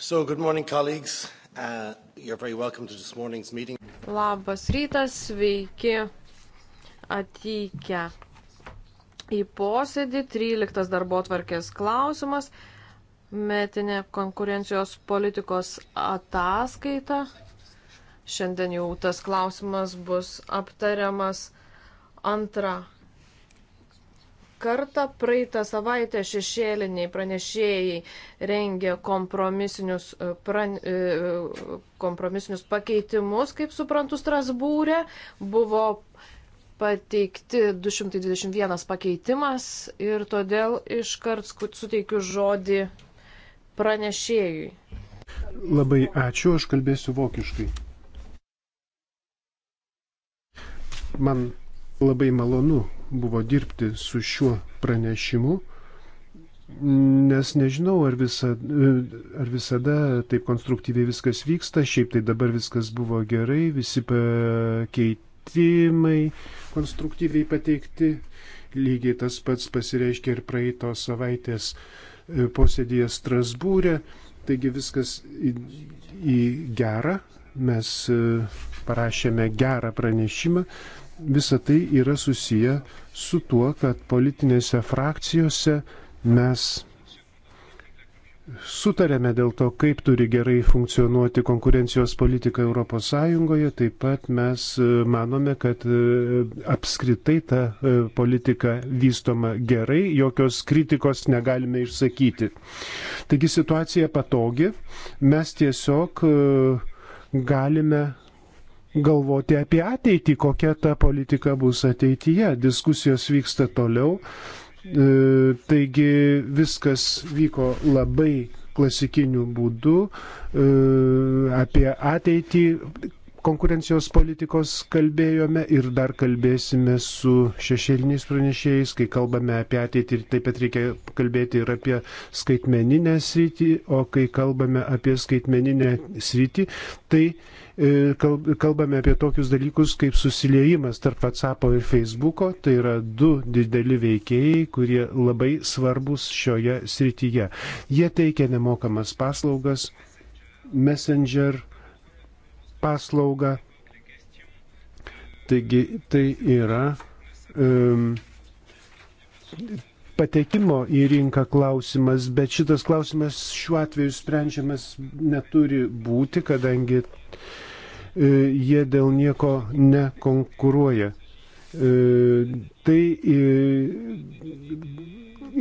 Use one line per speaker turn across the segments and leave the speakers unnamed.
So, good morning, colleagues. Uh, you're very welcome to this morning's meeting. Labas rytas, sveiki atvykę į posėdį. 13 darbo tvarkės klausimas. Metinė konkurencijos politikos ataskaita. Šiandien jau tas klausimas bus aptariamas antrą kartą praeitą savaitę šešėliniai pranešėjai rengė kompromisinius, e, pran, e, kompromisinius pakeitimus, kaip suprantu, Strasbūrė. Buvo pateikti 221 pakeitimas ir todėl iškart suteikiu žodį pranešėjui.
Labai ačiū, aš kalbėsiu vokiškai. Man Labai malonu buvo dirbti su šiuo pranešimu, nes nežinau, ar, visa, ar visada taip konstruktyviai viskas vyksta, šiaip tai dabar viskas buvo gerai, visi pakeitimai konstruktyviai pateikti, lygiai tas pats pasireiškia ir praeitos savaitės e, posėdėje Strasbūrė, taigi viskas į, į gerą, mes e, parašėme gerą pranešimą, visa tai yra susiję su tuo, kad politinėse frakcijose mes sutarėme dėl to, kaip turi gerai funkcionuoti konkurencijos politika ES, taip pat mes e, manome, kad e, apskritai ta e, politika vystoma gerai, jokios kritikos negalime išsakyti. Taigi situacija patogi, mes tiesiog galime galvoti apie ateitį, kokia ta politika bus ateityje. Diskusijos vyksta toliau. E, taigi viskas vyko labai klasikiniu būdu e, apie ateitį. Konkurencijos politikos kalbėjome ir dar kalbėsime su šešėliniais pranešėjais, kai kalbame apie ateitį ir taip pat reikia kalbėti ir apie skaitmeninę sritį, o kai kalbame apie skaitmeninę sritį, tai uh, E, kalbame apie tokius dalykus kaip susiliejimas tarp WhatsApp ir Facebook'o. Tai yra du dideli veikėjai, kurie labai svarbus šioje srityje. Jie teikia nemokamas paslaugas, Messenger paslaugą. Taigi tai yra um, patekimo į rinką klausimas, bet šitas klausimas šiuo atveju sprendžiamas neturi būti, kadangi uh, E, jie dėl nieko nekonkuruoja. E, tai e,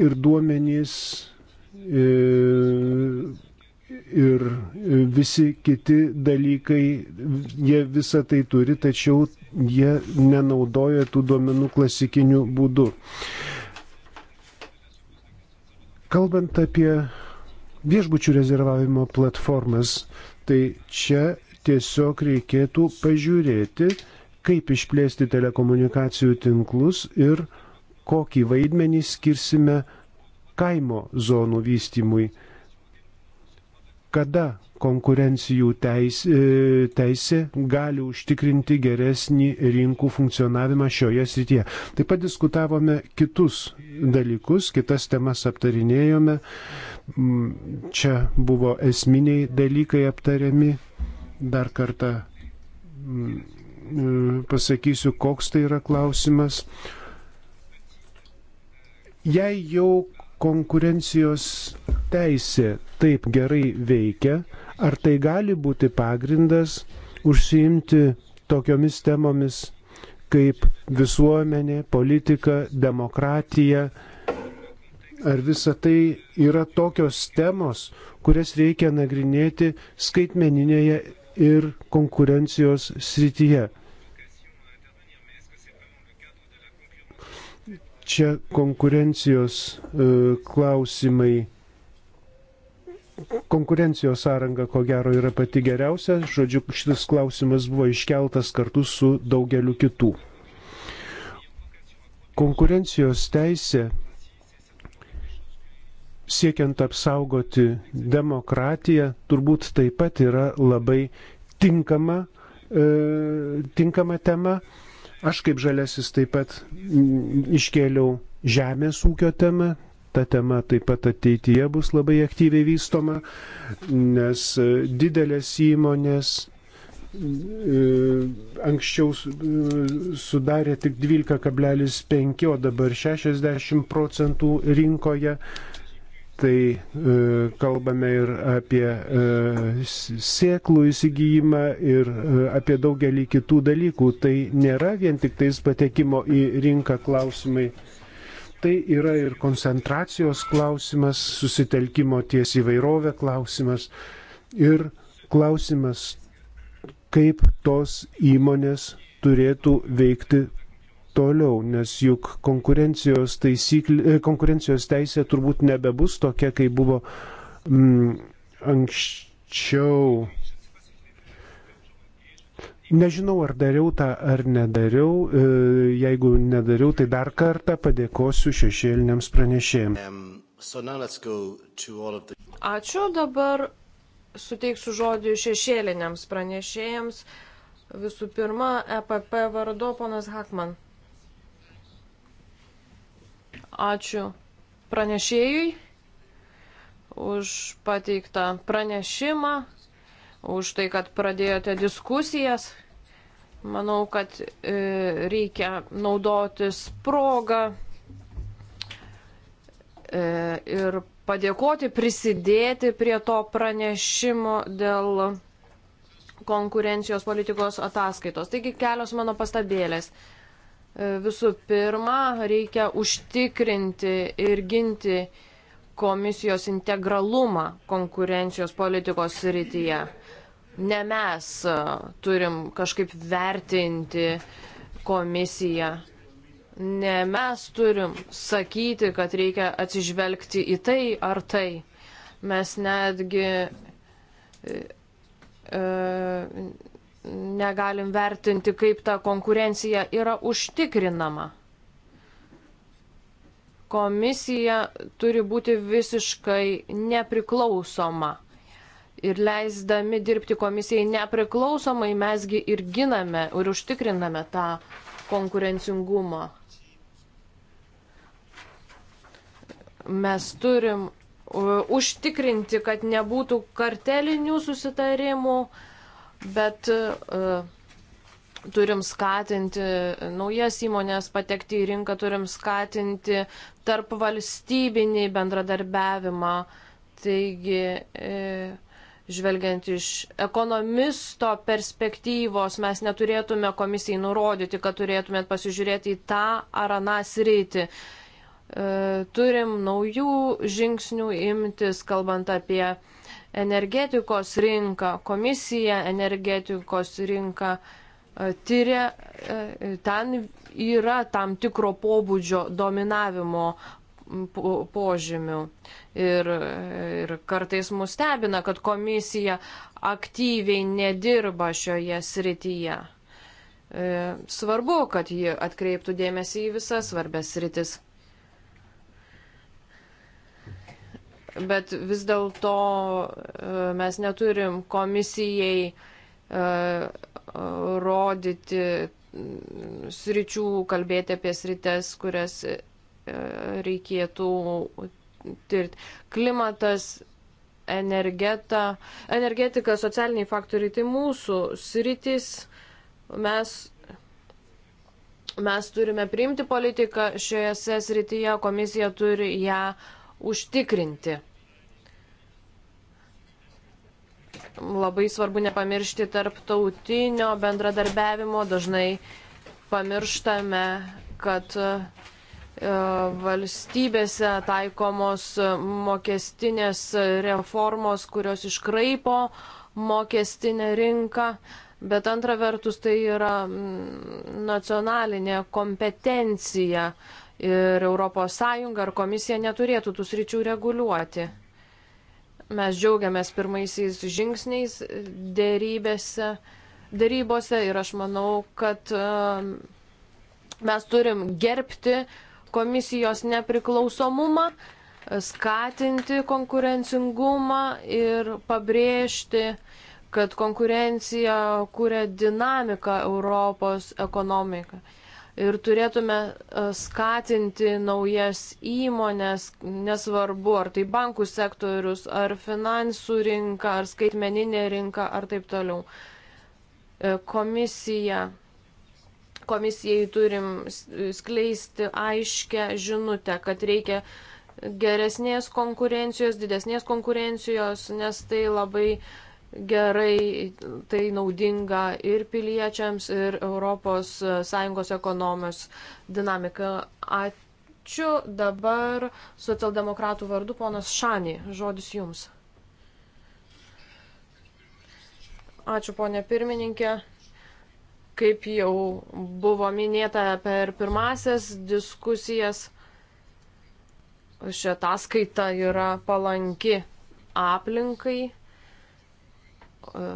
ir duomenys, ir visi kiti dalykai, jie visą tai turi, tačiau jie nenaudoja tų duomenų klasikiniu būdu. Kalbant apie viešbučių rezervavimo platformas, tai čia Tiesiog reikėtų pažiūrėti, kaip išplėsti telekomunikacijų tinklus ir kokį vaidmenį skirsime kaimo zonų vystymui. Kada konkurencijų teis, e, teisė gali užtikrinti geresnį rinkų funkcionavimą šioje srityje. Taip pat diskutavome kitus dalykus, kitas temas aptarinėjome. Čia buvo esminiai dalykai aptariami dar kartą mm, e, pasakysiu, koks tai yra klausimas. Jei jau konkurencijos teisė taip gerai veikia, ar tai gali būti pagrindas užsiimti tokiomis temomis kaip visuomenė, politika, demokratija, ar visa tai yra tokios temos, kurias reikia nagrinėti skaitmeninėje ir konkurencijos srityje. Čia konkurencijos e, klausimai, konkurencijos sąranga ko gero yra pati geriausia, žodžiu, šitas klausimas buvo iškeltas kartu su daugeliu kitų. Konkurencijos teisė siekiant apsaugoti demokratiją, turbūt taip pat yra labai tinkama, e, tinkama tema. Aš kaip žalesis taip pat mm, iškėliau žemės ūkio temą. Ta tema taip pat ateityje bus labai aktyviai vystoma, nes e, didelės įmonės e, anksčiau e, sudarė tik 12,5, o dabar 60 procentų rinkoje tai e, kalbame ir apie e, sėklų įsigijimą ir e, apie daugelį kitų dalykų. Tai nėra vien tik tais patekimo į rinką klausimai. Tai yra ir koncentracijos klausimas, susitelkimo ties įvairovę klausimas ir klausimas, kaip tos įmonės turėtų veikti toliau, nes juk konkurencijos, taisyklė, e, konkurencijos teisė turbūt nebebus tokia, kaip buvo mm, anksčiau. Nežinau, ar dariau tą ar nedariau. E, jeigu nedariau, tai dar kartą padėkosiu šešėliniams pranešėjams. Um,
Ačiū dabar suteiksiu žodį šešėliniams pranešėjams. Visų pirma, EPP vardu ponas Hakman. Ačiū pranešėjui už pateiktą pranešimą, už tai, kad pradėjote diskusijas. Manau, kad e, reikia naudotis progą e, ir padėkoti, prisidėti prie to pranešimo dėl konkurencijos politikos ataskaitos. Taigi kelios mano pastabėlės. Visų pirma, reikia užtikrinti ir ginti komisijos integralumą konkurencijos politikos srityje. Ne mes e, turim kažkaip vertinti komisiją. Ne mes turim sakyti, kad reikia atsižvelgti į tai ar tai. Mes netgi e, e negalim vertinti, kaip ta konkurencija yra užtikrinama. Komisija turi būti visiškai nepriklausoma. Ir leisdami dirbti komisijai nepriklausomai mesgi ir giname ir užtikriname tą konkurencingumą. Mes turim e, užtikrinti, kad nebūtų kartelinių susitarimų, uh, bet e, turim skatinti naujas įmonės patekti į rinką, turim skatinti tarp valstybinį bendradarbiavimą. Taigi, e, žvelgiant iš ekonomisto perspektyvos, mes neturėtume komisijai nurodyti, kad turėtumėt pasižiūrėti į tą ar aną sritį. E, turim naujų žingsnių imtis, kalbant apie energetikos rinką. Komisija energetikos rinką e, tyria, e, ten yra tam tikro pobūdžio dominavimo požymių. Ir, e, ir kartais mus stebina, kad komisija aktyviai nedirba šioje srityje. Svarbu, kad ji atkreiptų dėmesį į visas svarbės sritis. bet vis dėlto e, mes neturim komisijai e, rodyti mm, sričių, kalbėti apie srites, kurias e, reikėtų tirti. Klimatas, energeta, energetika, socialiniai faktoriai, tai mūsų sritis, mes mes turime priimti politiką šioje srityje, komisija turi ją užtikrinti. Labai svarbu nepamiršti tarptautinio bendradarbiavimo. Dažnai pamirštame, kad e, valstybėse taikomos mokestinės reformos, kurios iškraipo mokestinę rinką, bet antra vertus tai yra nacionalinė kompetencija. Uh, ir ES ar komisija neturėtų tų sričių reguliuoti. Mes džiaugiamės pirmaisiais žingsniais dėrybėse, dėrybose ir aš manau, kad um, mes turim gerbti komisijos nepriklausomumą, skatinti konkurencingumą ir pabrėžti, kad konkurencija kūrė dinamiką Europos ekonomikai ir turėtume e, skatinti naujas įmonės, nesvarbu, ar tai bankų sektorius, ar finansų rinka, ar skaitmeninė rinka, ar taip toliau. E, komisija. Komisijai turim skleisti aiškę žinutę, kad reikia geresnės konkurencijos, didesnės konkurencijos, nes tai labai uh, gerai, tai naudinga ir piliečiams, ir ES ekonomijos dinamika. Ačiū dabar socialdemokratų vardu ponas Šanį. Žodis jums. Ačiū ponė pirmininkė. Kaip jau buvo minėta per pirmasias diskusijas, šita skaita yra palanki aplinkai E,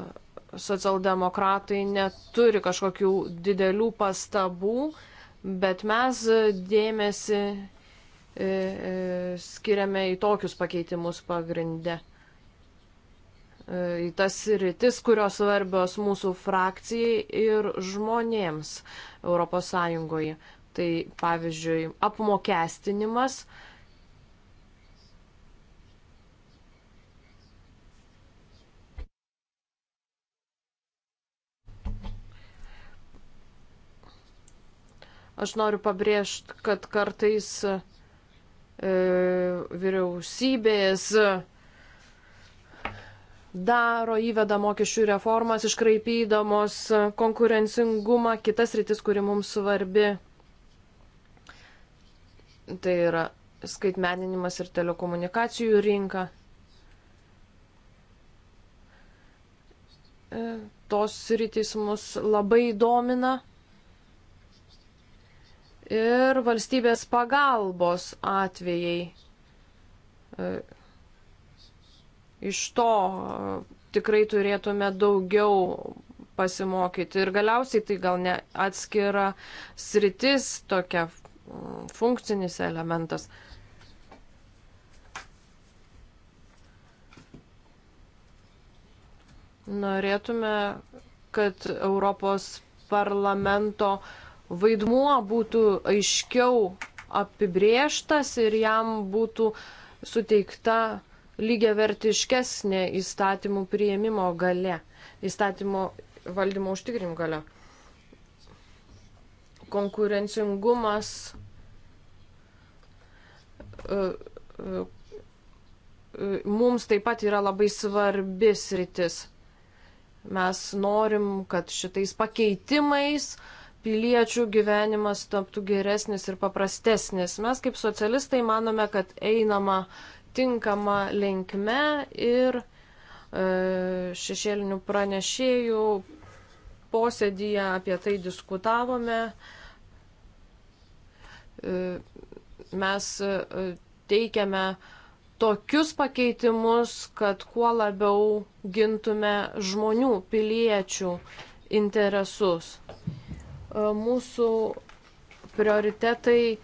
socialdemokratai neturi kažkokių didelių pastabų, bet mes dėmesį e, e, skiriame į tokius pakeitimus pagrindę. Į tas rytis, kurios svarbios mūsų frakcijai ir žmonėms ES. Tai pavyzdžiui, apmokestinimas, uh, Aš noriu pabrėžti, kad kartais e, vyriausybės daro, įveda mokesčių reformas, iškraipydamos konkurencingumą, kitas rytis, kuri mums svarbi. Tai yra skaitmeninimas ir telekomunikacijų rinka. E, tos rytis mus labai domina ir valstybės pagalbos atvejai. E, iš to e, tikrai turėtume daugiau pasimokyti. Ir galiausiai tai gal ne atskira sritis, tokia mm, funkcinis elementas. Norėtume, kad Europos parlamento uh, vaidmuo būtų aiškiau apibrieštas ir jam būtų suteikta lygiai vertiškesnė įstatymų prieimimo gale, įstatymų valdymo užtikrim gale. Konkurencingumas e, e, mums taip pat yra labai svarbis rytis. Mes norim, kad šitais pakeitimais uh, piliečių gyvenimas taptų geresnis ir paprastesnis. Mes kaip socialistai manome, kad einama tinkama linkme ir e, šešėlinių pranešėjų posėdyje apie tai diskutavome. E, mes e, teikiame tokius pakeitimus, kad kuo labiau gintume žmonių, piliečių interesus. E, mūsų prioritetai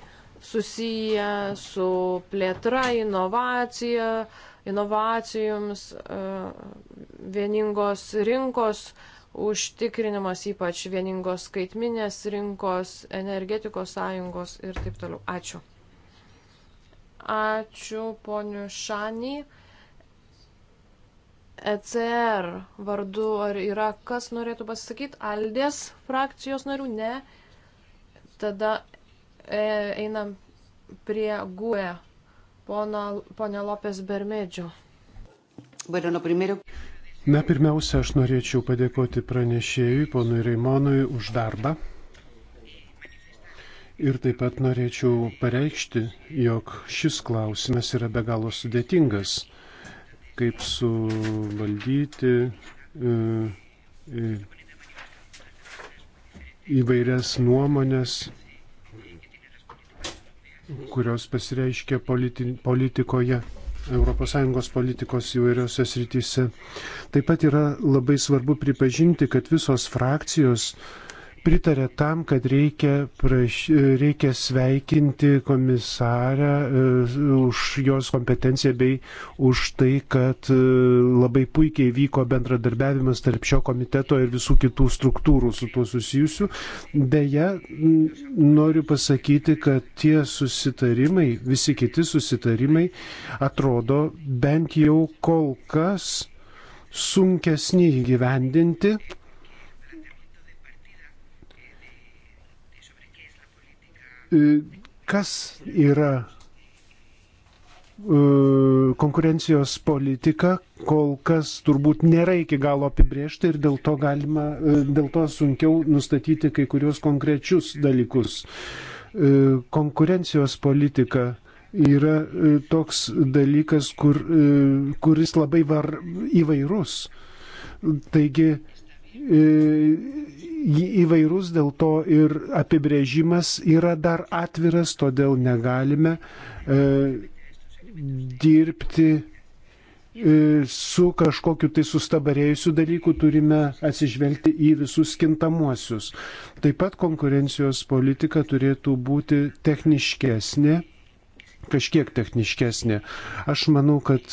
susiję su plėtra, inovacija, inovacijoms, e, vieningos rinkos užtikrinimas, ypač vieningos skaitminės rinkos, energetikos sąjungos ir taip toliau. Ačiū. Ačiū poniu Šanį. ECR vardu, ar yra kas norėtų pasisakyti? Aldės frakcijos narių? Ne. Tada e, einam prie GUE, ponė Lopės Bermedžio. Bueno,
primero... Na, pirmiausia, aš norėčiau padėkoti pranešėjui, ponui Reimonui, už darbą. Ir taip pat norėčiau pareikšti, jog šis klausimas yra be galo sudėtingas kaip suvaldyti e, e, įvairias nuomonės, kurios pasireiškia politi politikoje. ES politikos įvairiose srityse. Taip pat yra labai svarbu pripažinti, kad visos frakcijos uh, pritarė tam, kad reikia, praš... reikia sveikinti komisarę e, už jos kompetenciją bei už tai, kad e, labai puikiai vyko bendradarbiavimas tarp šio komiteto ir visų kitų struktūrų su tuo susijusių. Deja, noriu pasakyti, kad tie susitarimai, visi kiti susitarimai atrodo bent jau kol kas sunkesni įgyvendinti E, kas yra e, konkurencijos politika kol kas turbūt nėra iki galo apibriešta ir dėl to, galima, e, dėl to sunkiau nustatyti kai kurios konkrečius dalykus. Konkurencijos politika yra toks dalykas, kur, kuris labai var, įvairus. Taigi E, įvairus, dėl to ir apibrėžimas yra dar atviras, todėl negalime e, dirbti e, su kažkokiu tai sustabarėjusiu dalyku, turime atsižvelgti į visus kintamuosius. Taip pat konkurencijos politika turėtų būti techniškesnė, kažkiek techniškesnė. Aš manau, kad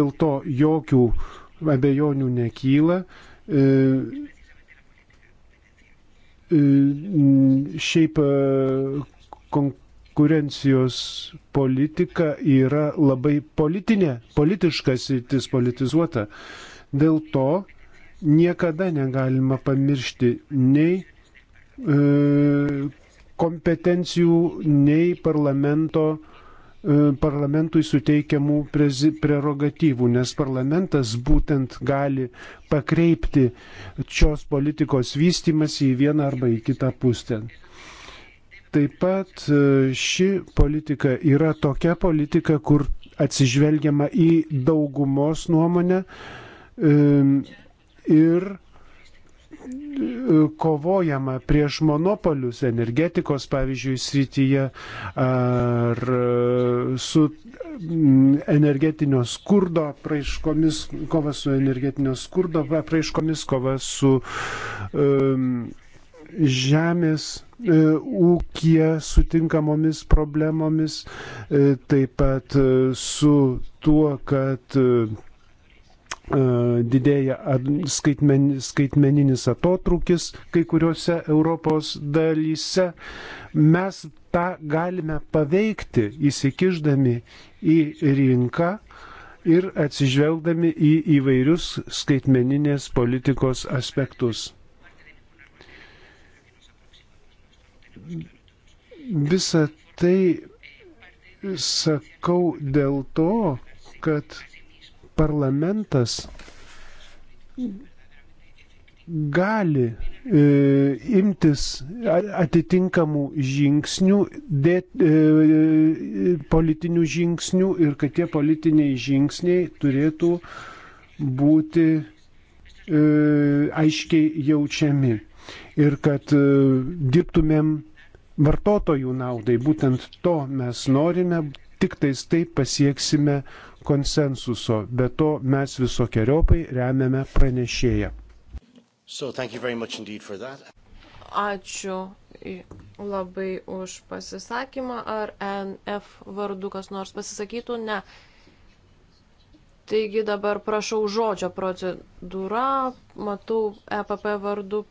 dėl to jokių abejonių nekyla. E, šiaip e, konkurencijos politika yra labai politinė, politiška sritis, politizuota. Dėl to niekada negalima pamiršti nei e, kompetencijų, nei parlamento E, parlamentui suteikiamų prerogatyvų, nes parlamentas būtent gali pakreipti šios politikos vystimas į vieną arba į kitą pusę. Taip pat e, ši politika yra tokia politika, kur atsižvelgiama į daugumos nuomonę e, ir kovojama prieš monopolius energetikos, pavyzdžiui, srityje ar e, su energetinio skurdo praiškomis, kova su energetinio skurdo praiškomis, kova su um, žemės e, ūkija sutinkamomis problemomis, e, taip pat su tuo, kad E, didėja skaitmen, skaitmeninis atotrukis kai kuriuose Europos dalyse. Mes tą galime paveikti įsikiždami į rinką ir atsižvelgdami į įvairius skaitmeninės politikos aspektus. Visą tai sakau dėl to, kad parlamentas gali e, imtis atitinkamų žingsnių, dė, e, e, politinių žingsnių ir kad tie politiniai žingsniai turėtų būti e, aiškiai jaučiami ir kad e, dirbtumėm vartotojų naudai. Būtent to mes norime, Tik tais taip pasieksime konsensuso. Be to mes visokiojopai remiame pranešėją. So,
Ačiū labai už pasisakymą. Ar NF vardu kas nors pasisakytų? Ne. Taigi dabar prašau žodžio procedūra. Matau, EPP vardu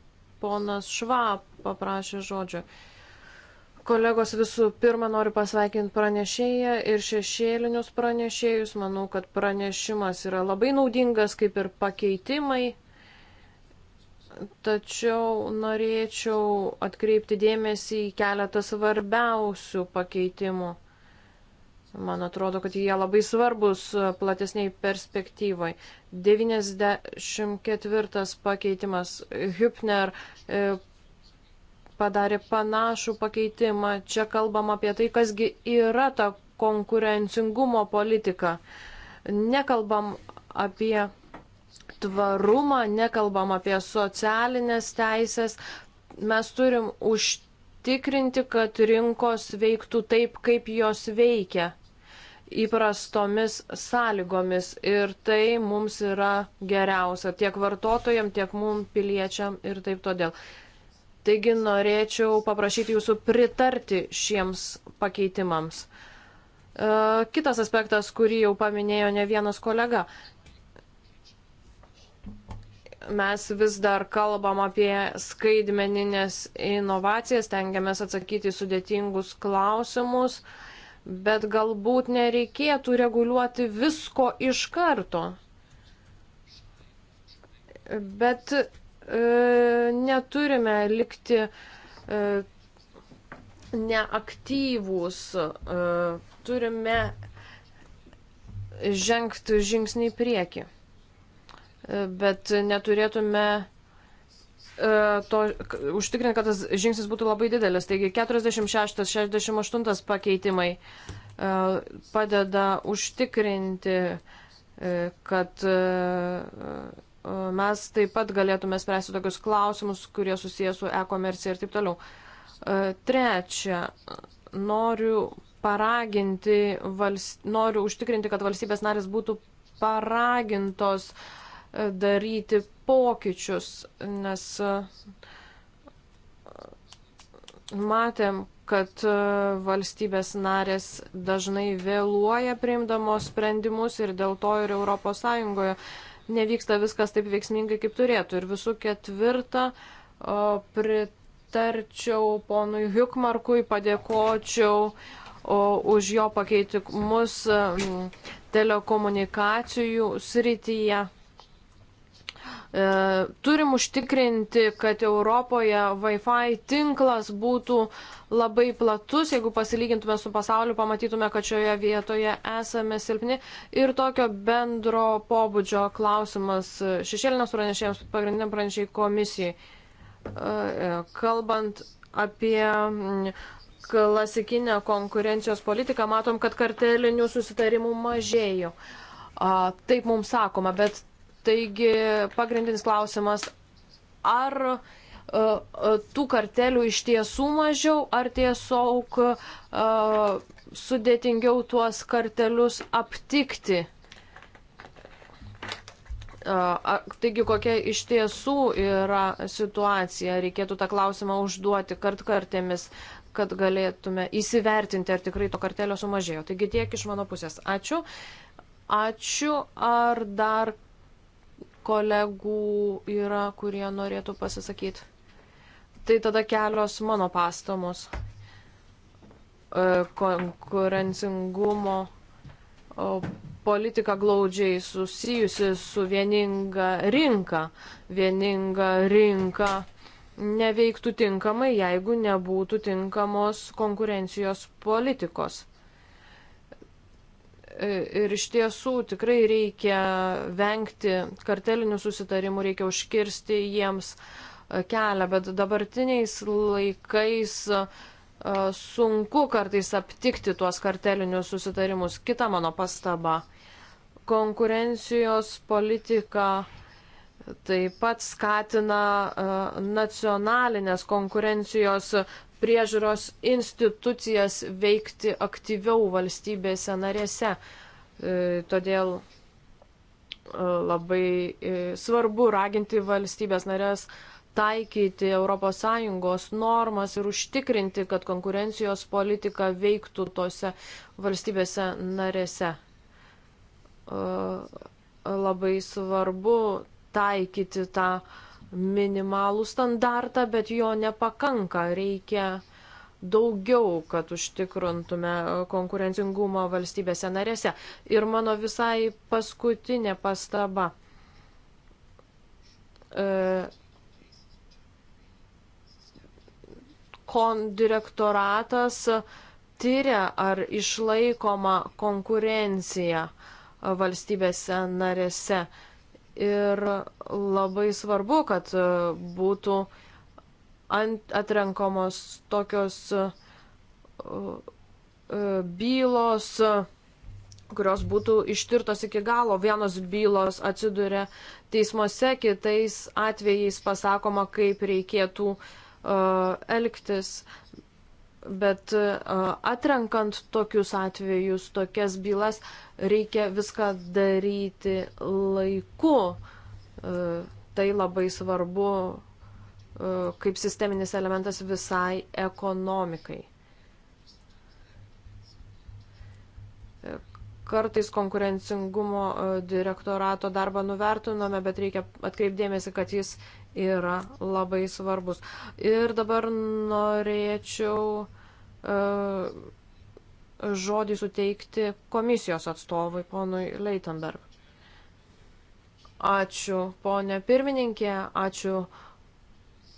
ponas Šva paprašė žodžio. Uh, Kolegos, visų pirma, noriu pasveikinti pranešėją ir šešėlinius pranešėjus. Manau, kad pranešimas yra labai naudingas, kaip ir pakeitimai. Tačiau norėčiau atkreipti dėmesį į keletą svarbiausių pakeitimų. Man atrodo, kad jie labai svarbus platesniai perspektyvai. 94 pakeitimas Hüpner e, padarė panašų pakeitimą. Čia kalbam apie tai, kasgi yra ta konkurencingumo politika. Nekalbam apie tvarumą, nekalbam apie socialinės teisės. Mes turim užtikrinti, kad rinkos veiktų taip, kaip jos veikia įprastomis sąlygomis ir tai mums yra geriausia tiek vartotojam, tiek mums piliečiam ir taip todėl. Taigi norėčiau paprašyti jūsų pritarti šiems pakeitimams. E, kitas aspektas, kurį jau paminėjo ne vienas kolega. Mes vis dar kalbam apie skaitmeninės inovacijas, tengiamės atsakyti sudėtingus klausimus, bet galbūt nereikėtų reguliuoti visko iš karto. Bet E, neturime likti e, neaktyvūs, e, turime žengti žingsnį į priekį. Bet neturėtume to, užtikrinti, kad tas žingsnis būtų labai didelis. Taigi 46-68 pakeitimai padeda užtikrinti, kad Mes taip pat galėtume spręsti tokius klausimus, kurie susijęs su e-komercija ir taip toliau. E, trečia, noriu paraginti, valst... noriu užtikrinti, kad valstybės narės būtų paragintos e, daryti pokyčius, nes e, matėm, kad valstybės narės dažnai vėluoja priimdamos sprendimus ir dėl to ir ES nevyksta viskas taip veiksmingai, kaip turėtų. Ir visų ketvirta, pritarčiau ponui Hukmarkui, padėkočiau už jo pakeitimus telekomunikacijų srityje. E, turim užtikrinti, kad Europoje Wi-Fi tinklas būtų labai platus. Jeigu pasilygintume su pasauliu, pamatytume, kad šioje vietoje esame silpni. Ir tokio bendro pobūdžio klausimas šešėlinės pranešėjams, pagrindiniam pranešėjai komisijai. E, e, kalbant apie mm, klasikinę konkurencijos politiką, matom, kad kartelinių susitarimų mažėjo. Taip mums sakoma, bet Taigi pagrindinis klausimas, ar e, e, tų kartelių iš tiesų mažiau, ar tiesiog e, sudėtingiau tuos kartelius aptikti. Taigi, kokia iš tiesų yra situacija, reikėtų tą klausimą užduoti kartkartėmis, kad galėtume įsivertinti, ar tikrai to kartelio sumažėjo. Taigi tiek iš mano pusės. Ačiū. Ačiū. Ar dar kolegų yra, kurie norėtų pasisakyti. Tai tada kelios mano pastamos e, konkurencingumo politika glaudžiai susijusi su vieninga rinka. Vieninga rinka neveiktų tinkamai, jeigu nebūtų tinkamos konkurencijos politikos. Ir iš tiesų tikrai reikia vengti kartelinių susitarimų, reikia užkirsti jiems e, kelią, bet dabartiniais laikais e, sunku kartais aptikti tuos kartelinius susitarimus. Kita mano pastaba. Konkurencijos politika taip pat skatina e, nacionalinės konkurencijos priežiūros institucijas veikti aktyviau valstybėse narėse. E, todėl e, labai e, svarbu raginti valstybės narės taikyti ES normas ir užtikrinti, kad konkurencijos politika veiktų tose valstybėse narėse. Labai svarbu taikyti tą uh, minimalų standartą, bet jo nepakanka. Reikia daugiau, kad užtikrintume konkurencingumą valstybėse narėse. Ir mano visai paskutinė pastaba. E, Kondirektoratas tyria, ar išlaikoma konkurencija valstybėse narėse ir labai svarbu, kad būtų atrenkamos tokios e, e, bylos, kurios būtų ištirtos iki galo. Vienos bylos atsiduria teismuose, kitais atvejais pasakoma, kaip reikėtų uh, elgtis. Bet e, atrenkant tokius atvejus, tokias bylas, reikia viską daryti laiku. E, tai labai svarbu e, kaip sisteminis elementas visai ekonomikai. Kartais konkurencingumo direktorato darbą nuvertinome, bet reikia atkreipdėmėsi, kad jis yra labai svarbus. Ir dabar norėčiau uh, žodį suteikti komisijos atstovui, ponui Leitenberg. Ačiū, ponė pirmininkė, ačiū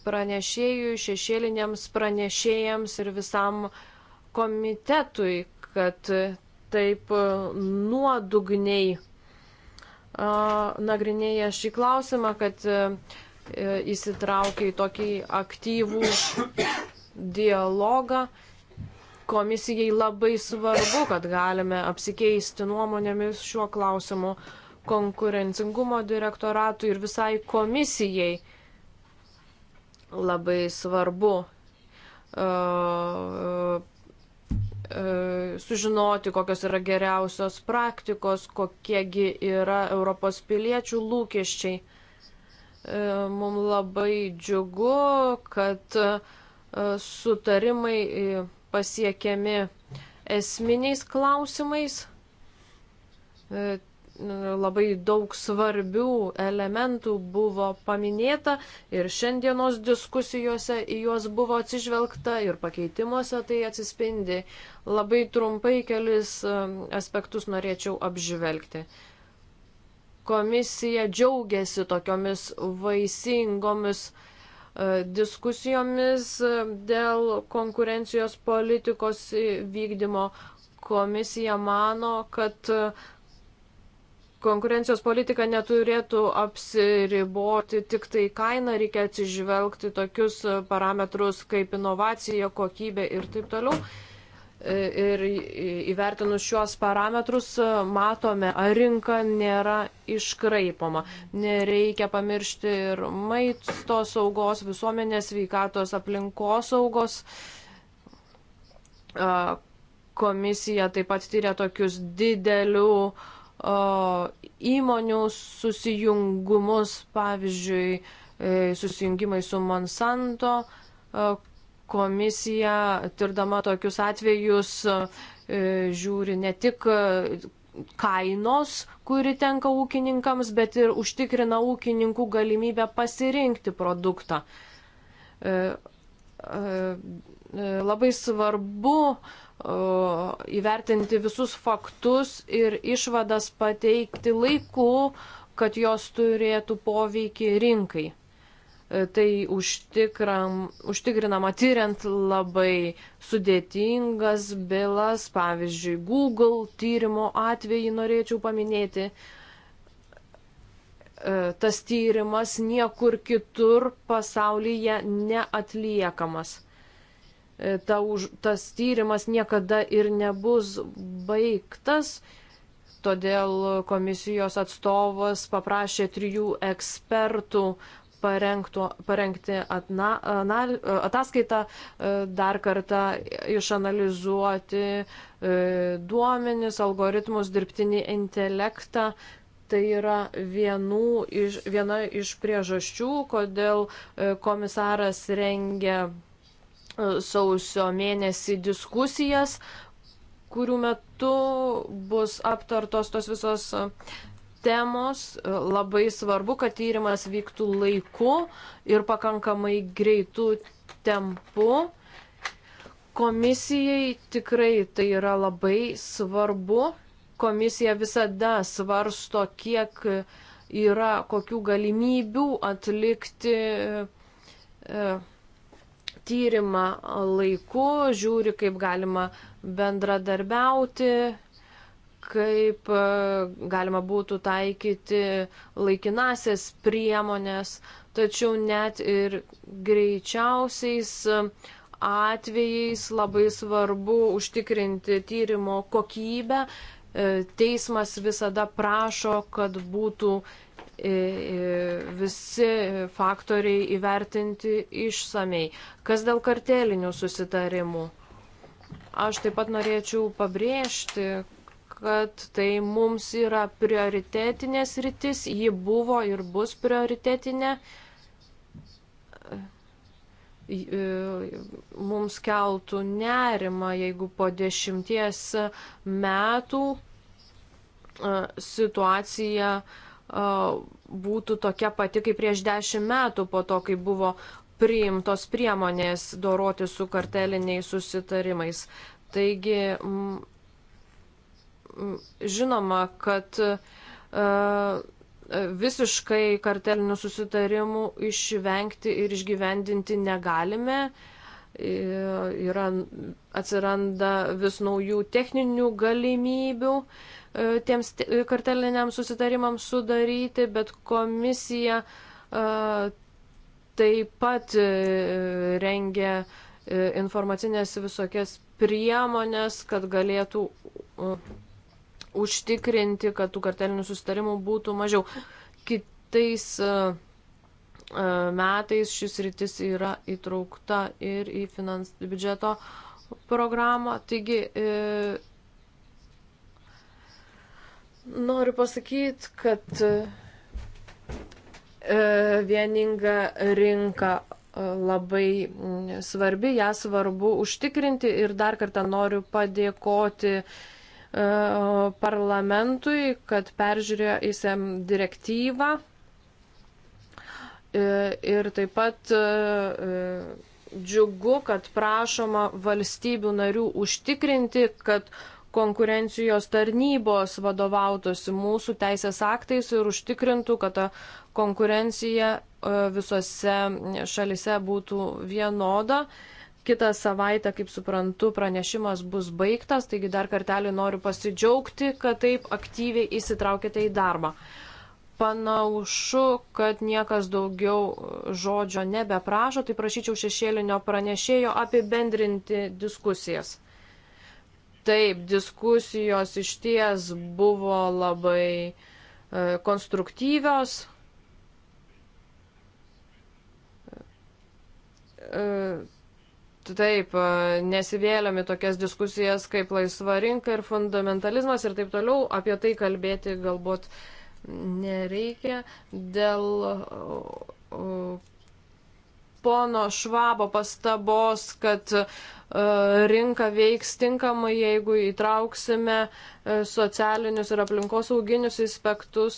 pranešėjui, šešėliniams pranešėjams ir visam komitetui, kad taip nuodugniai uh, nagrinėja šį klausimą, kad uh, E, įsitraukė į tokį aktyvų dialogą. Komisijai labai svarbu, kad galime apsikeisti nuomonėmis šiuo klausimu konkurencingumo direktoratui ir visai komisijai. Labai svarbu uh, sužinoti, kokios yra geriausios praktikos, kokiegi yra Europos piliečių lūkesčiai. E, Mums labai džiugu, kad e, sutarimai e, pasiekiami esminiais klausimais. Labai daug svarbių elementų buvo paminėta ir šiandienos diskusijose į juos buvo atsižvelgta ir pakeitimuose tai atsispindi. Labai trumpai kelis aspektus norėčiau apžvelgti. Komisija džiaugiasi tokiomis vaisingomis e, diskusijomis e, dėl konkurencijos politikos vykdymo. Komisija mano, kad konkurencijos politika neturėtų apsiriboti tik tai kainą, reikia atsižvelgti tokius parametrus kaip inovacija, kokybė ir taip toliau. Ir įvertinus šiuos parametrus matome, ar rinka nėra iškraipoma. Nereikia pamiršti ir maisto saugos, visuomenės veikatos, aplinkos saugos. Komisija taip pat tyria tokius didelių įmonių susijungumus, pavyzdžiui, e, susijungimai su Monsanto, Komisija, tirdama tokius atvejus, e, žiūri ne tik e, kainos, kuri tenka ūkininkams, bet ir užtikrina ūkininkų galimybę pasirinkti produktą. E, labai svarbu įvertinti visus faktus ir išvadas pateikti laiku, kad jos turėtų poveikį rinkai. E, tai užtikram, užtikrinama tyriant labai sudėtingas bylas, pavyzdžiui, Google tyrimo atvejį norėčiau paminėti. E, tas tyrimas niekur kitur pasaulyje neatliekamas. E, ta už, tas tyrimas niekada ir nebus baigtas, todėl komisijos atstovas paprašė trijų ekspertų uh, parengtų, parengti atna, anal, ataskaitą, e, dar kartą išanalizuoti e, duomenis, algoritmus, dirbtinį intelektą. Tai yra iš, viena iš priežasčių, kodėl e, komisaras rengia sausio mėnesį diskusijas, kurių metu bus aptartos tos visos temos. Labai svarbu, kad tyrimas vyktų laiku ir pakankamai greitų tempu. Komisijai tikrai tai yra labai svarbu. Komisija visada svarsto, kiek yra kokių galimybių atlikti e, tyrimą laiku, žiūri, kaip galima bendradarbiauti kaip e, galima būtų taikyti laikinasias priemonės, tačiau net ir greičiausiais e, atvejais labai svarbu užtikrinti tyrimo kokybę. E, teismas visada prašo, kad būtų visi faktoriai įvertinti išsamei. Kas dėl kartelinių susitarimų? Aš taip pat norėčiau pabrėžti, kad tai mums yra prioritetinės rytis, ji buvo ir bus prioritetinė. E, mums keltų nerima, jeigu po dešimties metų e, situacija e, būtų tokia pati kaip prieš dešimt metų po to, kai buvo priimtos priemonės doroti su karteliniais susitarimais. Taigi žinoma, kad e, visiškai kartelinių susitarimų išvengti ir išgyvendinti negalime. E, yra, atsiranda vis naujų techninių galimybių e, tiems karteliniams susitarimams sudaryti, bet komisija taip pat rengia informacinės visokias priemonės, kad galėtų užtikrinti, kad tų kartelinių sustarimų būtų mažiau. Kitais e, e, metais šis rytis yra įtraukta ir į finans, biudžeto programą. Taigi, e, noriu pasakyti, kad vieninga rinka labai svarbi, ją svarbu užtikrinti ir dar kartą noriu padėkoti E, parlamentui, kad peržiūrėjo ISM e direktyvą e, ir taip pat džiugu, kad prašoma valstybių narių užtikrinti, kad konkurencijos tarnybos vadovautųsi mūsų teisės aktais ir užtikrintų, kad ta konkurencija visose šalise būtų vienoda. Uh, Kitą savaitę, kaip suprantu, pranešimas bus baigtas, taigi dar kartelį noriu pasidžiaugti, kad taip aktyviai įsitraukite į darbą. Panašu, kad niekas daugiau žodžio nebeprašo, tai prašyčiau šešėlinio pranešėjo apibendrinti diskusijas. Taip, diskusijos iš ties buvo labai e, konstruktyvios. E, taip nesivėliam į tokias diskusijas kaip laisva rinka ir fundamentalizmas ir taip toliau, apie tai kalbėti galbūt nereikia. Dėl pono Švabo pastabos, kad rinka veiks tinkamai, jeigu įtrauksime socialinius ir aplinkosauginius aspektus.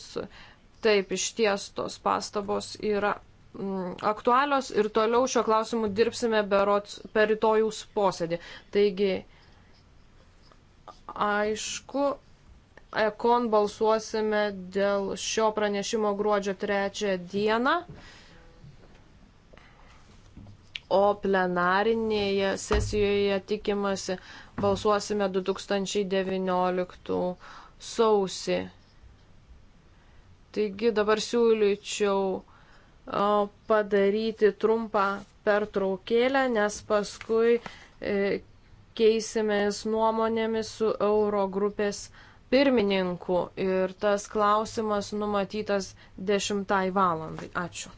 Taip, iš ties tos pastabos yra Mm, aktualios ir toliau šio klausimu dirbsime berots per rytojus posėdį. Taigi, aišku, ekon balsuosime dėl šio pranešimo gruodžio trečią dieną, o plenarinėje sesijoje tikimasi balsuosime 2019 sausį. Taigi dabar siūlyčiau padaryti trumpą pertraukėlę, nes paskui e, keisimės nuomonėmis su Eurogrupės pirmininku ir tas klausimas numatytas 10 valandai. Ačiū.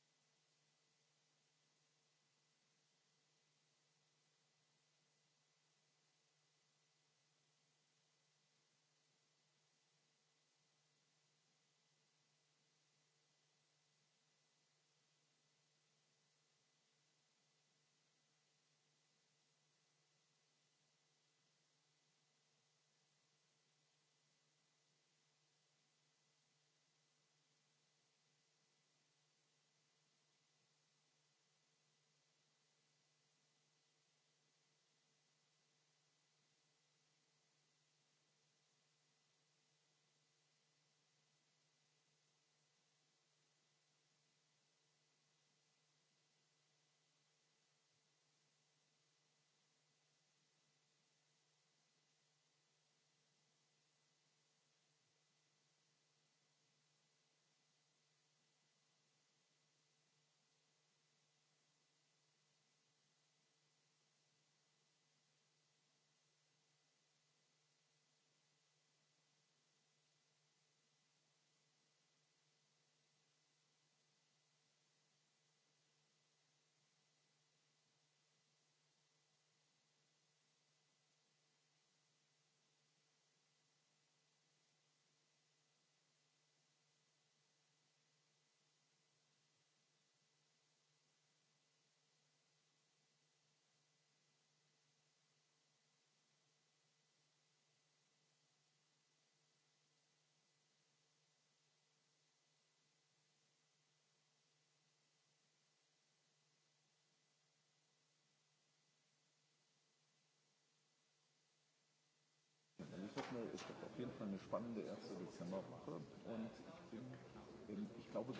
Trockene ist das auf jeden Fall eine spannende erste Dezemberwoche. Und im, im, ich glaube,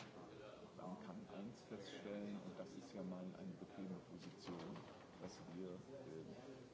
man kann eins feststellen, und das ist ja mal eine bequeme
Position, dass wir äh,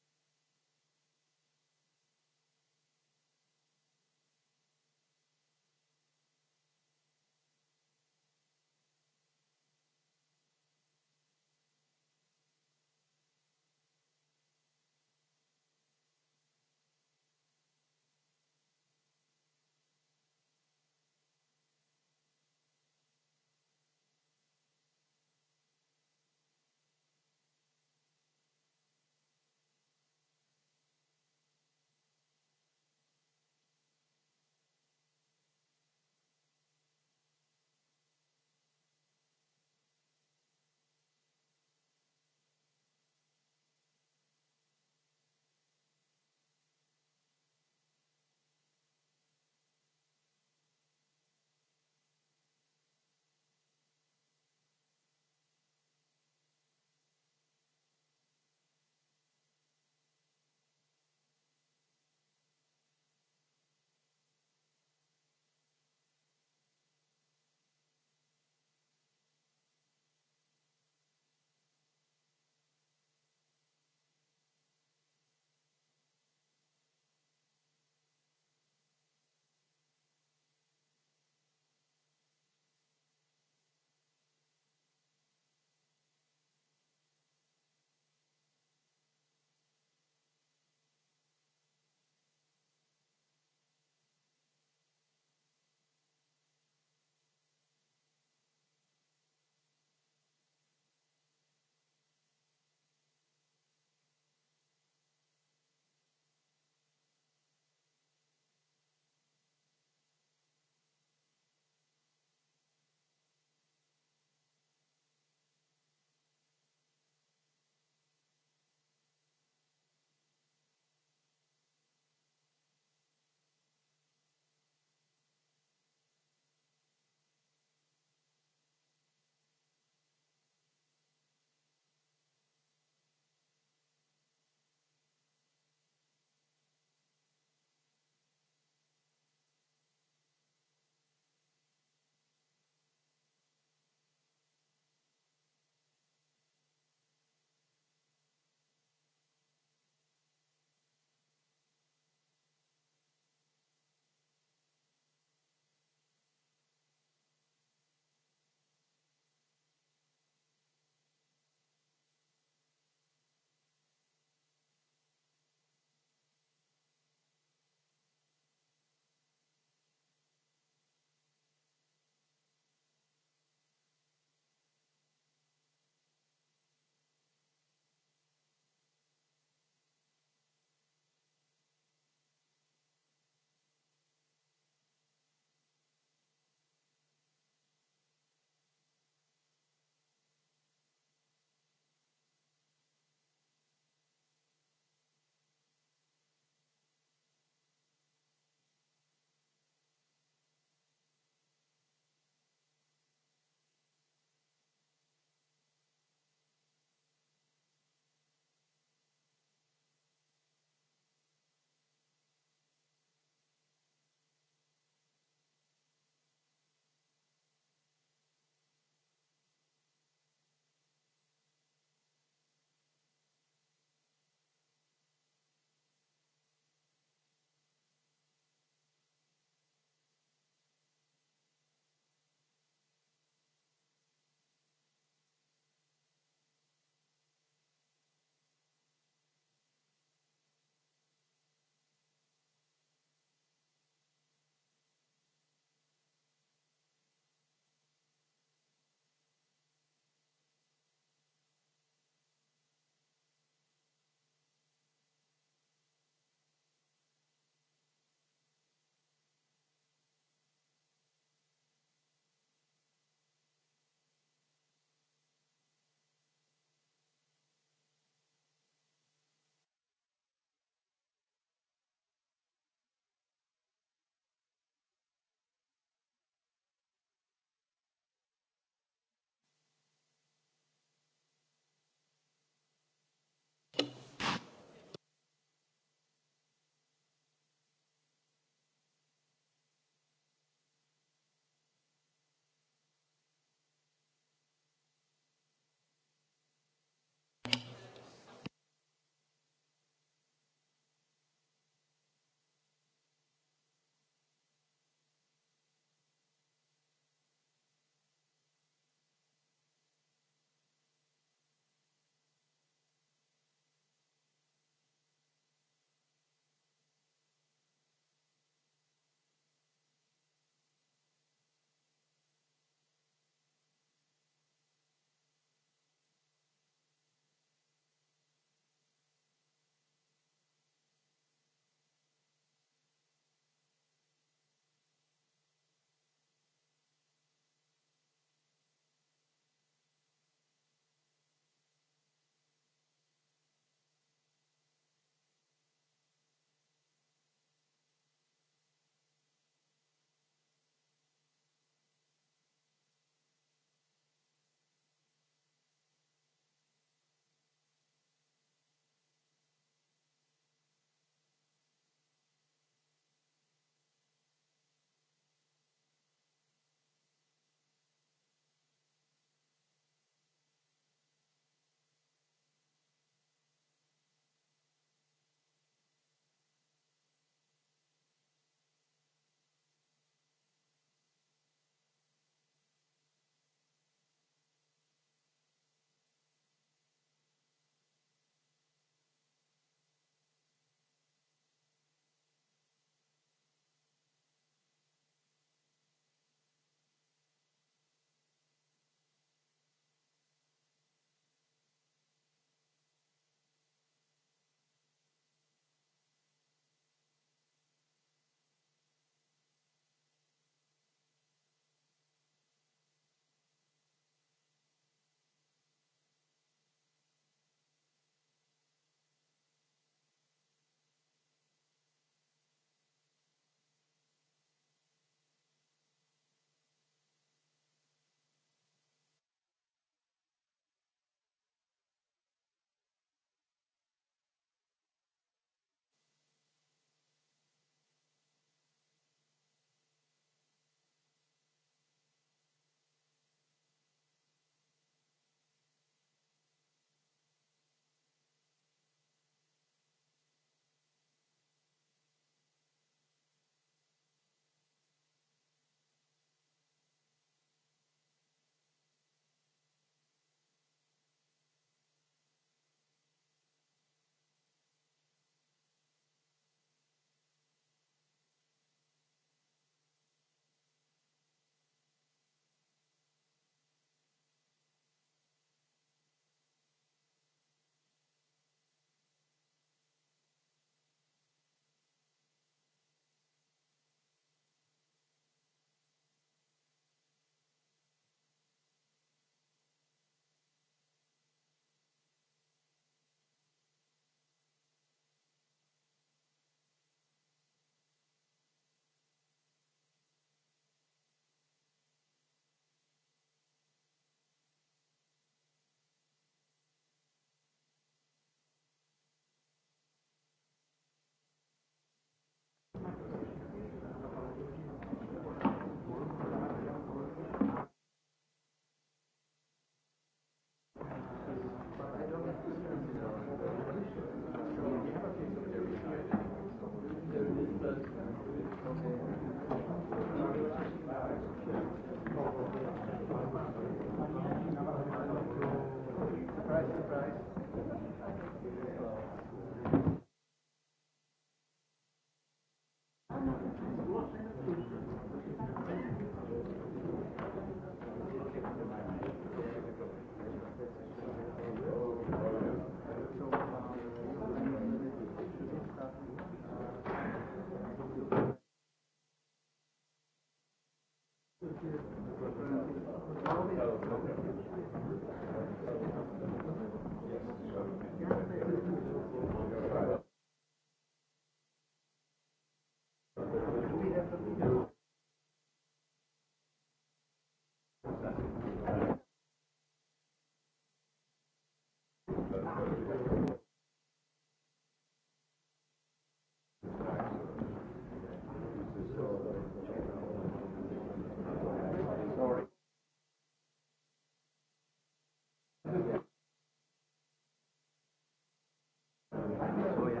lietuvoje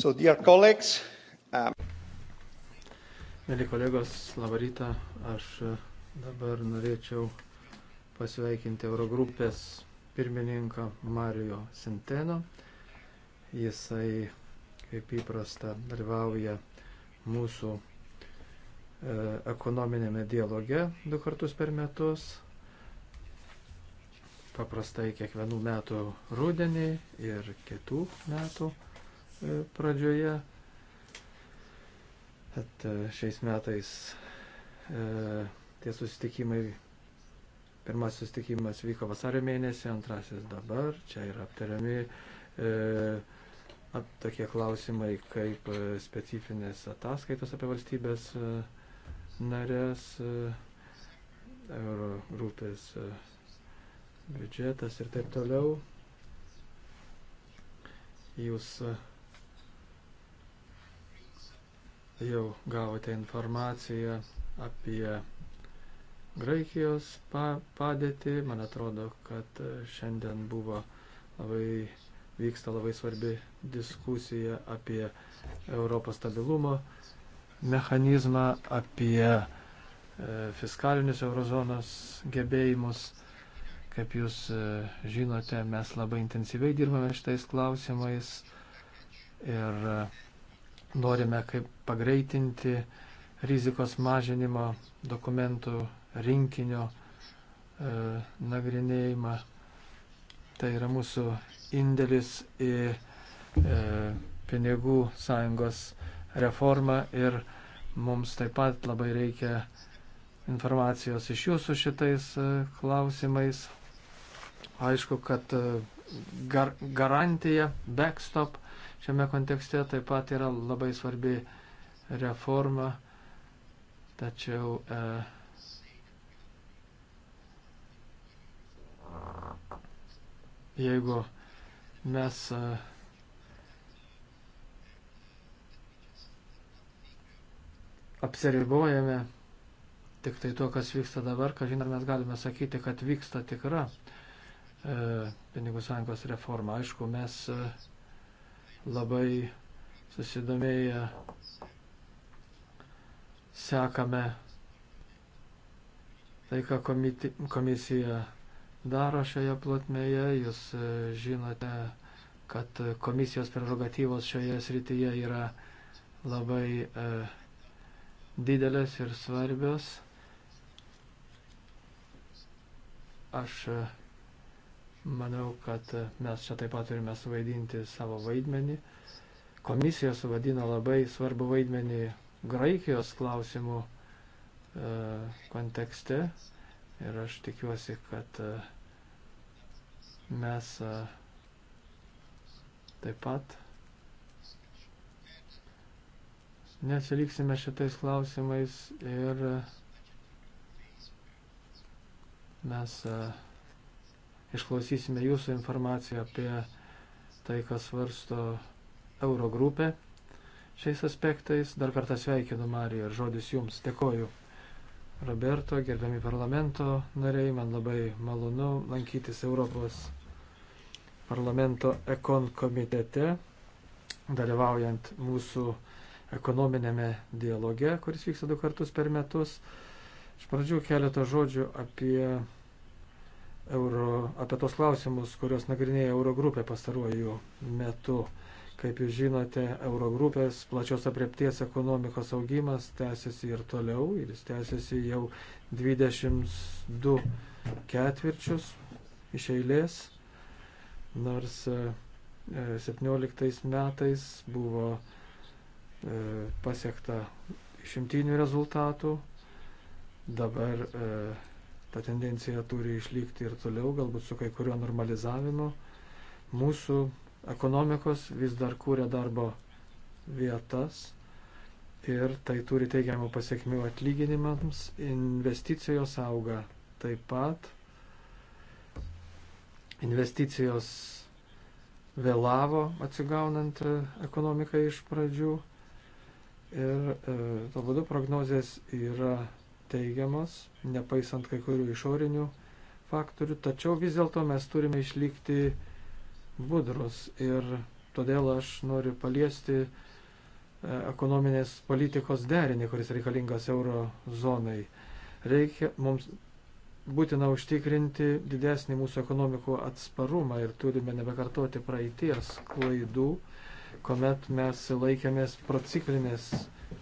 So, dear colleagues, um... Mėly kolegos, labą rytą. Aš Dabar norėčiau pasveikinti Eurogrupės pirmininką Mario Senteno. Jisai, kaip įprasta, dalyvauja mūsų e, ekonominėme dialoge du kartus per metus. Paprastai kiekvienų metų rudenį ir kitų metų e, pradžioje. Bet e, šiais metais e, Tie susitikimai, pirmasis susitikimas vyko vasario mėnesį, antrasis dabar, čia yra aptariami e, ap, tokie klausimai kaip e, specifinės ataskaitos apie valstybės e, narės, e, euro grupės e, biudžetas ir taip toliau. Jūs e, jau gavote informaciją apie Graikijos padėtį. Man atrodo, kad šiandien buvo labai vyksta labai svarbi diskusija apie Europos stabilumo mechanizmą, apie e, fiskalinius eurozonos gebėjimus. Kaip jūs e, žinote, mes labai intensyviai dirbame šitais klausimais ir e, norime kaip pagreitinti rizikos mažinimo dokumentų rinkinio e, nagrinėjimą. Tai yra mūsų indėlis į e, pinigų sąjungos reformą ir mums taip pat labai reikia informacijos iš jūsų šitais e, klausimais. Aišku, kad e, gar, garantija, backstop šiame kontekste taip pat yra labai svarbi reforma, tačiau e, jeigu mes e, apsiribojame tik tai tuo, kas vyksta dabar, kažin ar mes galime sakyti, kad vyksta tikra e, pinigų sąjungos reforma. Aišku, mes e, labai susidomėję sekame tai, ką komiti, komisija daro šioje plotmėje. Jūs e, žinote, kad komisijos prerogatyvos šioje srityje yra labai e, didelės ir svarbios. Aš e, manau, kad mes čia taip pat turime suvaidinti savo vaidmenį. Komisija suvadino labai svarbu vaidmenį Graikijos klausimų e, kontekste. E, Ir aš tikiuosi, kad e, mes e, taip pat nesiliksime šitais klausimais ir e, mes išklausysime jūsų informaciją apie tai, kas svarsto Eurogrupė šiais aspektais. Dar kartą sveikinu Mariją ir žodis jums. Dėkoju. Roberto, gerbiami parlamento nariai, man labai malonu lankytis Europos parlamento ekon komitete, dalyvaujant mūsų ekonominėme dialoge, kuris vyksta du kartus per metus. Iš pradžių keletą žodžių apie, euro, apie tos klausimus, kuriuos nagrinėja Eurogrupė pastaruoju metu. Kaip jūs žinote, Eurogrupės plačios apriepties ekonomikos augimas tęsiasi ir toliau, ir jis tęsiasi jau 22 ketvirčius iš eilės, nors 17 e, e, metais buvo e, pasiekta išimtinių rezultatų, dabar ta tendencija turi išlikti ir toliau, galbūt su kai kurio normalizavimu. Mūsų ekonomikos, vis dar kūrė darbo vietas ir tai turi teigiamų pasiekmių atlyginimams, investicijos auga taip pat, investicijos vėlavo atsigaunant e, ekonomiką iš pradžių ir e, to būdu prognozijas yra teigiamas, nepaisant kai kurių išorinių faktorių, tačiau vis dėlto mes turime išlikti budrus ir todėl aš noriu paliesti e, ekonominės politikos derinį, kuris reikalingas euro zonai. Reikia mums būtina užtikrinti didesnį mūsų ekonomikų atsparumą ir turime nebekartoti praeities klaidų, kuomet mes laikėmės prociklinės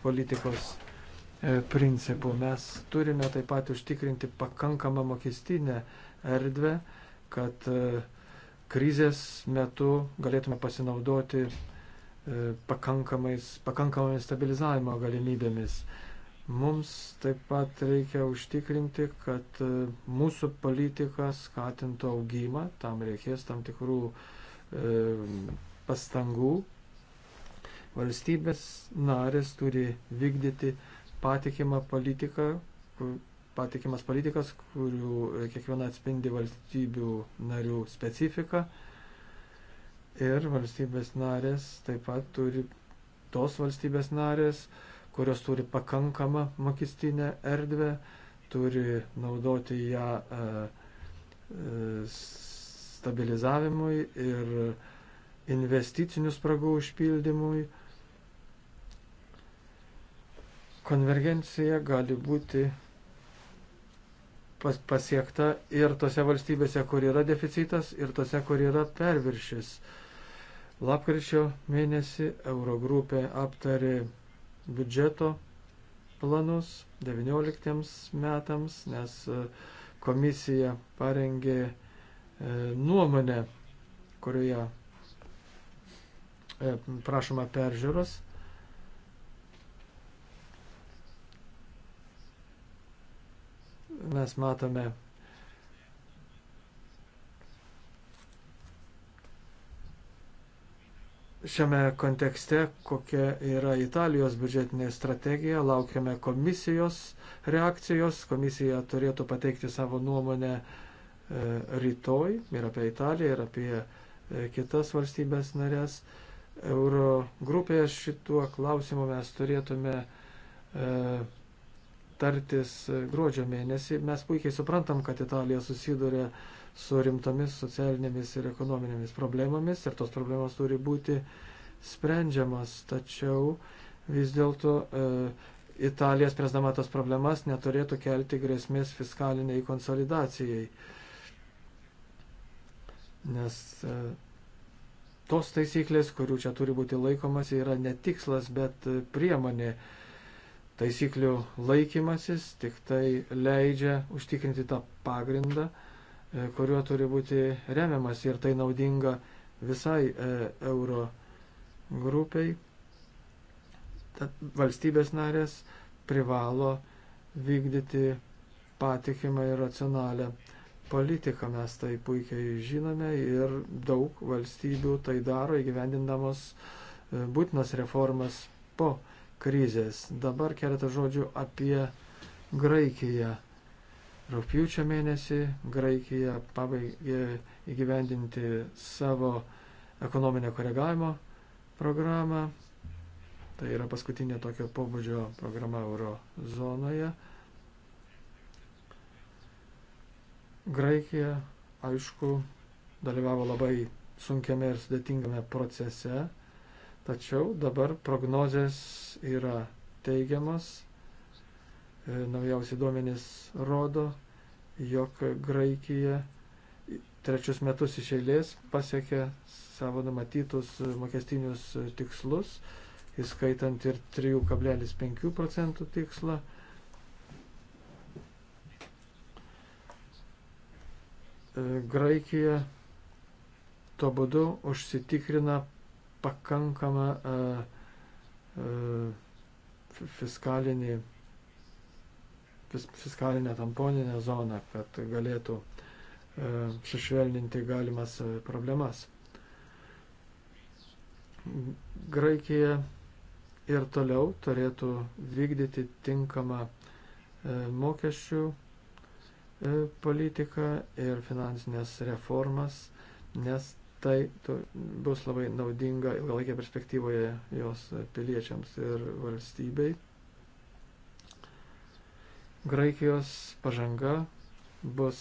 politikos e, principų. Mes turime taip pat užtikrinti pakankamą mokestinę erdvę, kad uh, krizės metu galėtume pasinaudoti e, pakankamais, pakankamais stabilizavimo galimybėmis. Mums taip pat reikia užtikrinti, kad e, mūsų politika skatintų augimą, tam reikės tam tikrų e, pastangų. Valstybės narės turi vykdyti patikimą politiką, patikimas politikas, kurių e, kiekviena atspindi valstybių narių specifiką. Ir valstybės narės taip pat turi tos valstybės narės, kurios turi pakankamą mokestinę erdvę, turi naudoti ją e, e, stabilizavimui ir investicinių spragų užpildymui. Konvergencija gali būti pas, pasiekta ir tose valstybėse, kur yra deficitas, ir tose, kur yra perviršis. Lapkričio mėnesį Eurogrupė aptarė biudžeto planus 19 metams, nes e, komisija parengė e, nuomonę, kurioje e, prašoma peržiūros mes matome šiame kontekste, kokia yra Italijos biudžetinė strategija, laukiame komisijos reakcijos. Komisija turėtų pateikti savo nuomonę e, rytoj ir apie Italiją, ir apie e, kitas valstybės narės. Euro grupėje šituo klausimu mes turėtume e, tartis e, gruodžio mėnesį. Mes puikiai suprantam, kad Italija susiduria su rimtomis socialinėmis ir ekonominėmis problemomis ir tos problemos turi būti sprendžiamas. Tačiau vis dėlto e, Italija spręsdama tas problemas neturėtų kelti grėsmės fiskaliniai konsolidacijai. Nes e, tos taisyklės, kurių čia turi būti laikomas, yra ne tikslas, bet e, priemonė. E, taisyklių laikymasis tik tai leidžia užtikrinti tą pagrindą, e, kuriuo turi būti remiamas ir tai naudinga visai e, euro grupiai. Tad valstybės narės privalo vykdyti patikimą ir racionalią politiką. Mes tai puikiai žinome ir daug valstybių tai daro įgyvendindamos e, būtinas reformas po krizės. Dabar keletą žodžių apie Graikiją. Rūpiučio mėnesį Graikija pabaigė įgyvendinti savo ekonominio koregavimo programą. Tai yra paskutinė tokio pobūdžio programa euro zonoje. Graikija, aišku, dalyvavo labai sunkiame ir sudėtingame procese Tačiau dabar prognozės yra teigiamas. E, naujausi duomenys rodo, jog Graikija trečius metus iš eilės pasiekė savo numatytus mokestinius tikslus, įskaitant ir 3,5 procentų tikslą. E, Graikija tuo būdu užsitikrina pakankamą e, e, fiskalinį, fiskalinę tamponinę zoną, kad galėtų e, sušvelninti galimas problemas. Graikija ir toliau turėtų vykdyti tinkamą mokesčių politiką ir finansinės reformas, nes tai bus labai naudinga ilgalaikėje perspektyvoje jos piliečiams ir valstybei. Graikijos pažanga bus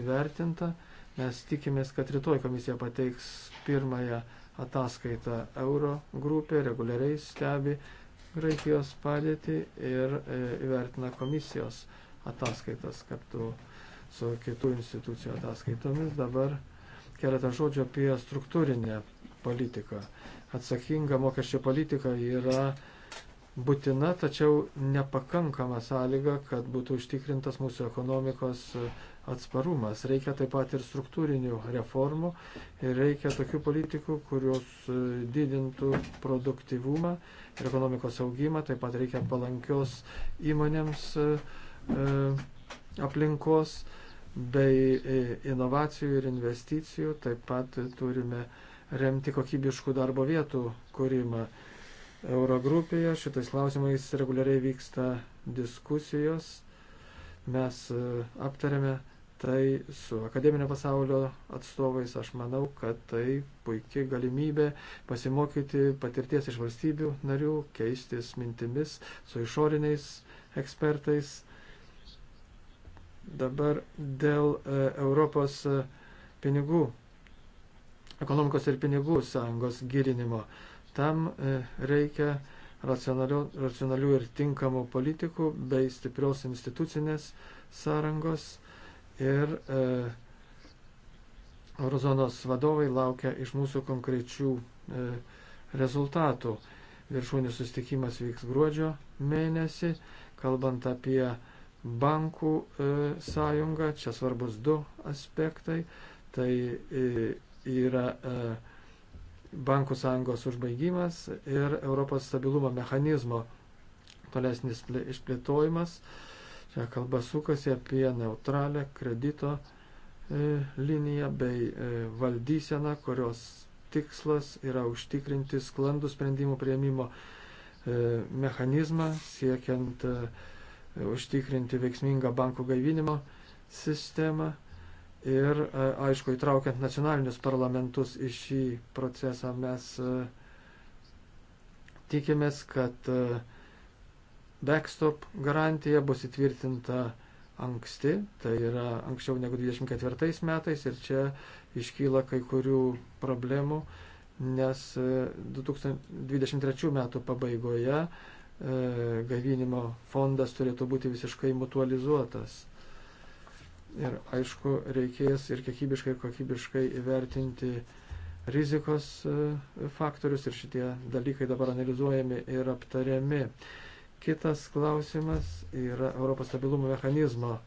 įvertinta. Mes tikimės, kad rytoj komisija pateiks pirmąją ataskaitą euro grupė, reguliariai stebi Graikijos padėtį ir e, įvertina komisijos ataskaitas kartu su kitų institucijų ataskaitomis. Dabar keletą žodžių apie struktūrinę politiką. Atsakinga mokesčio politika yra būtina, tačiau nepakankama sąlyga, kad būtų užtikrintas mūsų ekonomikos atsparumas. Reikia taip pat ir struktūrinių reformų ir reikia tokių politikų, kurios didintų produktivumą ir ekonomikos augimą. Taip pat reikia palankios įmonėms e, aplinkos. E, bei e, inovacijų ir investicijų. Taip pat turime remti kokybiškų darbo vietų kūrimą. Eurogrupėje šitais klausimais reguliariai vyksta diskusijos. Mes e, aptarėme tai su akademinio pasaulio atstovais. Aš manau, kad tai puikiai galimybė pasimokyti patirties iš valstybių narių, keistis mintimis su išoriniais ekspertais Dabar dėl e, Europos e, pinigų, ekonomikos ir pinigų sąjungos gilinimo. Tam e, reikia racionalių, racionalių ir tinkamų politikų bei stiprios institucinės sąrangos ir e, Eurozonos vadovai laukia iš mūsų konkrečių e, rezultatų. Viršūnių sustikimas vyks gruodžio mėnesį, kalbant apie e, bankų e, sąjunga. Čia svarbus du aspektai. Tai e, yra e, bankų sąjungos užbaigimas ir Europos stabilumo mechanizmo tolesnis išplėtojimas. Čia kalba sukasi apie neutralę kredito liniją bei valdyseną, kurios tikslas yra užtikrinti sklandų sprendimų prieimimo mechanizmą, siekiant uh, užtikrinti veiksmingą bankų gaivinimo sistemą ir, aišku, įtraukiant nacionalinius parlamentus į šį procesą, mes tikimės, kad backstop garantija bus įtvirtinta anksti, tai yra anksčiau negu 24 metais ir čia iškyla kai kurių problemų, nes 2023 metų pabaigoje E, gaivinimo fondas turėtų būti visiškai mutualizuotas. Ir aišku, reikės ir kiekybiškai, ir kokybiškai įvertinti rizikos e, faktorius ir šitie dalykai dabar analizuojami ir aptariami. Kitas klausimas yra Europos stabilumo mechanizmo e,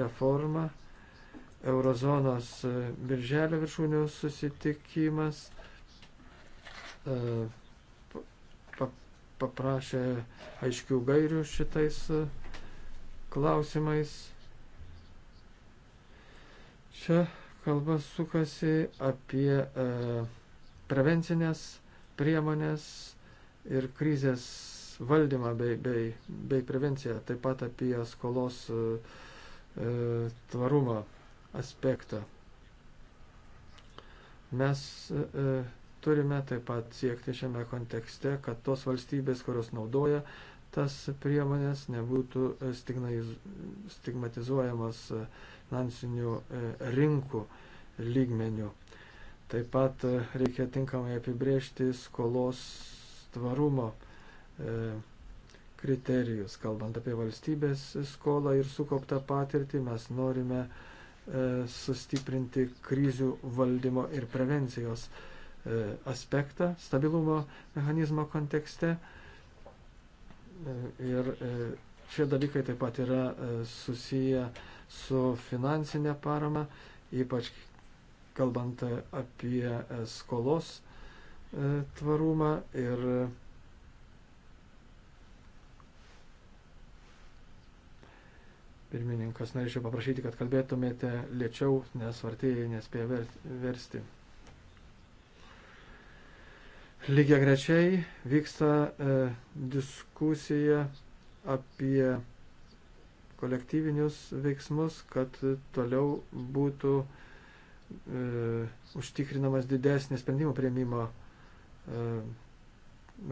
reforma, Eurozonos birželio viršūnių susitikimas, paprašė aiškių gairių šitais e, klausimais. Čia kalba sukasi apie e, prevencinės priemonės ir krizės valdymą bei, bei, bei prevenciją, taip pat apie skolos e, e tvarumo aspektą. Mes e, e Turime taip pat siekti šiame kontekste, kad tos valstybės, kurios naudoja tas priemonės, nebūtų stigmatizuojamas finansinių e, rinkų lygmenių. Taip pat e, reikia tinkamai apibrėžti skolos tvarumo e, kriterijus. Kalbant apie valstybės skolą ir sukauptą patirtį, mes norime sustiprinti krizių valdymo ir prevencijos E, aspektą stabilumo mechanizmo kontekste. E, ir e, šie dalykai taip pat yra susiję su finansinė parama, ypač kalbant apie skolos tvarumą ir Pirmininkas, norėčiau paprašyti, kad kalbėtumėte lėčiau, nes vartėjai nespėja versti. Lygiai grečiai vyksta e, diskusija apie kolektyvinius veiksmus, kad toliau būtų e, užtikrinamas didesnis sprendimų prieimimo e,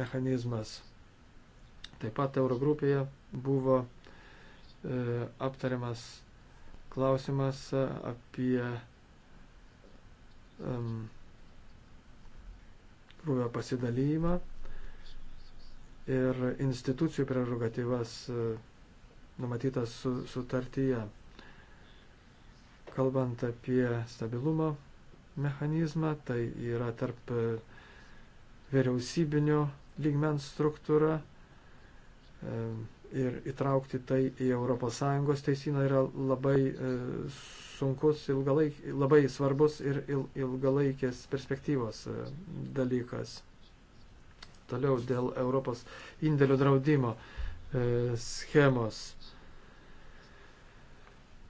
mechanizmas. Taip pat Eurogrupėje buvo e, aptariamas klausimas e, apie um, e, krūvio pasidalymą ir institucijų prerogatyvas e, numatytas su, sutartyje. Kalbant apie stabilumo mechanizmą, tai yra tarp e, vyriausybinio lygmens struktūra e, ir įtraukti tai į ES teisiną yra labai sunkus, ilgalaik, labai svarbus ir il, ilgalaikės perspektyvos e, dalykas. Toliau dėl Europos indėlių draudimo e, schemos.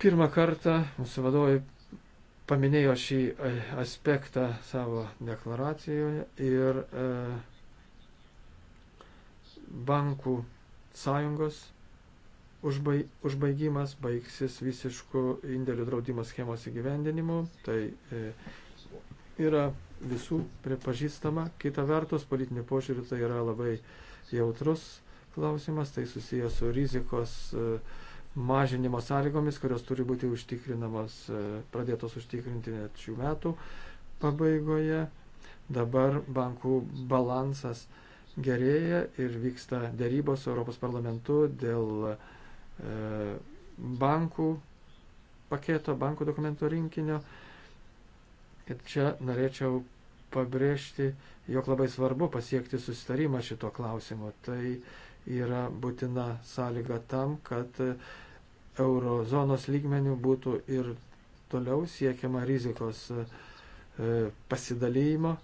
Pirmą kartą mūsų vadovai paminėjo šį e, aspektą savo deklaracijoje ir e, bankų sąjungos užbaig, užbaigimas baigsis visiškų indėlių draudimo schemos įgyvendinimu. Tai e, yra visų pripažįstama. Kita vertus, politinių požiūrių tai yra labai jautrus klausimas, tai susijęs su rizikos e, mažinimo sąlygomis, kurios turi būti užtikrinamos, e, pradėtos užtikrinti net šių metų pabaigoje. Dabar bankų balansas gerėja ir vyksta dėrybos su Europos parlamentu dėl uh, E, bankų paketo, bankų dokumento rinkinio. Ir čia norėčiau pabrėžti, jog labai svarbu pasiekti susitarimą šito klausimo. Tai yra būtina sąlyga tam, kad eurozonos lygmenių būtų ir toliau siekiama rizikos e, pasidalymo.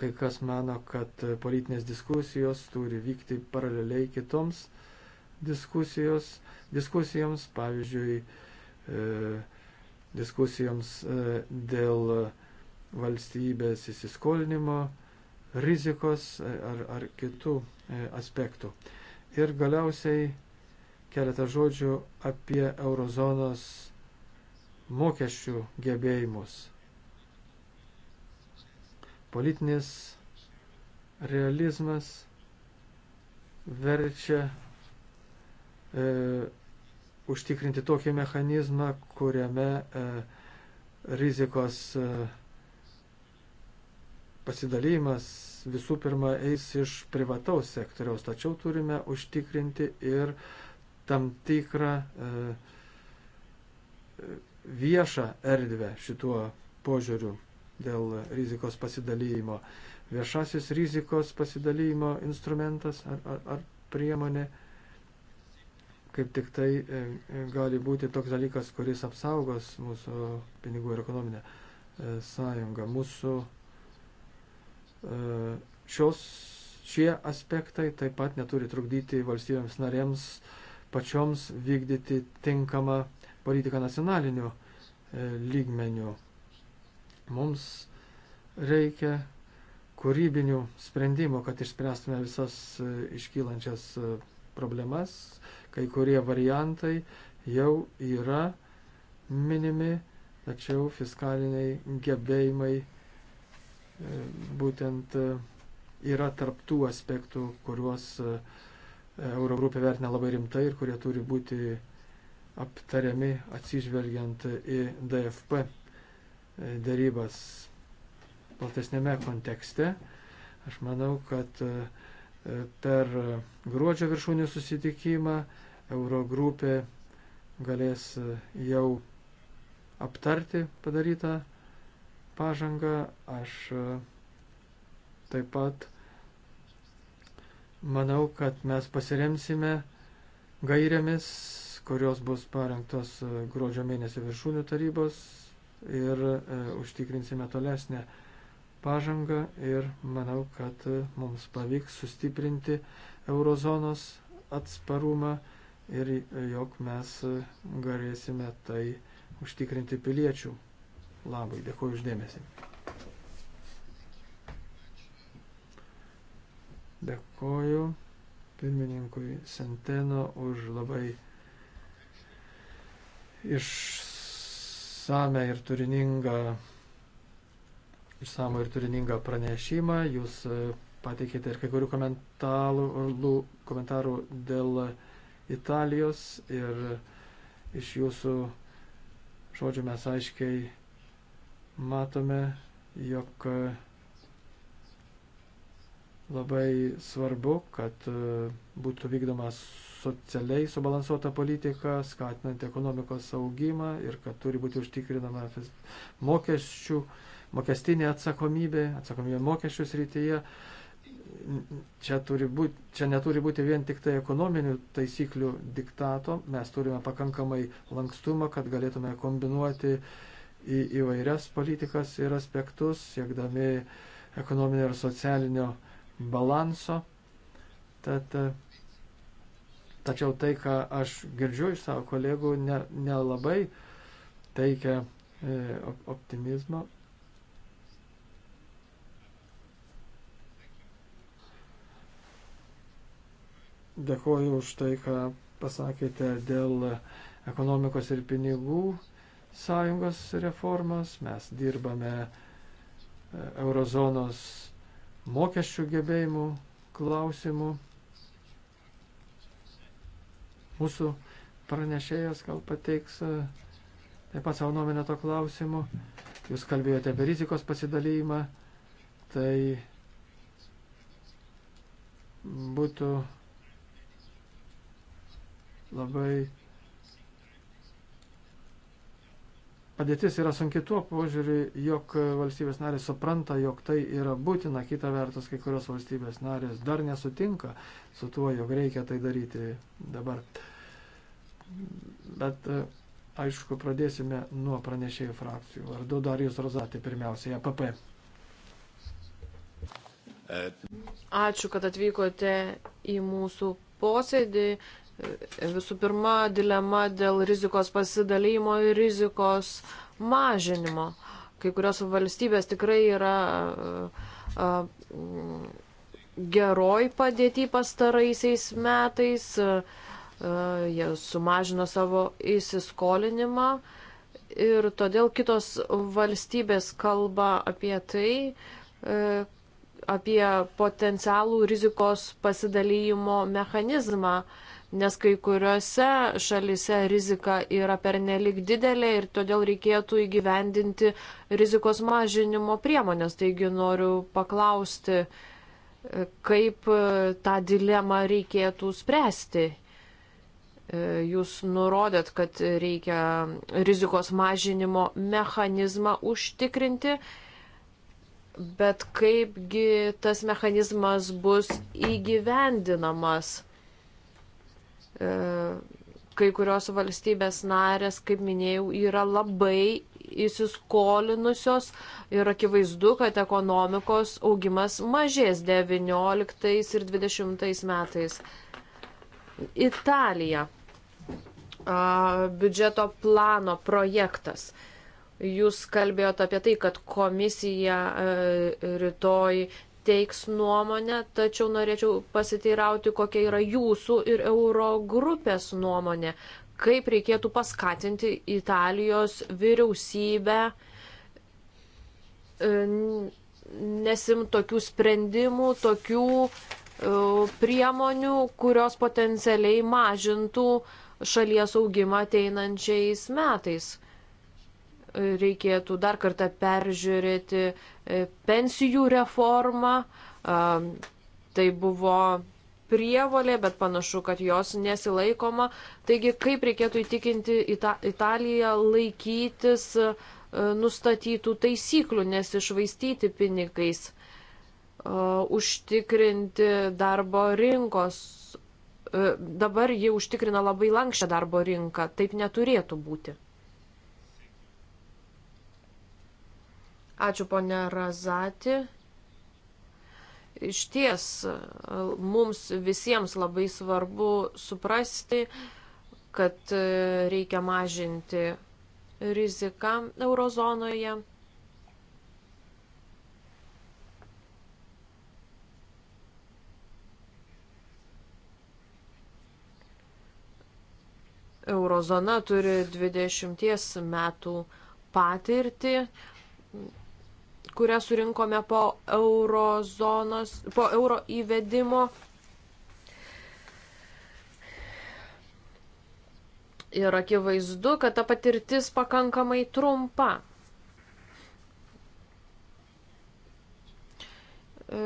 Kai kas mano, kad politinės diskusijos turi vykti paraleliai kitoms diskusijoms, pavyzdžiui, e, diskusijoms e, dėl valstybės įsiskolinimo rizikos e, ar, ar kitų aspektų. Ir galiausiai keletą žodžių apie eurozonos mokesčių gebėjimus. Politinis realizmas verčia e, užtikrinti tokį mechanizmą, kuriame e, rizikos e, pasidalymas visų pirma eis iš privataus sektoriaus, tačiau turime užtikrinti ir tam tikrą e, viešą erdvę šituo požiūriu dėl rizikos pasidalymo. Viešasis rizikos pasidalymo instrumentas ar, ar, ar priemonė kaip tik tai e, e, gali būti toks dalykas, kuris apsaugos mūsų pinigų ir ekonominę e, sąjungą. Mūsų šios, šie aspektai taip pat neturi trukdyti valstybėms narėms pačioms vykdyti tinkamą politiką nacionaliniu lygmeniu. Mums reikia kūrybinių sprendimų, kad išspręstume visas iškylančias problemas, kai kurie variantai jau yra minimi, tačiau fiskaliniai gebėjimai e, būtent e, yra tarptų aspektų, kuriuos e, Eurogrupė vertina labai rimtai ir kurie turi būti aptariami atsižvelgiant į DFP dėrybas platesnėme kontekste. Aš manau, kad per gruodžio viršūnių susitikimą Eurogrupė galės jau aptarti padarytą pažangą. Aš taip pat manau, kad mes pasiremsime gairiamis, kurios bus parengtos gruodžio mėnesio viršūnių tarybos ir e, užtikrinsime tolesnę e, pažangą ir manau, kad mums pavyks sustiprinti eurozonos atsparumą ir jog mes galėsime tai užtikrinti piliečių labai. Dėkuoju uždėmesi. Dėkuoju pirmininkui Senteno už labai išsame ir turiningą išsamų ir turiningą pranešimą. Jūs e, pateikėte ir kai kurių komentarų, komentarų dėl Italijos ir iš jūsų žodžių mes aiškiai matome, jog e, labai svarbu, kad e, būtų vykdoma socialiai subalansuota politika, skatinant ekonomikos augimą ir kad turi būti užtikrinama mokesčių uh, mokestinė atsakomybė, atsakomybė mokesčių srityje. Čia, būti, čia neturi būti vien tik tai ekonominių taisyklių diktato, mes turime pakankamai lankstumą, kad galėtume kombinuoti į įvairias politikas ir aspektus, siekdami ekonominio ir socialinio balanso. Tad, tačiau tai, ką aš girdžiu iš savo kolegų, nelabai ne, ne teikia e, optimizmo, Dėkoju už tai, ką pasakėte dėl ekonomikos ir pinigų sąjungos reformos. Mes dirbame e, eurozonos mokesčių gebėjimų klausimų. Mūsų pranešėjas gal pateiks e, taip pat savo nuomenę to klausimu. Jūs kalbėjote apie rizikos pasidalymą. Tai būtų labai padėtis yra sunki tuo požiūriu, jog valstybės narės supranta, jog tai yra būtina, kita vertus kai kurios valstybės narės dar nesutinka su tuo, jog reikia tai daryti dabar. Bet e, aišku, pradėsime nuo pranešėjų frakcijų. Vardu Darijus Rozatė pirmiausiai, APP. E
Ačiū, kad atvykote į mūsų posėdį. Visų pirma, dilema dėl rizikos pasidalymo ir rizikos mažinimo. Kai kurios valstybės tikrai yra geroj padėti pastaraisiais metais, jie sumažino savo įsiskolinimą ir todėl kitos valstybės kalba apie tai, e, apie potencialų rizikos pasidalymo mechanizmą nes kai kuriuose šalise rizika yra pernelik didelė ir todėl reikėtų įgyvendinti rizikos mažinimo priemonės. Taigi noriu paklausti, kaip tą dilemą reikėtų spręsti. Jūs nurodėt, kad reikia rizikos mažinimo mechanizmą užtikrinti, bet kaipgi tas mechanizmas bus įgyvendinamas E, kai kurios valstybės narės, kaip minėjau, yra labai įsiskolinusios ir akivaizdu, kad ekonomikos augimas mažės 19 ir 20 metais. Italija. Biudžeto plano projektas. Jūs kalbėjote apie tai, kad komisija e, rytoj teiks nuomonę, tačiau norėčiau pasiteirauti, kokia yra jūsų ir euro grupės nuomonė, kaip reikėtų paskatinti Italijos vyriausybę e, nesim tokių sprendimų, tokių e, priemonių, kurios potencialiai mažintų šalies augimą ateinančiais metais reikėtų dar kartą peržiūrėti e, pensijų reformą. Tai buvo prievolė, bet panašu, kad jos nesilaikoma. Taigi, kaip reikėtų įtikinti Ita Italiją laikytis e, nustatytų taisyklių, nesišvaistyti pinigais, e, užtikrinti darbo rinkos. Dabar ji užtikrina labai lankščią darbo rinką. Taip neturėtų būti. Ačiū, ponė Razati. Iš ties mums visiems labai svarbu suprasti, kad reikia mažinti riziką eurozonoje. Eurozona turi 20 metų patirtį, kurią surinkome po, eurozonos, po euro įvedimo. Ir akivaizdu, kad ta patirtis pakankamai trumpa. E,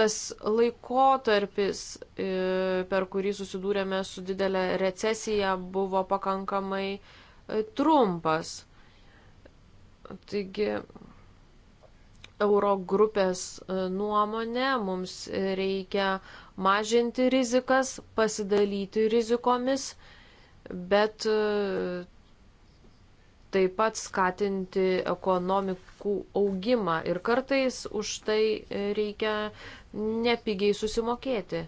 tas laikotarpis, e, per kurį susidūrėme su didelė recesija, buvo pakankamai e, trumpas. Taigi euro grupės e, nuomonė, mums reikia mažinti rizikas, pasidalyti rizikomis, bet e, taip pat skatinti ekonomikų augimą ir kartais už tai reikia nepigiai susimokėti.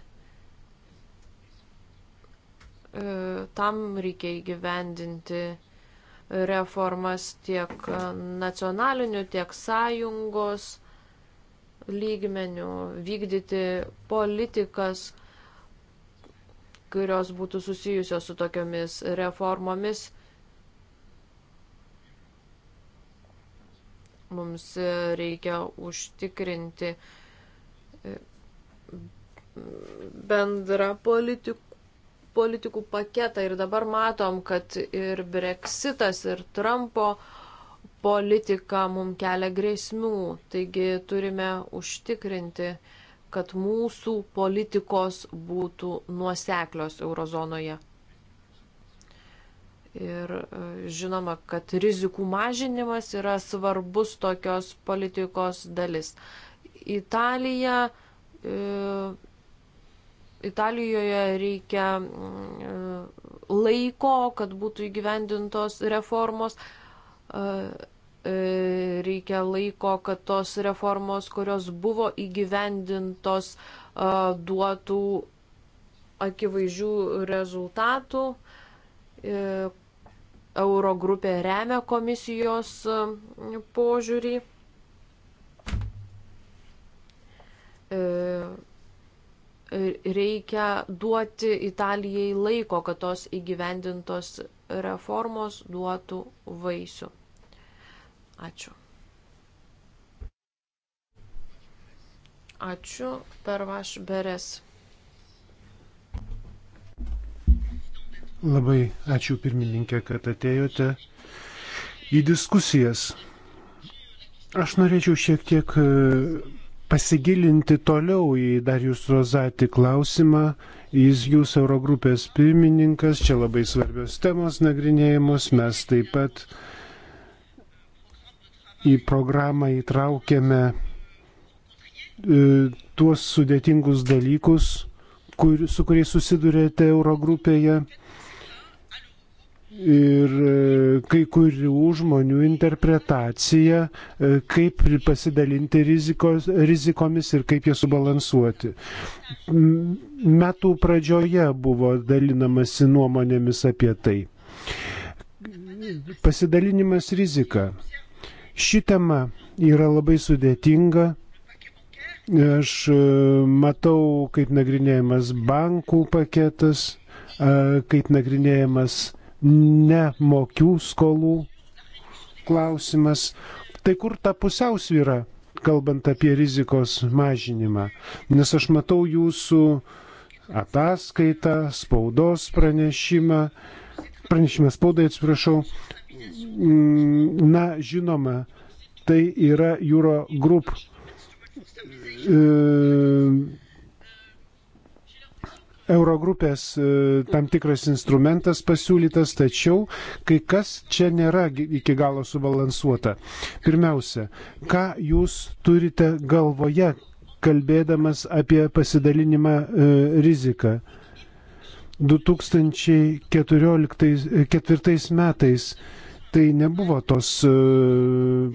E, tam reikia įgyvendinti reformas tiek nacionaliniu, tiek sąjungos lygmenių, vykdyti politikas, kurios būtų susijusios su tokiomis reformomis. Mums reikia užtikrinti bendrą politikų politikų paketą ir dabar matom, kad ir Brexitas, ir Trumpo politika mums kelia grėsmių. Taigi turime užtikrinti, kad mūsų politikos būtų nuoseklios eurozonoje. Ir e, žinoma, kad rizikų mažinimas yra svarbus tokios politikos dalis. Italija e, Italijoje reikia mm, laiko, kad būtų įgyvendintos reformos, e, e, reikia laiko, kad tos reformos, kurios buvo įgyvendintos, e, duotų akivaizdžių rezultatų. Eurogrupė remia komisijos mm, požiūrį. E, reikia duoti Italijai laiko, kad tos įgyvendintos reformos duotų vaisių. Ačiū. Ačiū per vaš beres.
Labai ačiū pirmininkė, kad atėjote į diskusijas. Aš norėčiau šiek tiek pasigilinti toliau į dar jūsų Rozatį klausimą. Jis jūs Eurogrupės pirmininkas, čia labai svarbios temos nagrinėjamos, mes taip pat į programą įtraukėme e, tuos sudėtingus dalykus, kur, su kuriais susidurėte Eurogrupėje ir e, kai kurių žmonių interpretacija, e, kaip pasidalinti rizikos, rizikomis ir kaip jas subalansuoti. Metų pradžioje buvo dalinamasi nuomonėmis apie tai. Pasidalinimas rizika. Ši tema yra labai sudėtinga. Aš e, matau, kaip nagrinėjamas bankų paketas, kaip nagrinėjamas nemokių skolų klausimas. Tai kur ta pusiausvyra, kalbant apie rizikos mažinimą? Nes aš matau jūsų ataskaitą, spaudos pranešimą, pranešimą spaudai atsiprašau. Mm, na, žinoma, tai yra Euro Group e, Eurogrupės e, tam tikras instrumentas pasiūlytas, tačiau kai kas čia nėra iki galo subalansuota. Pirmiausia, ką jūs turite galvoje, kalbėdamas apie pasidalinimą e, riziką? 2014 e, metais tai nebuvo tos e,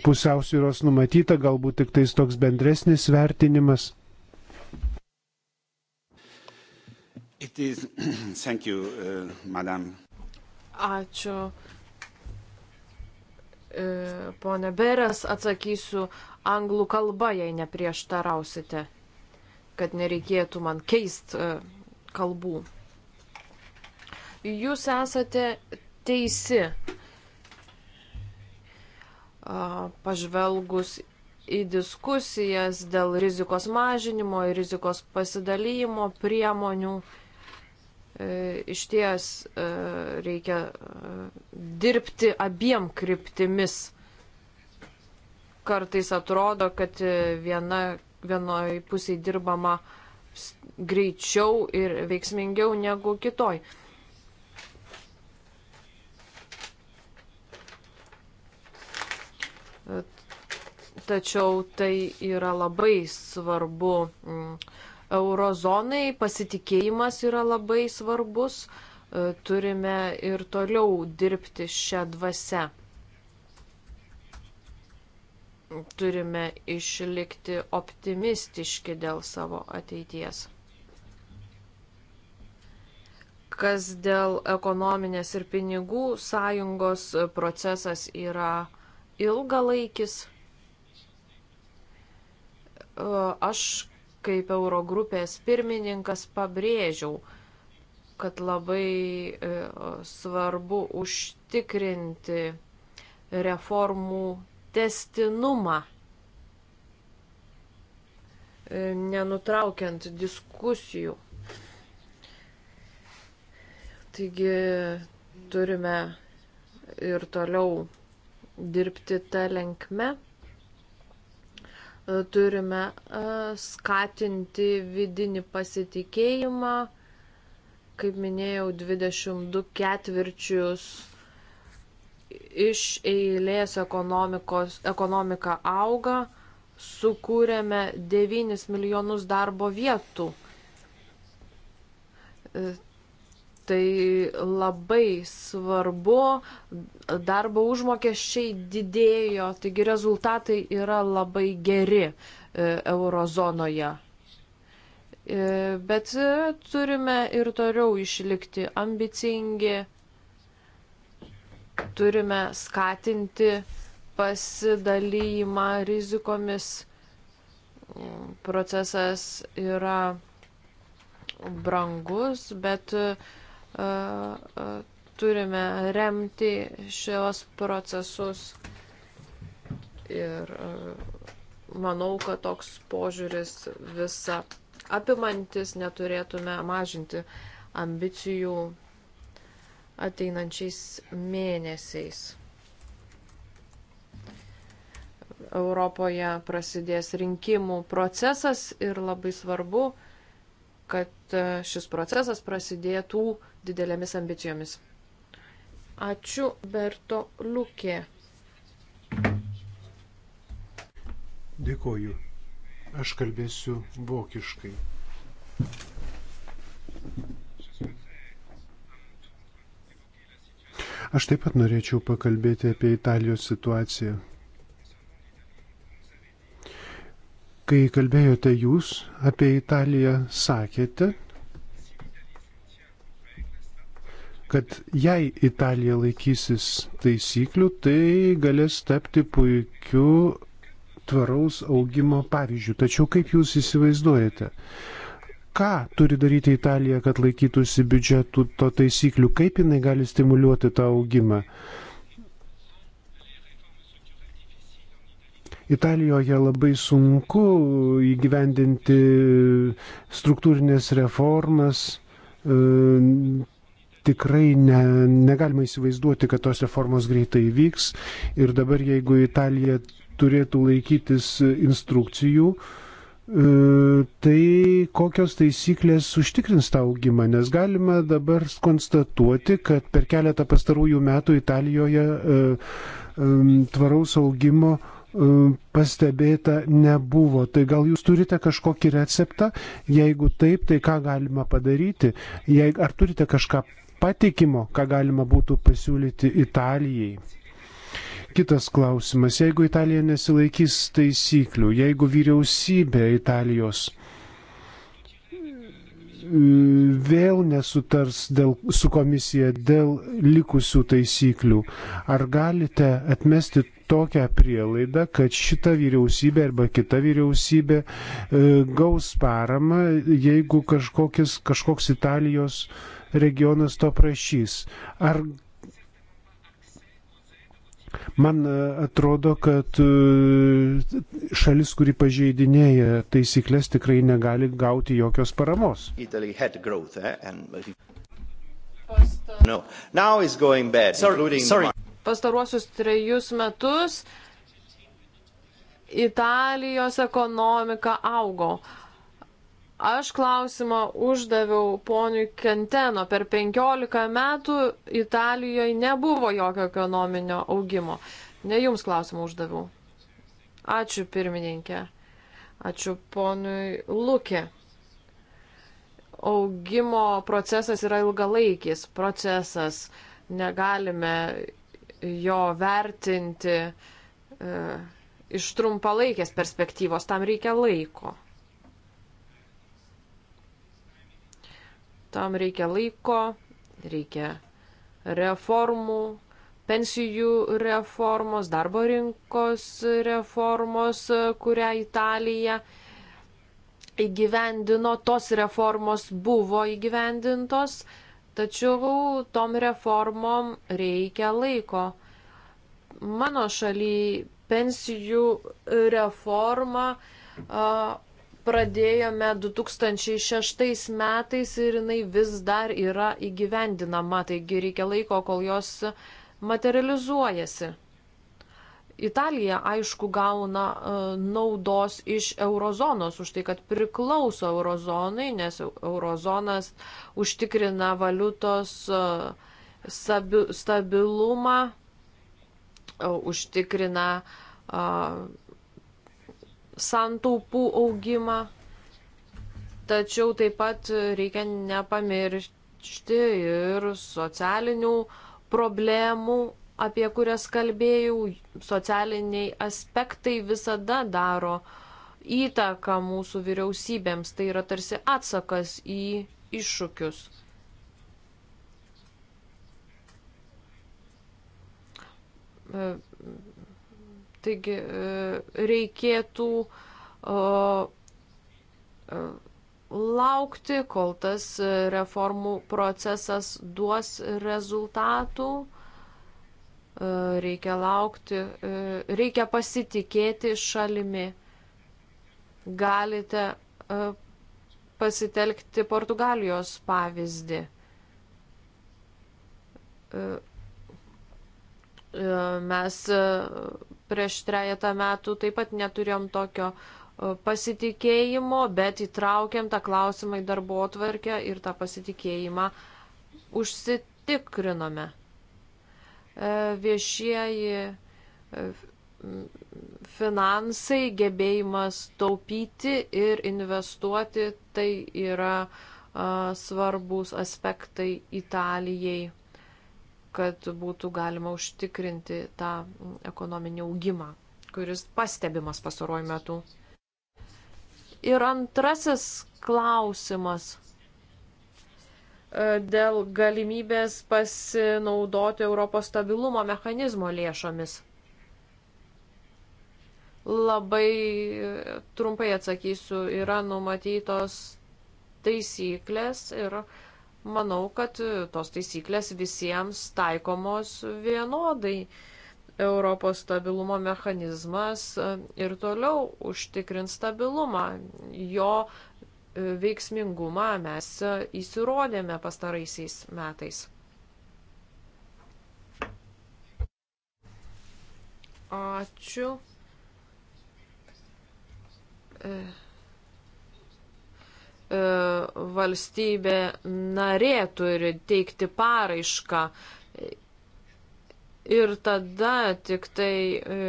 pusiausvyros numatyta, galbūt tik tais toks bendresnis vertinimas. It is, thank you, uh, madam.
Ačiū. E, Pone Beres, atsakysiu anglų kalba, jei neprieštarausite, kad nereikėtų man keist e, kalbų. Jūs esate teisi. Pažvelgus į diskusijas dėl rizikos mažinimo ir rizikos pasidalymo priemonių, E, iš ties e, reikia e, dirbti abiem kryptimis. Kartais atrodo, kad viena, vienoj pusėje dirbama greičiau ir veiksmingiau negu kitoj. Tačiau tai yra labai svarbu eurozonai pasitikėjimas yra labai svarbus, e, turime ir toliau dirbti šią dvasę. Turime išlikti optimistiški dėl savo ateities. Kas dėl ekonominės ir pinigų sąjungos procesas yra ilgalaikis, e, aš kaip Eurogrupės pirmininkas pabrėžiau, kad labai e, svarbu užtikrinti reformų testinumą, e, nenutraukiant diskusijų. Taigi turime ir toliau dirbti tą lenkme turime e, skatinti vidinį pasitikėjimą, kaip minėjau, 22 ketvirčius iš eilės ekonomika auga, sukūrėme 9 milijonus darbo vietų. E, tai labai svarbu, darbo užmokesčiai didėjo, taigi rezultatai yra labai geri e, eurozonoje. E, bet e, turime ir toliau išlikti ambicingi, turime skatinti pasidalymą rizikomis. Procesas yra brangus, bet uh, turime remti šios procesus ir e, manau, kad toks požiūris visa apimantis neturėtume mažinti ambicijų ateinančiais mėnesiais. Europoje prasidės rinkimų procesas ir labai svarbu, kad e, šis procesas prasidėtų didelėmis ambicijomis. Ačiū Berto Lukė.
Dėkoju. Aš kalbėsiu vokiškai. Aš taip pat norėčiau pakalbėti apie Italijos situaciją. Kai kalbėjote jūs apie Italiją, sakėte, kad jei Italija laikysis taisyklių, tai galės tapti puikiu tvaraus augimo pavyzdžių. Tačiau kaip jūs įsivaizduojate, ką turi daryti Italija, kad laikytųsi biudžetų to taisyklių, kaip jinai gali stimuliuoti tą augimą? Uh, Italijoje labai sunku įgyvendinti struktūrinės reformas. E, tikrai ne, negalima įsivaizduoti, kad tos reformos greitai vyks. Ir dabar, jeigu Italija turėtų laikytis instrukcijų, e, tai kokios taisyklės užtikrins tą augimą, nes galima dabar konstatuoti, kad per keletą pastarųjų metų Italijoje e, tvaraus augimo uh, Um, pastebėta nebuvo. Tai gal jūs turite kažkokį receptą? Jeigu taip, tai ką galima padaryti? Jei, ar turite kažką patikimo, ką galima būtų pasiūlyti Italijai? Kitas klausimas. Jeigu Italija nesilaikys taisyklių, jeigu vyriausybė Italijos uh, vėl nesutars dėl, su komisija dėl likusių taisyklių. Ar galite atmesti tokią prielaidą, kad šita vyriausybė arba kita vyriausybė e, gaus paramą, jeigu kažkokis, kažkoks Italijos regionas to prašys? Ar Man e, atrodo, kad e, šalis, kuri pažeidinėja taisyklės, tikrai negali gauti jokios paramos. Growth, eh? And... Pastar... no. bad, sorry, including... sorry.
Pastaruosius trejus metus Italijos ekonomika augo. Aš klausimą uždaviau poniui Kenteno. Per 15 metų Italijoje nebuvo jokio ekonominio augimo. Ne jums klausimą uždaviau. Ačiū pirmininkė. Ačiū ponui Lukė. Augimo procesas yra ilgalaikis procesas. Negalime jo vertinti e, iš trumpalaikės perspektyvos. Tam reikia laiko. Tam reikia laiko, reikia reformų, pensijų reformos, darbo rinkos reformos, kurią Italija įgyvendino, tos reformos buvo įgyvendintos, tačiau tom reformom reikia laiko. Mano šaly pensijų reforma pradėjome 2006 metais ir jinai vis dar yra įgyvendinama, taigi reikia laiko, kol jos materializuojasi. Italija, aišku, gauna e, naudos iš eurozonos už tai, kad priklauso eurozonai, nes eurozonas užtikrina valiutos e, stabilumą, e, užtikrina uh, santaupų augimą, tačiau taip pat reikia nepamiršti ir socialinių problemų, apie kurias kalbėjau. Socialiniai aspektai visada daro įtaką mūsų vyriausybėms, tai yra tarsi atsakas į iššūkius. Taigi e, reikėtų e, laukti, kol tas e, reformų procesas duos rezultatų. Reikia laukti, reikia pasitikėti šalimi. Galite pasitelkti Portugalijos pavyzdį. Mes Prieš trejata metų taip pat neturėjom tokio e, pasitikėjimo, bet įtraukėm tą klausimą į darbo atvarkę ir tą pasitikėjimą užsitikrinome. E, viešieji e, finansai, gebėjimas taupyti ir investuoti, tai yra svarbus aspektai Italijai kad būtų galima užtikrinti tą ekonominį augimą, kuris pastebimas pasaruoju metu. Ir antrasis klausimas e, dėl galimybės pasinaudoti Europos stabilumo mechanizmo lėšomis. Labai trumpai atsakysiu, yra numatytos taisyklės ir uh, manau, kad e, tos taisyklės visiems taikomos vienodai. Europos stabilumo mechanizmas e, ir toliau užtikrins stabilumą. Jo e, veiksmingumą mes įsirodėme pastaraisiais metais. Ačiū. E E, valstybė narė turi teikti paraišką. Ir tada tik tai e,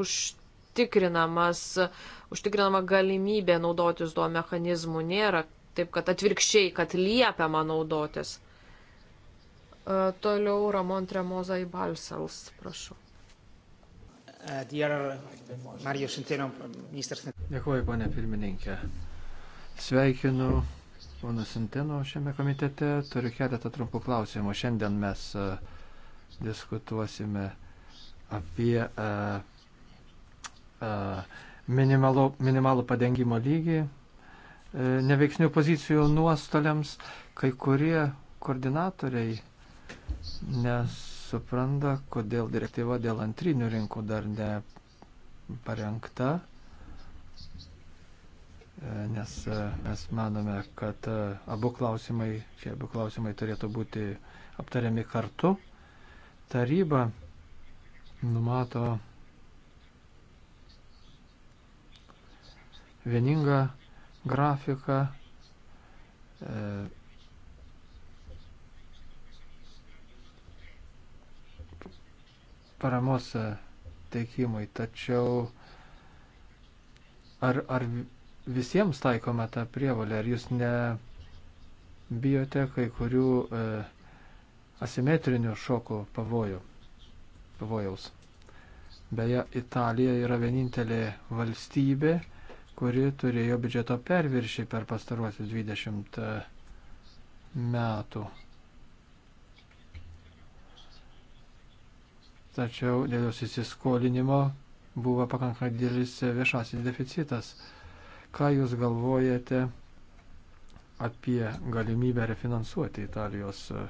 užtikrinamas, užtikrinama galimybė naudotis tuo mechanizmu. Nėra taip, kad atvirkščiai, kad liepiama naudotis. E, toliau Ramon Tremoza į Balsels, prašau.
E,
Dėkuoju, ponė pirmininkė. Sveikinu ponas Sintino šiame komitete. Turiu keletą trumpų klausimų. Šiandien mes e, diskutuosime apie a, e, a, e, minimalų, minimalų padengimo lygį, neveiksnių pozicijų nuostoliams. Kai kurie koordinatoriai nesupranta, kodėl direktyva dėl antrinių rinkų dar neparengta nes e, mes manome, kad e, abu klausimai, šie abu klausimai turėtų būti aptariami kartu. Taryba numato vieningą grafiką e, paramos teikimui, tačiau ar, ar visiems taikoma ta prievalė? Ar jūs nebijote kai kurių e, asimetrinių šokų pavojų, pavojaus? Beje, Italija yra vienintelė valstybė, kuri turėjo biudžeto perviršį per pastaruosius 20 e, metų. Tačiau dėl jos įsiskolinimo buvo pakankamai didelis viešasis deficitas. Ką Jūs galvojate apie galimybę refinansuoti Italijos e,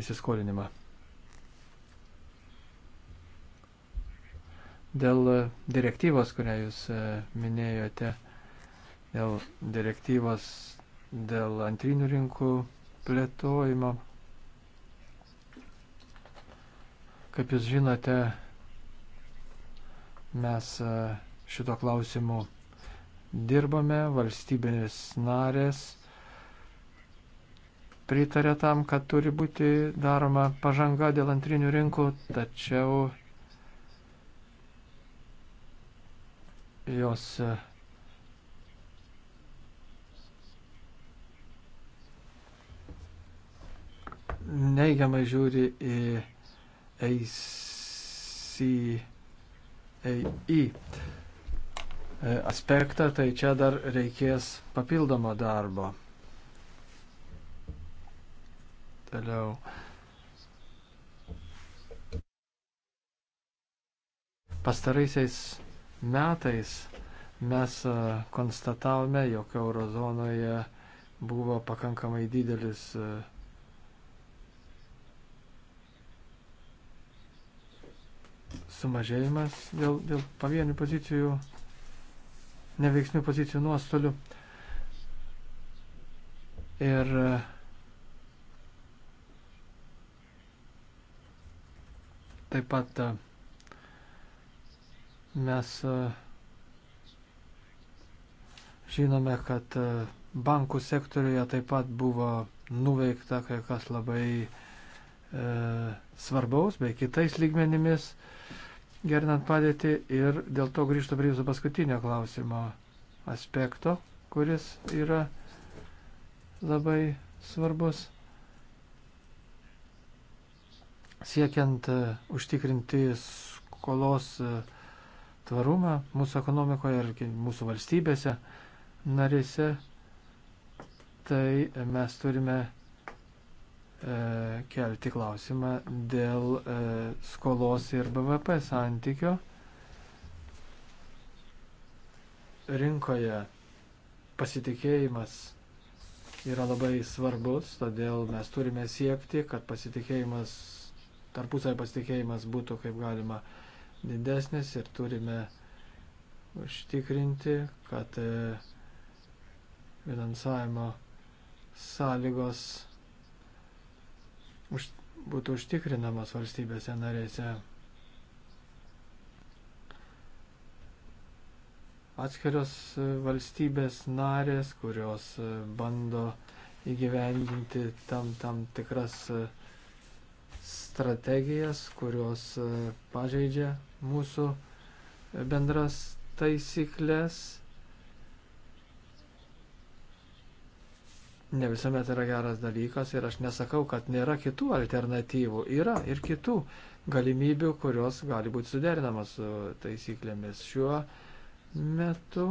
įsiskolinimą? Dėl direktyvos, kurią Jūs e, minėjote, dėl direktyvos dėl antrinių rinkų plėtojimo. Kaip jūs žinote, mes e, šito klausimu dirbame, valstybės narės pritarė tam, kad turi būti daroma pažanga dėl antrinių rinkų, tačiau jos neigiamai žiūri į ACAI. E aspektą, tai čia dar reikės papildomo darbo. Toliau. Pastaraisiais metais mes e, konstatavome, jog eurozonoje buvo pakankamai didelis e, sumažėjimas dėl, dėl pavienių pozicijų neveiksnių pozicijų nuostolių. Ir e, taip pat e, mes e, žinome, kad bankų sektoriuje taip pat buvo nuveikta kai kas labai e, svarbaus, bei kitais lygmenimis. E, gerinant padėtį ir dėl to grįžtu prie jūsų paskutinio klausimo aspekto, kuris yra labai svarbus. Siekiant e, užtikrinti skolos e, tvarumą mūsų ekonomikoje ir mūsų valstybėse narėse, tai mes turime E, kelti klausimą dėl e, skolos ir BVP santykio rinkoje pasitikėjimas yra labai svarbus, todėl mes turime siekti, kad pasitikėjimas, tarpusavio pasitikėjimas būtų kaip galima didesnis ir turime užtikrinti, kad e, finansavimo sąlygos už, būtų užtikrinamas valstybėse narėse. Atskirios valstybės narės, kurios bando įgyvendinti tam, tam tikras strategijas, kurios pažeidžia mūsų bendras taisyklės ne visuomet yra geras dalykas ir aš nesakau, kad nėra kitų alternatyvų. Yra ir kitų galimybių, kurios gali būti suderinamas su taisyklėmis šiuo metu.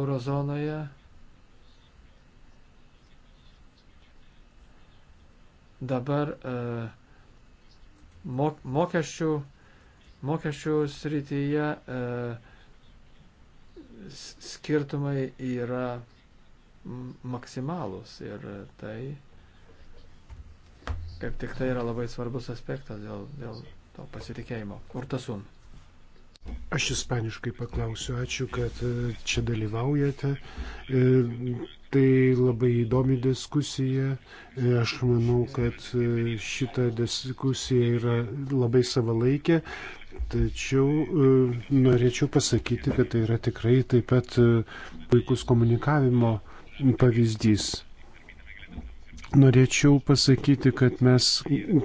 Eurozonoje dabar e, mok, mokesčių, mokesčių srityje e, skirtumai yra maksimalūs ir tai kaip tik tai yra labai svarbus aspektas dėl, dėl to pasitikėjimo. Urtasun.
Aš ispaniškai paklausiu, ačiū, kad e, čia dalyvaujate. E, tai labai įdomi diskusija. E, aš manau, kad šita diskusija yra labai savalaikė. Tačiau e, norėčiau pasakyti, kad tai yra tikrai taip pat e, puikus komunikavimo pavyzdys. Norėčiau pasakyti, kad mes,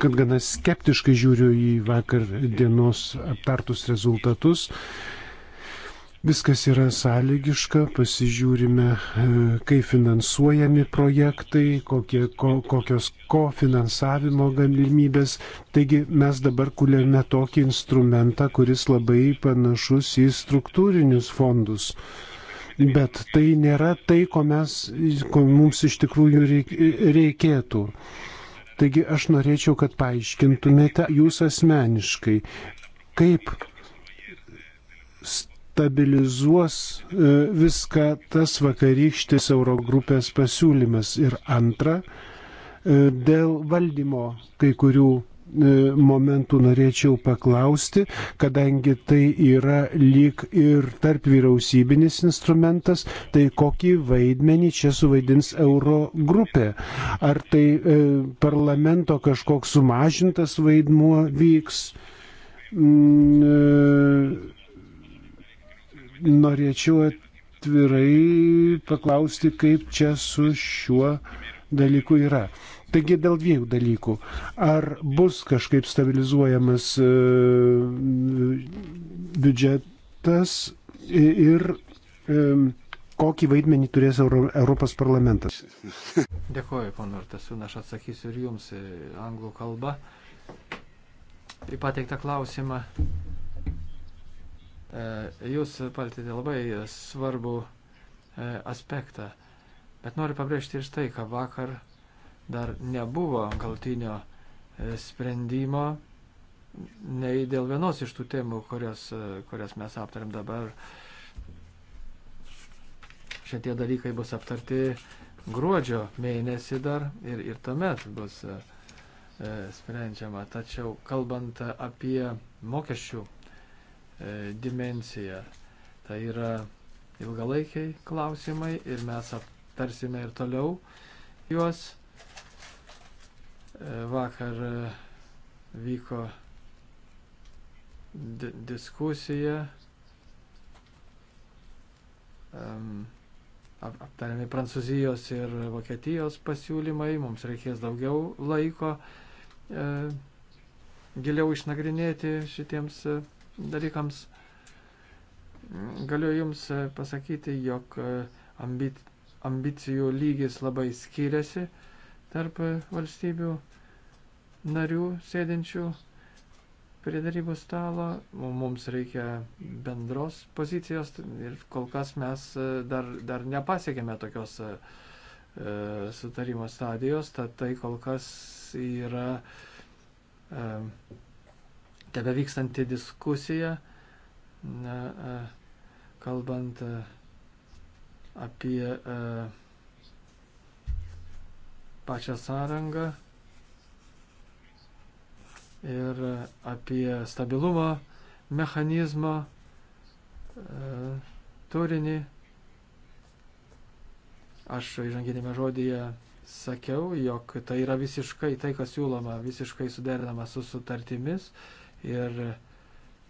kad gana skeptiškai žiūriu į vakar dienos aptartus rezultatus Viskas yra sąlygiška, pasižiūrime, e, kaip finansuojami projektai, kokie, ko, kokios kofinansavimo galimybės. Taigi mes dabar kūlėme tokį instrumentą, kuris labai panašus į struktūrinius fondus. Bet tai nėra tai, ko, mes, ko mums iš tikrųjų reikėtų. Taigi aš norėčiau, kad paaiškintumėte jūs asmeniškai, kaip stabilizuos e, viską tas vakarykštis Eurogrupės pasiūlymas. Ir antra, e, dėl valdymo kai kurių e, momentų norėčiau paklausti, kadangi tai yra lyg ir tarp vyriausybinis instrumentas, tai kokį vaidmenį čia suvaidins euro grupė? Ar tai e, parlamento kažkoks sumažintas vaidmuo vyks? Mm, e, norėčiau atvirai paklausti, kaip čia su šiuo dalyku yra. Taigi dėl dviejų dalykų. Ar bus kažkaip stabilizuojamas e, biudžetas ir e, kokį vaidmenį turės Europos parlamentas?
Dėkuoju, ponartas, aš atsakysiu ir jums e, anglų kalba. Į pateiktą klausimą E, jūs paltėte labai svarbų e, aspektą, bet noriu pabrėžti ir tai, kad vakar dar nebuvo galtinio e, sprendimo nei dėl vienos iš tų temų, kurias, kurias mes aptarėm dabar. Šitie dalykai bus aptarti gruodžio mėnesį dar ir, ir tuomet bus sprendžiama. Tačiau kalbant apie mokesčių E, dimensiją. Tai yra ilgalaikiai klausimai ir mes aptarsime ir toliau juos. E, vakar e, vyko di diskusija. Um, aptariami Prancūzijos ir Vokietijos pasiūlymai, mums reikės daugiau laiko e, giliau išnagrinėti šitiems dalykams. Galiu Jums e, pasakyti, jog e, ambit, ambicijų lygis labai skiriasi tarp e, valstybių narių sėdinčių prie darybų stalo. Mums reikia bendros pozicijos ir kol kas mes dar, dar nepasiekėme tokios e, sutarimo stadijos, tad tai kol kas yra e, tebe vykstanti diskusija, na, e, kalbant e, apie e, pačią sąrangą ir apie stabilumo mechanizmo turinį. Aš įžanginėme žodyje sakiau, jog tai yra visiškai tai, kas siūloma, visiškai suderinama su sutartimis ir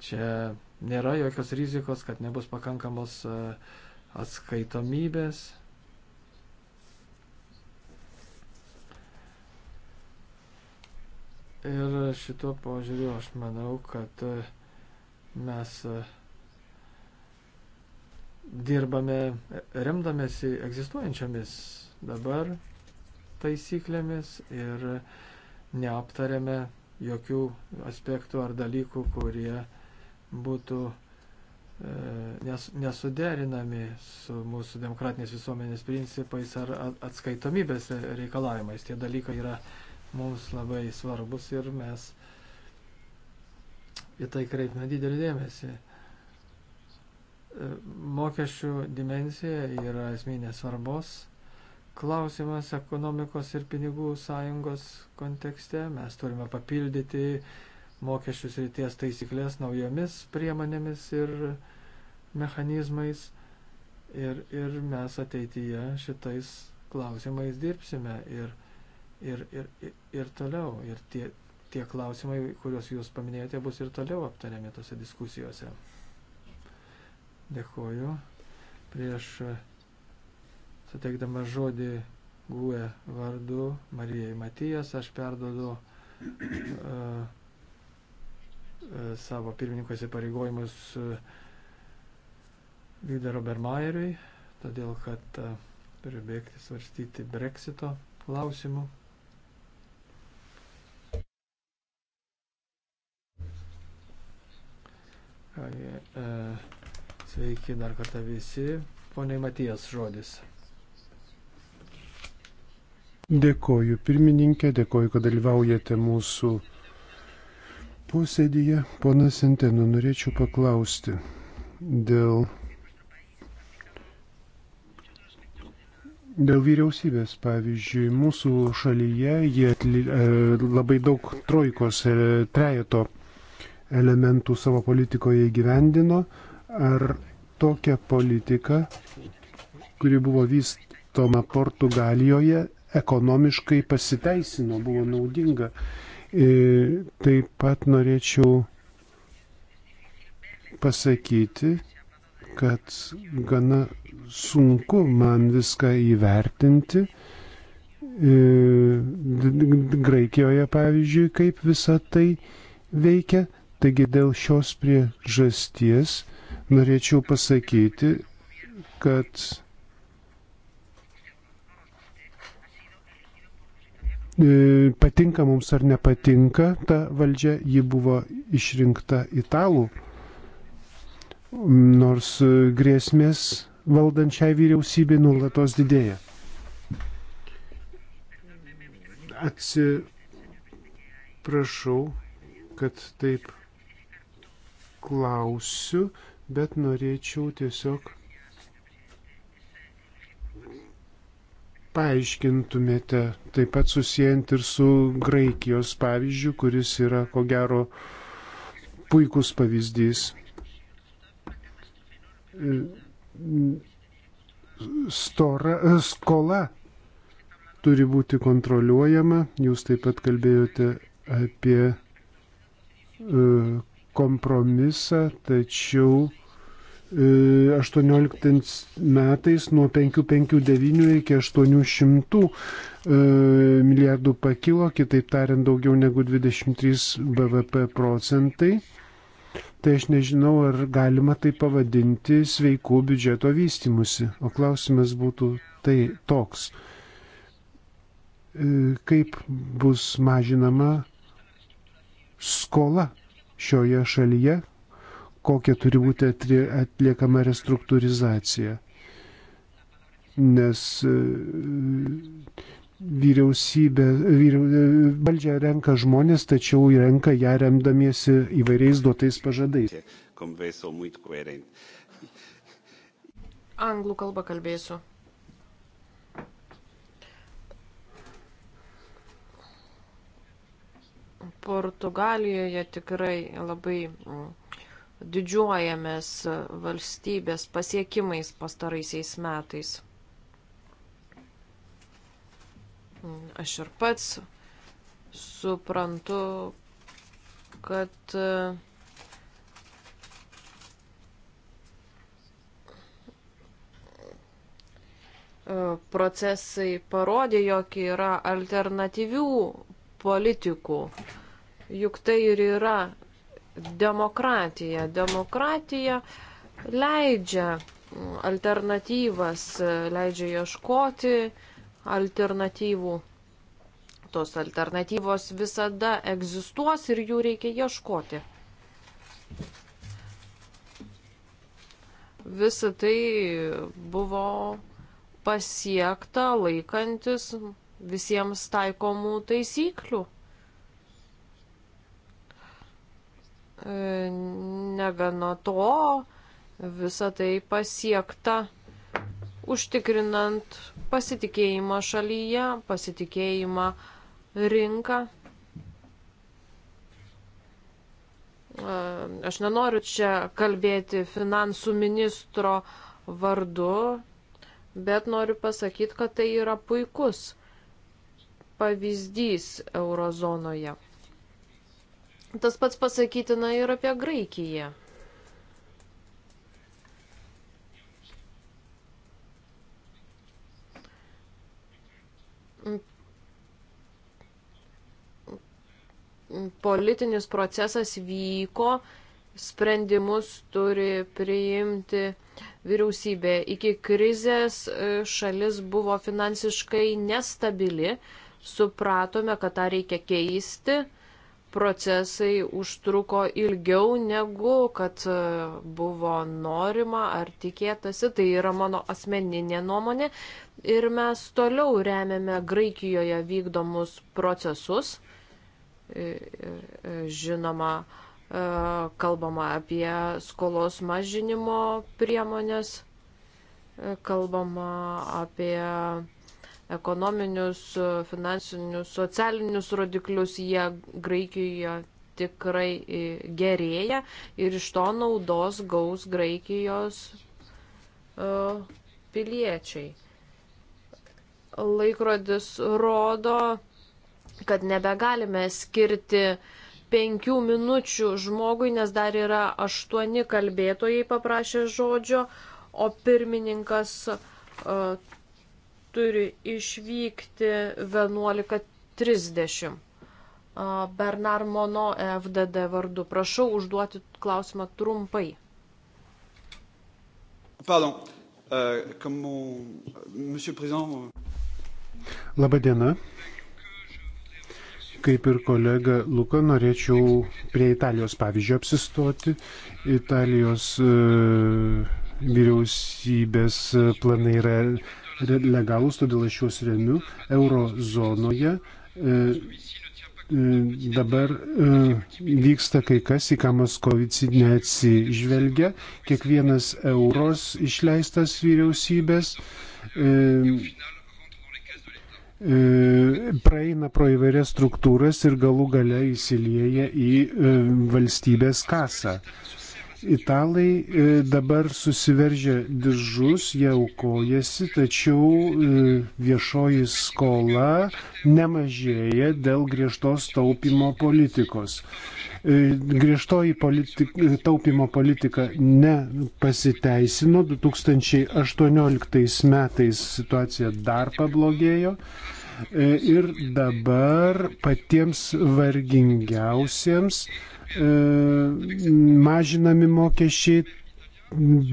čia nėra jokios rizikos, kad nebus pakankamos e, atskaitomybės. Ir šituo požiūriu aš manau, kad e, mes e, dirbame remdamėsi egzistuojančiomis dabar taisyklėmis ir neaptarėme jokių aspektų ar dalykų, kurie būtų e, nes, nesuderinami su mūsų demokratinės visuomenės principais ar atskaitomybės reikalavimais. Tie dalykai yra mums labai svarbus ir mes į tai kreipime didelį dėmesį. E, mokesčių dimensija yra esminės svarbos klausimas ekonomikos ir pinigų sąjungos kontekste. Mes turime papildyti mokesčius ryties taisyklės naujomis priemonėmis ir mechanizmais. Ir, ir mes ateityje šitais klausimais dirbsime ir, ir, ir, ir toliau. Ir tie, tie klausimai, kuriuos jūs paminėjote, bus ir toliau aptariami tose diskusijose. Dėkuoju. Prieš suteikdama žodį Gue vardu Marijai Matijas, aš perdodu uh, e, e, savo pirmininkos įpareigojimus e, Vydaro Bermajeriui, todėl kad uh, turiu bėgti svarstyti breksito klausimų. Sveiki dar kartą visi. Pone Matijas žodis.
Dėkoju pirmininkė, dėkoju, kad dalyvaujate mūsų posėdyje. Ponas Antenu, norėčiau paklausti dėl, dėl vyriausybės. Pavyzdžiui, mūsų šalyje jie atli, e, labai daug trojkos e, trejeto elementų savo politikoje įgyvendino. Ar tokia politika, kuri buvo vystoma Portugalijoje, ekonomiškai pasiteisino, buvo naudinga. E, taip pat norėčiau pasakyti, kad gana sunku man viską įvertinti. E, Graikijoje, pavyzdžiui, kaip visa tai veikia. Taigi dėl šios priežasties norėčiau pasakyti, kad E, patinka mums ar nepatinka ta valdžia, ji buvo išrinkta italų, nors grėsmės valdančiai vyriausybei nulatos didėja. Atsiprašau, kad taip klausiu, bet norėčiau tiesiog paaiškintumėte, taip pat susijęjant ir su Graikijos pavyzdžiu, kuris yra ko gero puikus pavyzdys. Stora, skola turi būti kontroliuojama, jūs taip pat kalbėjote apie e, kompromisą, tačiau 18 metais nuo 559 iki 800 e, milijardų pakilo, kitaip tariant, daugiau negu 23 BVP procentai. Tai aš nežinau, ar galima tai pavadinti sveikų biudžeto vystimusi. O klausimas būtų tai toks. E, kaip bus mažinama skola šioje šalyje, kokia turi būti atliekama restruktūrizacija. Nes e, vyriausybė, vyriau, e, valdžia renka žmonės, tačiau renka ją remdamiesi įvairiais duotais pažadais.
Anglų kalbą kalbėsiu. Portugalijoje tikrai labai mm, didžiuojamės valstybės pasiekimais pastaraisiais metais. Aš ir pats suprantu, kad e, procesai parodė, jog yra alternatyvių politikų. Juk tai ir yra demokratiją. Demokratija leidžia alternatyvas, leidžia ieškoti alternatyvų. Tos alternatyvos visada egzistuos ir jų reikia ieškoti. Visa tai buvo pasiekta laikantis visiems taikomų taisyklių. E, negana to, visa tai pasiekta užtikrinant pasitikėjimą šalyje, pasitikėjimą rinką. E, aš nenoriu čia kalbėti finansų ministro vardu, bet noriu pasakyti, kad tai yra puikus pavyzdys eurozonoje. Tas pats pasakytina ir apie Graikiją. Politinis procesas vyko, sprendimus turi priimti vyriausybė. Iki krizės e, šalis buvo finansiškai nestabili, supratome, kad tą reikia keisti procesai užtruko ilgiau negu kad e, buvo norima ar tikėtasi. Tai yra mano asmeninė nuomonė. Ir mes toliau remiame Graikijoje vykdomus procesus. E, e, žinoma, kalbama apie skolos mažinimo priemonės, kalbama apie ekonominius, finansinius, socialinius rodiklius, jie Graikijoje tikrai e, gerėja ir iš to naudos gaus Graikijos e, piliečiai. Laikrodis rodo, kad nebegalime skirti penkių minučių žmogui, nes dar yra aštuoni kalbėtojai paprašę žodžio, o pirmininkas uh, turi išvykti 11.30. Bernard Mono FDD vardu. Prašau užduoti klausimą
trumpai.
Pardon. Uh, comme mon... Monsieur le Président. Euh, Labą dieną. Kaip ir kolega Luka, norėčiau prie Italijos pavyzdžio apsistoti. Italijos uh, vyriausybės planai yra legalūs, todėl aš juos remiu. Eurozonoje e, e, dabar e, vyksta kai kas, į ką Moskovici neatsižvelgia. Kiekvienas euros išleistas vyriausybės praeina pro įvairias struktūras ir galų gale įsilieja į valstybės kasą. Italai e, dabar susiveržia diržus, jie aukojasi, tačiau e, viešoji skola nemažėja dėl griežtos taupimo politikos. E, griežtoji politik, taupimo politika nepasiteisino, 2018 metais situacija dar pablogėjo. E, ir dabar patiems vargingiausiems e, mažinami mokesčiai,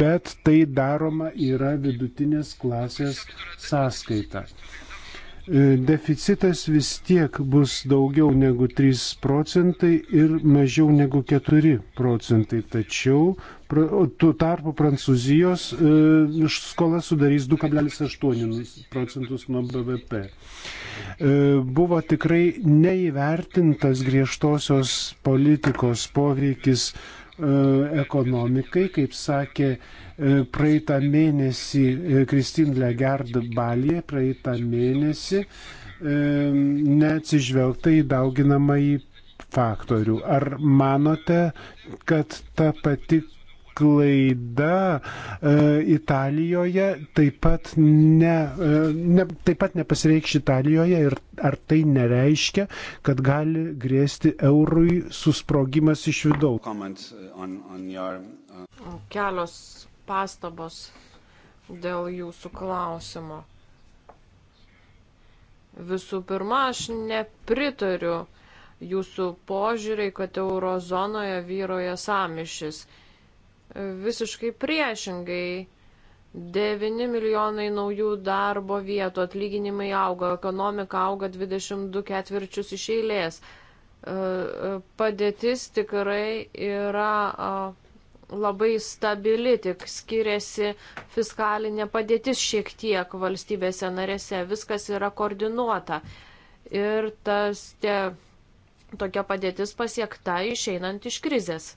bet tai daroma yra vidutinės klasės sąskaita. E, deficitas vis tiek bus daugiau negu 3 procentai ir mažiau negu 4 procentai. Tačiau tuo tarpu Prancūzijos e, skola sudarys 2,8 procentus nuo BVP. E, buvo tikrai neįvertintas griežtosios politikos poveikis E, ekonomikai, kaip sakė e, praeitą mėnesį Kristin e, Legard Balė, praeitą mėnesį neatsižvelgta į dauginamąjį faktorių. Ar manote, kad ta pati klaida e, Italijoje taip pat, ne, e, ne, taip pat nepasireikš Italijoje ir ar tai nereiškia, kad gali grėsti eurui susprogimas iš vidaus. Uh,
uh, Kelios pastabos dėl jūsų klausimo. Visų pirma, aš nepritariu jūsų požiūriai, kad eurozonoje vyroja samišis visiškai priešingai. 9 milijonai naujų darbo vietų, atlyginimai auga, ekonomika auga 22 ketvirčius iš eilės. E, e, padėtis tikrai yra labai stabili, tik skiriasi fiskalinė padėtis šiek tiek valstybėse narėse, viskas yra koordinuota. Ir tas tie, tokia padėtis pasiekta išeinant iš krizės.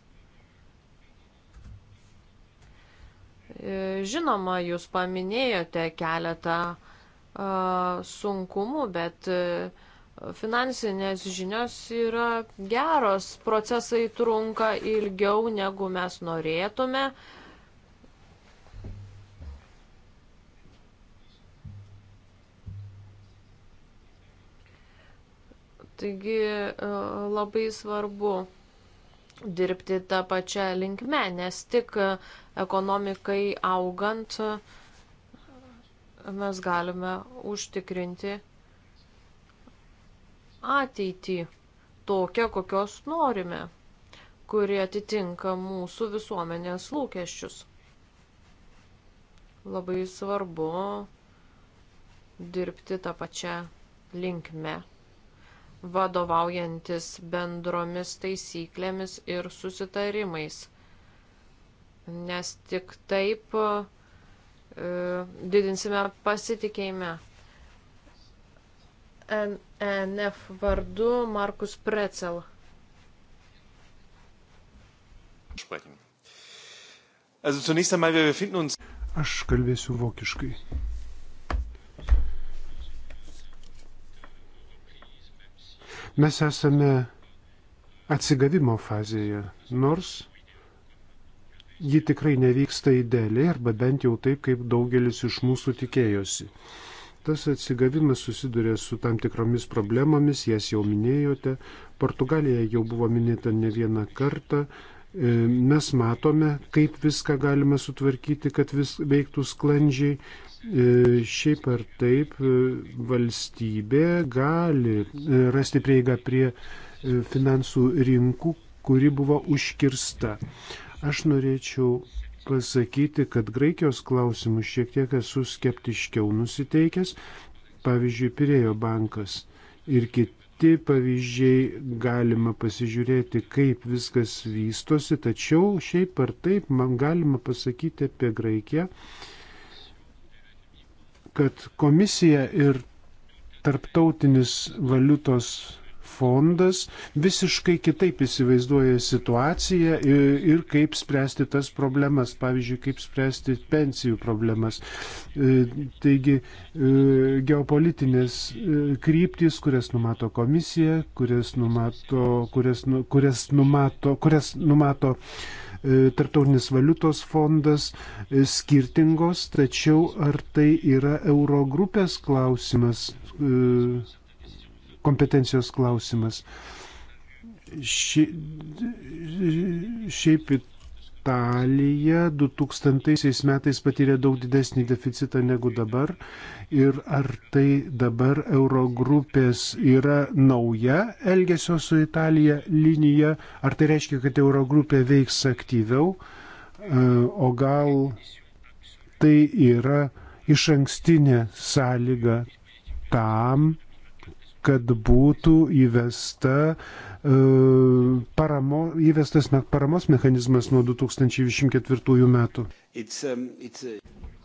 E, žinoma, jūs paminėjote keletą e, sunkumų, bet e, finansinės žinios yra geros, procesai trunka ilgiau negu mes norėtume. Taigi labai svarbu dirbti tą pačią linkmę, nes tik ekonomikai augant mes galime užtikrinti ateitį tokią, kokios norime, kuri atitinka mūsų visuomenės lūkesčius. Labai svarbu dirbti tą pačią linkmę, vadovaujantis bendromis taisyklėmis ir susitarimais nes tik taip e, didinsime pasitikėjimą. NF vardu Markus Precel.
Aš kalbėsiu vokiškai. Mes esame atsigavimo fazėje, nors ji tikrai nevyksta idealiai arba bent jau taip, kaip daugelis iš mūsų tikėjosi. Tas atsigavimas susiduria su tam tikromis problemomis, jas jau minėjote, Portugalija jau buvo minėta ne vieną kartą, e, mes matome, kaip viską galima sutvarkyti, kad vis veiktų sklandžiai. E, šiaip ar taip e, valstybė gali rasti prieigą prie finansų rinkų, kuri buvo užkirsta. Aš norėčiau pasakyti, kad Graikijos klausimus šiek tiek esu skeptiškiau nusiteikęs, pavyzdžiui, Pirėjo bankas ir kiti pavyzdžiai galima pasižiūrėti, kaip viskas vystosi, tačiau šiaip ar taip man galima pasakyti apie Graikiją, kad komisija ir tarptautinis valiutos fondas visiškai kitaip įsivaizduoja situaciją ir, ir kaip spręsti tas problemas, pavyzdžiui, kaip spręsti pensijų problemas. E, taigi e, geopolitinės e, kryptys, kurias numato komisija, kurias numato, kurias, nu, kurias numato, kurias numato Tartautinis valiutos fondas skirtingos, tačiau ar tai yra eurogrupės klausimas, kompetencijos klausimas. Ši, šiaip Italija 2000 metais patyrė daug didesnį deficitą negu dabar. Ir ar tai dabar Eurogrupės yra nauja elgesio su Italija linija, ar tai reiškia, kad Eurogrupė veiks aktyviau, e, o gal tai yra iš ankstinė sąlyga tam, kad būtų įvesta, uh, paramo, įvestas met paramos mechanizmas nuo 2024 metų. It's, um, it's a...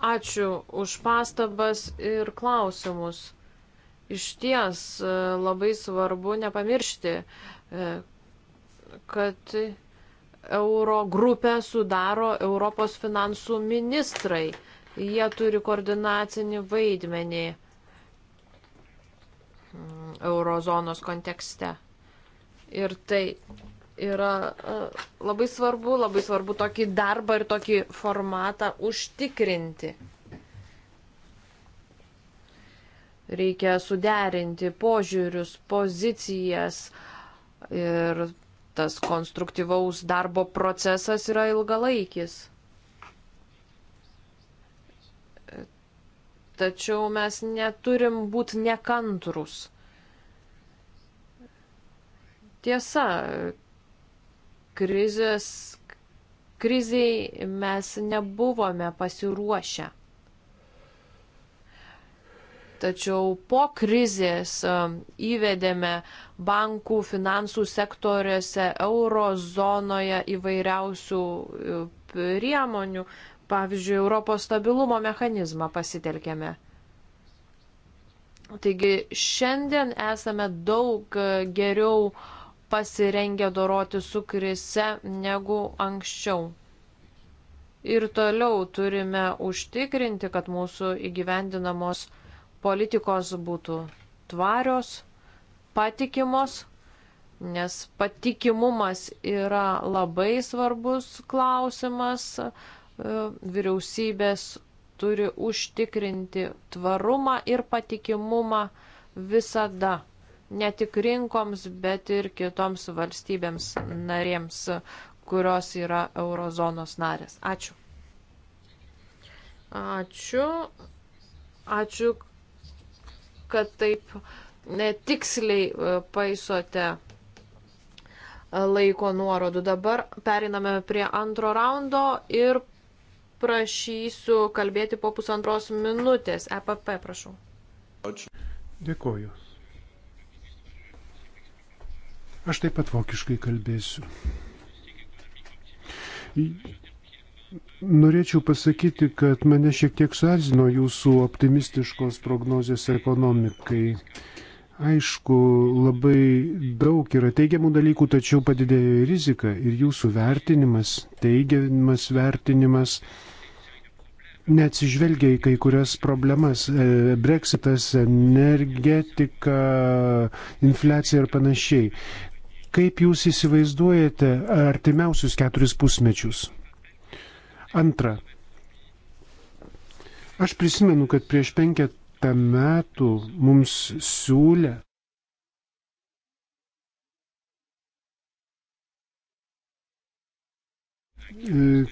Ačiū už pastabas ir klausimus. Iš ties e, labai svarbu nepamiršti, e, kad euro grupę sudaro Europos finansų ministrai. Jie turi koordinacinį vaidmenį Mm, eurozonos kontekste. Ir tai yra e, labai svarbu, labai svarbu tokį darbą ir tokį formatą užtikrinti. Reikia suderinti požiūrius, pozicijas ir tas konstruktyvaus darbo procesas yra ilgalaikis. tačiau mes neturim būti nekantrus. Tiesa, krizės, kriziai mes nebuvome pasiruošę. Tačiau po krizės įvedėme bankų finansų sektoriuose, eurozonoje įvairiausių priemonių, Pavyzdžiui, Europos stabilumo mechanizmą pasitelkėme. Taigi šiandien esame daug geriau pasirengę doroti su krise negu anksčiau. Ir toliau turime užtikrinti, kad mūsų įgyvendinamos politikos būtų tvarios, patikimos, nes patikimumas yra labai svarbus klausimas vyriausybės turi užtikrinti tvarumą ir patikimumą visada. Ne tik rinkoms, bet ir kitoms valstybėms narėms, kurios yra eurozonos narės. Ačiū. Ačiū. Ačiū, kad taip netiksliai e, paisote e, laiko nuorodų. Dabar periname prie antro raundo ir prašysiu kalbėti po pusantros minutės. EPP, prašau.
Dėkoju. Aš taip pat vokiškai kalbėsiu. Norėčiau pasakyti, kad mane šiek tiek suerzino jūsų optimistiškos prognozijos ekonomikai. Aišku, labai daug yra teigiamų dalykų, tačiau padidėjo ir rizika ir jūsų vertinimas, teigiamas vertinimas neatsižvelgia į kai kurias problemas. E, Brexitas, energetika, infliacija ir panašiai. Kaip jūs įsivaizduojate artimiausius keturis pusmečius? Antra. Aš prisimenu, kad prieš penketą metų mums siūlė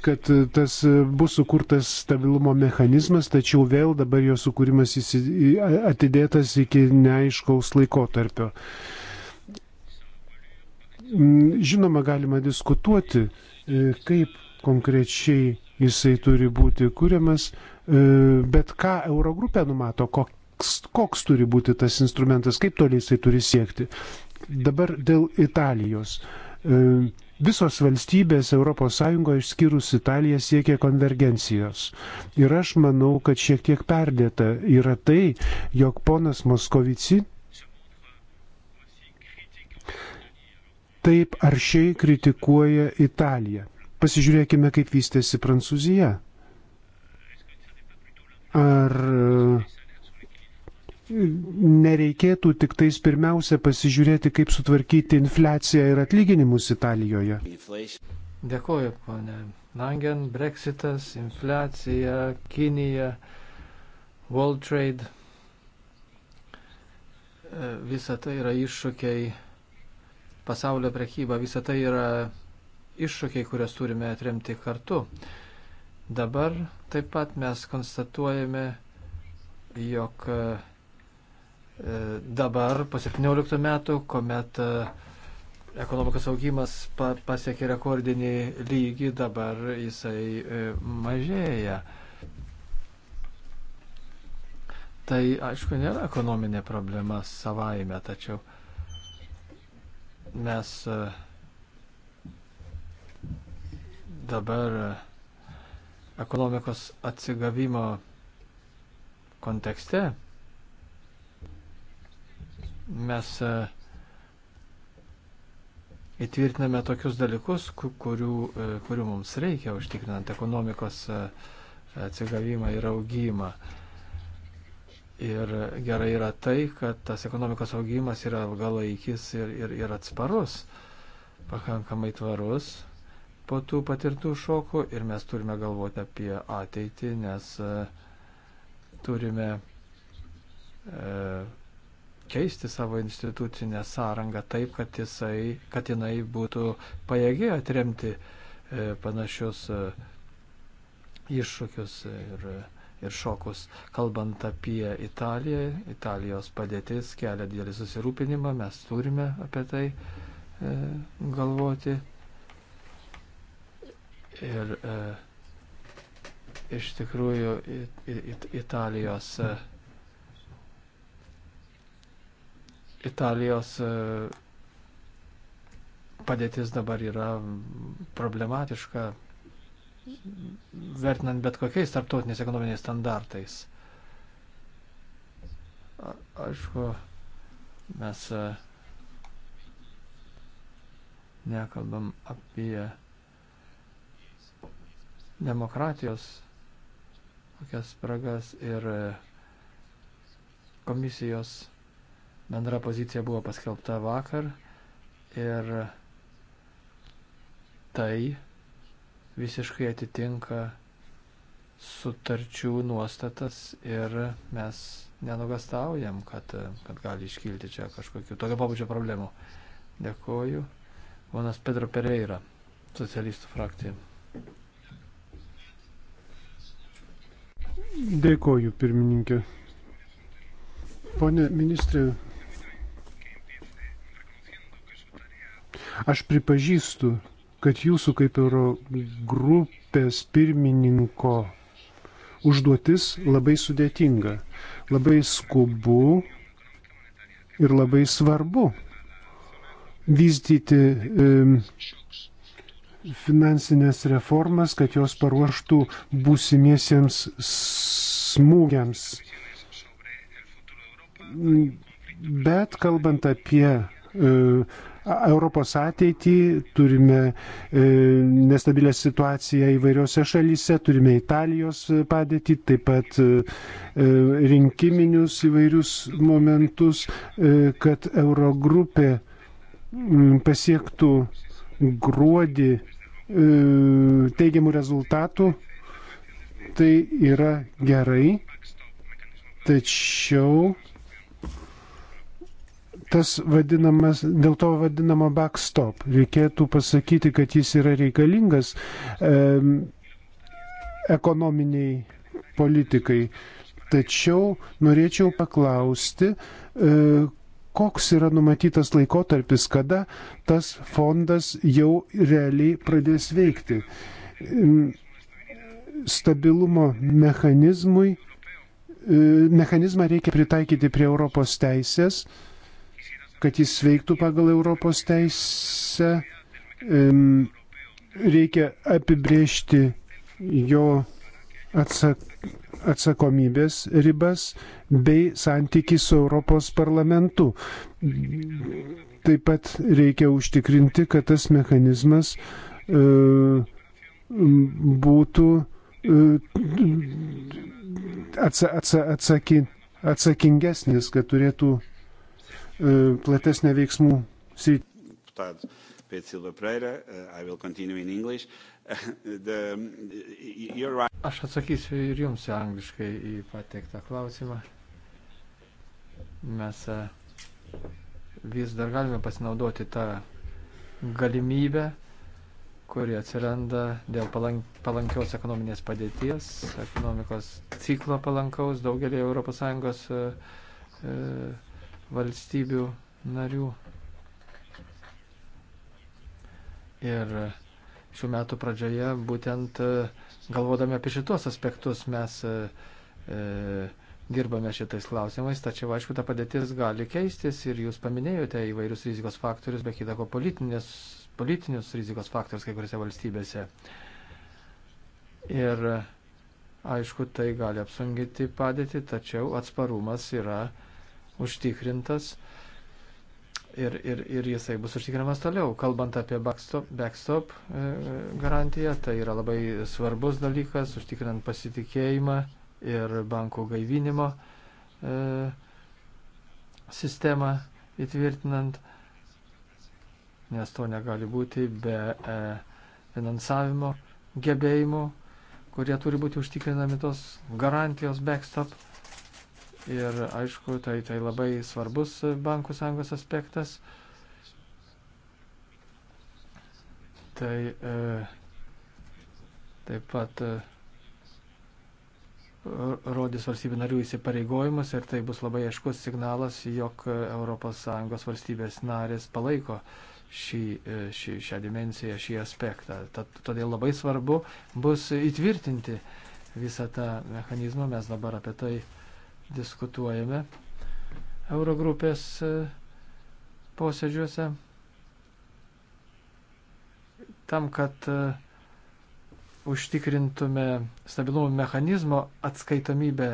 kad tas bus sukurtas stabilumo mechanizmas, tačiau vėl dabar jo sukūrimas atidėtas iki neaiškaus laikotarpio. Žinoma, galima diskutuoti, e, kaip konkrečiai jisai turi būti kūriamas, e, bet ką Eurogrupė numato, koks, koks turi būti tas instrumentas, kaip toliai jisai turi siekti. Dabar dėl Italijos. E, Visos valstybės ES išskyrus Italiją siekia konvergencijos. Ir aš manau, kad šiek tiek perdėta yra tai, jog ponas Moskovici taip aršiai kritikuoja Italiją. Pasižiūrėkime, kaip vystėsi Prancūzija. Ar uh, nereikėtų tik tais pirmiausia pasižiūrėti, kaip sutvarkyti infliaciją ir atlyginimus Italijoje.
Dėkuoju, ponė. Langen, Brexitas, infliacija, Kinija, World Trade. E, visa tai yra iššūkiai, pasaulio prekyba, visa tai yra iššūkiai, kuriuos turime atremti kartu. Dabar taip pat mes konstatuojame, jog e, E, dabar po 17 metų, kuomet e, ekonomikos augimas pa, pasiekė rekordinį lygį, dabar jisai e, mažėja. Tai aišku nėra ekonominė problema savaime, tačiau mes dabar ekonomikos atsigavimo kontekste mes e, įtvirtiname tokius dalykus, kurių, e, kurių mums reikia užtikrinant ekonomikos e, atsigavimą ir augimą. Ir gerai yra tai, kad tas ekonomikos augimas yra ilgalaikis ir, ir, ir atsparus, pakankamai tvarus po tų patirtų šokų ir mes turime galvoti apie ateitį, nes turime keisti savo institucinę sąrangą taip, kad, jisai, kad jinai būtų pajėgi atremti e, panašius e, iššūkius ir, ir šokus. Kalbant apie Italiją, Italijos padėtis kelia didelį susirūpinimą, mes turime apie tai e, galvoti. Ir e, iš tikrųjų it, it, Italijos. E, Italijos e, padėtis dabar yra problematiška, vertinant bet kokiais tarptautiniais ekonominiais standartais. Aišku, mes e, nekalbam apie demokratijos kokias spragas ir e, komisijos Bendra pozicija buvo paskelbta vakar ir tai visiškai atitinka sutarčių nuostatas ir mes nenugastaujam, kad, kad gali iškilti čia kažkokių tokio pabudžio problemų. Dėkoju. Vonas Pedro Pereira, socialistų frakcija.
Dėkoju, pirmininkė. Pone ministrė, Aš pripažįstu, kad jūsų kaip euro grupės pirmininko užduotis labai sudėtinga, labai skubu ir labai svarbu vystyti e, finansinės reformas, kad jos paruoštų būsimiesiems smūgiams. Bet kalbant apie e, Europos ateitį, turime e, nestabilę situaciją įvairiose šalyse, turime Italijos padėtį, taip pat e, e, rinkiminius įvairius momentus, kad Eurogrupė pasiektų gruodį teigiamų rezultatų, tai yra gerai, tačiau tas vadinamas, dėl to vadinamo backstop. Reikėtų pasakyti, kad jis yra reikalingas e, ekonominiai politikai. Tačiau norėčiau paklausti, e, koks yra numatytas laikotarpis, kada tas fondas jau realiai pradės veikti. Stabilumo mechanizmui, e, mechanizmą reikia pritaikyti prie Europos teisės, kad jis veiktų pagal Europos teisę, reikia apibriežti jo atsak atsakomybės ribas bei santyki su Europos parlamentu. Taip pat reikia užtikrinti, kad tas mechanizmas e, būtų e, atsa, atsa, atsaki, atsakingesnis, kad turėtų E, platesnę veiksmų sritį. Pedro Silva Pereira. Uh, I will continue in English. The, you're right.
Aš atsakysiu ir jums angliškai į pateiktą klausimą. Mes e, vis dar galime pasinaudoti tą galimybę, kuri atsiranda dėl palankios ekonominės padėties, ekonomikos ciklo palankaus daugelį ES uh, uh, valstybių narių. Ir šių metų pradžioje, būtent e, galvodami apie šitos aspektus, mes e, e, dirbame šitais klausimais, tačiau aišku, ta padėtis gali keistis ir jūs paminėjote įvairius rizikos faktorius, be kitako politinius, politinius rizikos faktorius kai kuriuose valstybėse. Ir aišku, tai gali apsungyti padėtį, tačiau atsparumas yra užtikrintas ir, ir, ir jisai bus užtikrinamas toliau. Kalbant apie backstop, backstop e, garantiją, tai yra labai svarbus dalykas, užtikrinant pasitikėjimą ir bankų gaivinimo e, sistemą įtvirtinant, nes to negali būti be e, finansavimo gebėjimų, kurie turi būti užtikrinami tos garantijos backstop ir aišku, tai, tai labai svarbus bankų sąjungos aspektas. Tai e, taip pat e, rodys valstybių narių įsipareigojimus ir tai bus labai aiškus signalas, jog ES valstybės narės palaiko šį, e, šį, šią dimenciją, šį aspektą. Tad, todėl labai svarbu bus įtvirtinti visą tą mechanizmą. Mes dabar apie tai diskutuojame Eurogrupės e, posėdžiuose. Tam, kad e, užtikrintume stabilumo mechanizmo atskaitomybę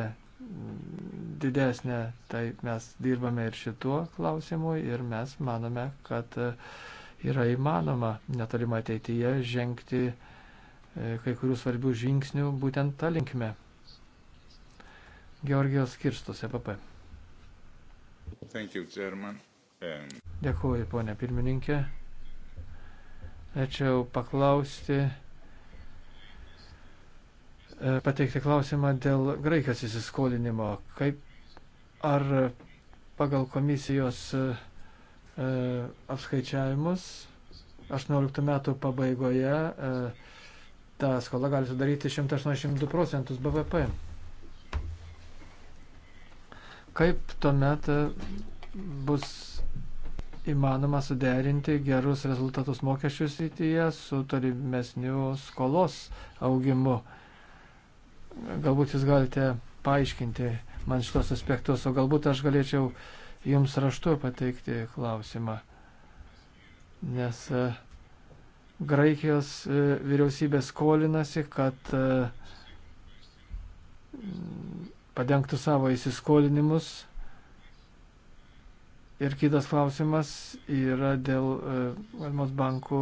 didesnė, tai mes dirbame ir šituo klausimu ir mes manome, kad e, yra įmanoma netolima ateityje žengti kai kurių svarbių žingsnių būtent tą linkme. Georgijos Kirstos, EPP.
Thank you, Chairman. Um...
Dėkuoju, ponė pirmininkė. Ačiū paklausti, e, pateikti klausimą dėl Graikijos įsiskolinimo. Kaip ar pagal komisijos e, e, apskaičiavimus 18 metų pabaigoje ta skola gali sudaryti 182 procentus BVP? Kaip tuomet e, bus įmanoma suderinti gerus rezultatus mokesčių srityje su tolimesniu skolos augimu? Galbūt jūs galite paaiškinti man šitos aspektus, o galbūt aš galėčiau jums raštu pateikti klausimą. Nes e, Graikijos e, vyriausybė skolinasi, kad padengtų savo įsiskolinimus. Ir kitas klausimas yra dėl e, Valmos bankų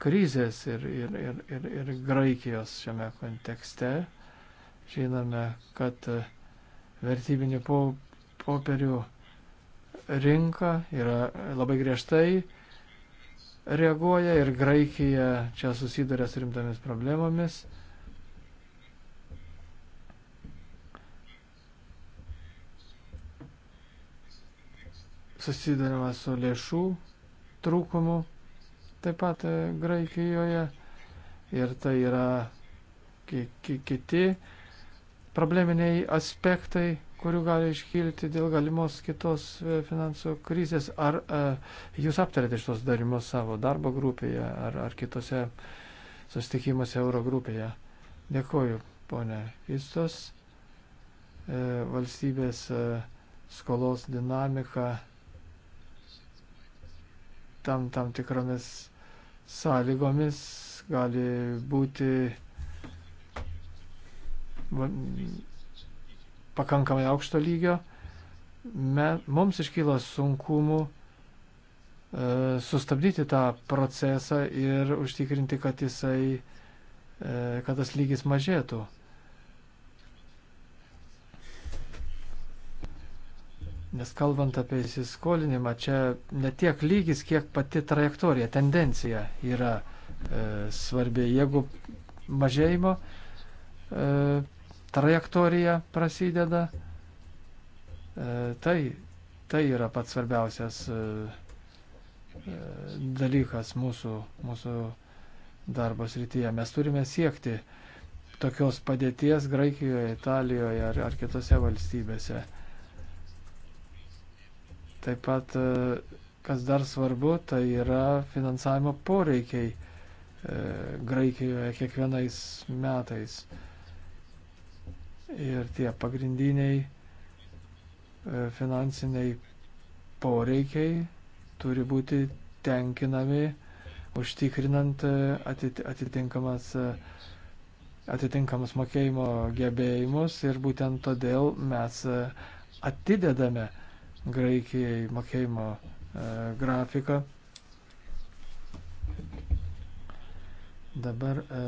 krizės ir, ir, ir, ir, ir Graikijos šiame kontekste. Žinome, kad e, vertybinių popierių rinka yra labai griežtai reaguoja ir Graikija čia susiduria su rimtomis problemomis. susidurima su lėšų trūkumu taip pat e, Graikijoje ir tai yra ki ki kiti probleminiai aspektai, kurių gali iškilti dėl galimos kitos e, finansų krizės. Ar a, e, jūs aptarėte šitos darimus savo darbo grupėje ar, ar kitose susitikimuose euro grupėje? Dėkuoju, ponė Istos. E, valstybės e, skolos dinamika tam, tam tikromis sąlygomis gali būti pakankamai aukšto lygio. Me, mums iškyla sunkumų e, sustabdyti tą procesą ir užtikrinti, kad jisai, e, kad tas lygis mažėtų. Nes kalbant apie įsiskolinimą, čia ne tiek lygis, kiek pati trajektorija, tendencija yra e, svarbi. Jeigu mažėjimo e, trajektorija prasideda, e, tai, tai yra pats svarbiausias e, e dalykas mūsų, mūsų darbos rytyje. Mes turime siekti tokios padėties Graikijoje, Italijoje ar, ar kitose valstybėse. Taip pat, e, kas dar svarbu, tai yra finansavimo poreikiai e, Graikijoje kiekvienais metais. Ir tie pagrindiniai e, finansiniai poreikiai turi būti tenkinami užtikrinant atitinkamas, atitinkamas mokėjimo gebėjimus ir būtent todėl mes atidedame Graikijai mokėjimo e, grafiką. Dabar e,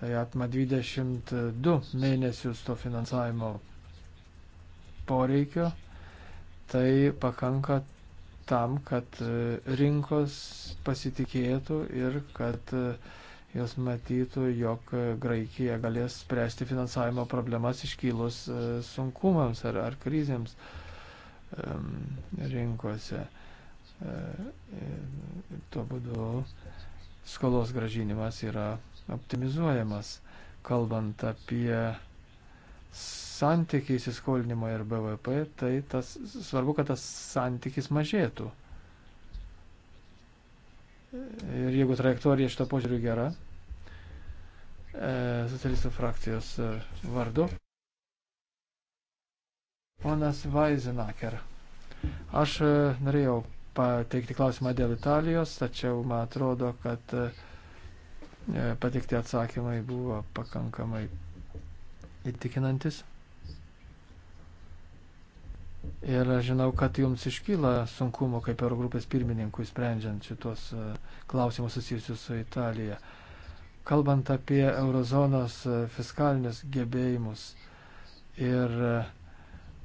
tai atma 22 mėnesius to finansavimo poreikio. Tai pakanka tam, kad e, rinkos pasitikėtų ir kad jos matytų, jog Graikija galės spręsti finansavimo problemas iškylus sunkumams ar, ar krizėms. Uh, rinkose. E, tuo būdu skolos gražinimas yra optimizuojamas. Kalbant apie santykį įsiskolinimo ir BVP, tai tas, svarbu, kad tas santykis mažėtų. Ir jeigu trajektorija šito požiūriu gera, e, socialistų frakcijos vardu. Ponas Vaizenaker. Aš e, norėjau pateikti klausimą dėl Italijos, tačiau man atrodo, kad e, pateikti atsakymai buvo pakankamai įtikinantis. Ir žinau, kad jums iškyla sunkumų kaip ir grupės pirmininkui sprendžiant šitos e, klausimus susijusius su Italija. Kalbant apie eurozonos fiskalinius gebėjimus ir uh,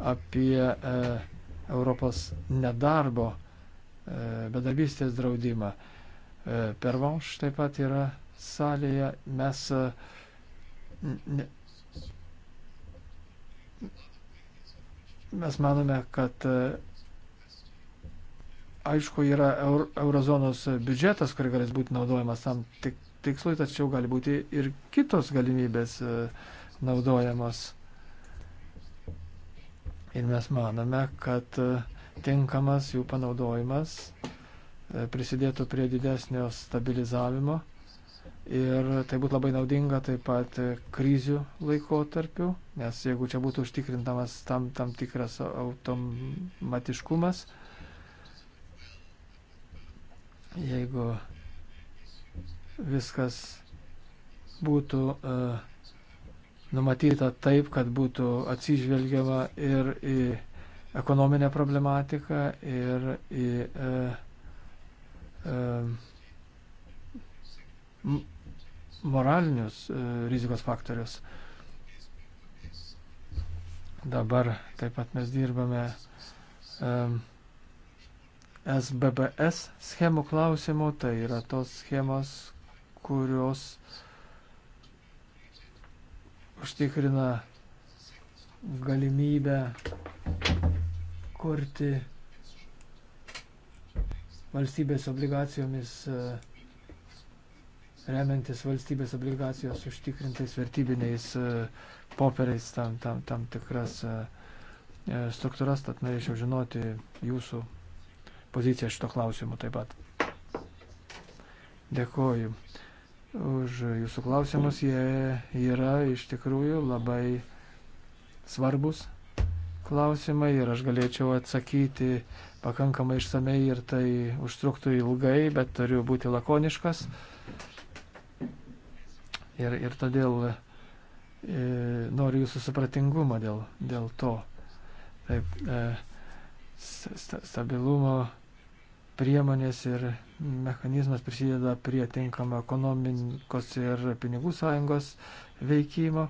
apie e, Europos nedarbo e, bedarbystės draudimą. E, Pervanš taip pat yra salėje. Mes ne, mes manome, kad aišku yra eurozonos biudžetas, kur galės būti naudojamas tam tik tikslui, tačiau gali būti ir kitos galimybės naudojamos. Ir mes manome, kad e, tinkamas jų panaudojimas e, prisidėtų prie didesnio stabilizavimo ir tai būtų labai naudinga taip pat e, krizių laikotarpiu, nes jeigu čia būtų užtikrintamas tam, tam tikras automatiškumas, jeigu viskas būtų uh, numatyta taip, kad būtų atsižvelgiama ir į ekonominę problematiką, ir į e, e, moralinius e, rizikos faktorius. Dabar taip pat mes dirbame e, SBBS schemų klausimų, tai yra tos schemos, kurios e, užtikrina galimybę kurti valstybės obligacijomis, e, remiantis valstybės obligacijos užtikrintais vertybiniais e, popieriais tam, tam, tam tikras e, struktūras, tad norėčiau žinoti jūsų poziciją šito klausimu taip pat. Dėkoju už jūsų klausimus. Jie yra iš tikrųjų labai svarbus klausimai ir aš galėčiau atsakyti pakankamai išsamei ir tai užtruktų ilgai, bet turiu būti lakoniškas. Ir, ir todėl e, noriu jūsų supratingumą dėl, dėl to. Taip, e, stabilumo priemonės ir mechanizmas prisideda prie tinkamo ekonomikos ir pinigų sąjungos veikimo,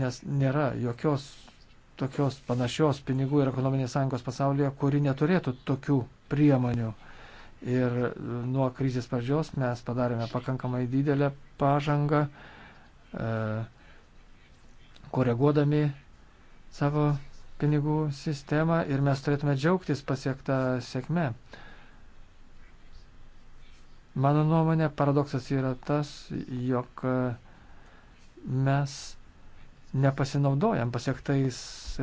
nes nėra jokios tokios panašios pinigų ir ekonominės sąjungos pasaulyje, kuri neturėtų tokių priemonių. Ir nuo krizės pradžios mes padarėme pakankamai didelę pažangą, e, koreguodami savo pinigų sistemą ir mes turėtume džiaugtis pasiektą sėkmę. Mano nuomonė, paradoksas yra tas, jog mes nepasinaudojam pasiektais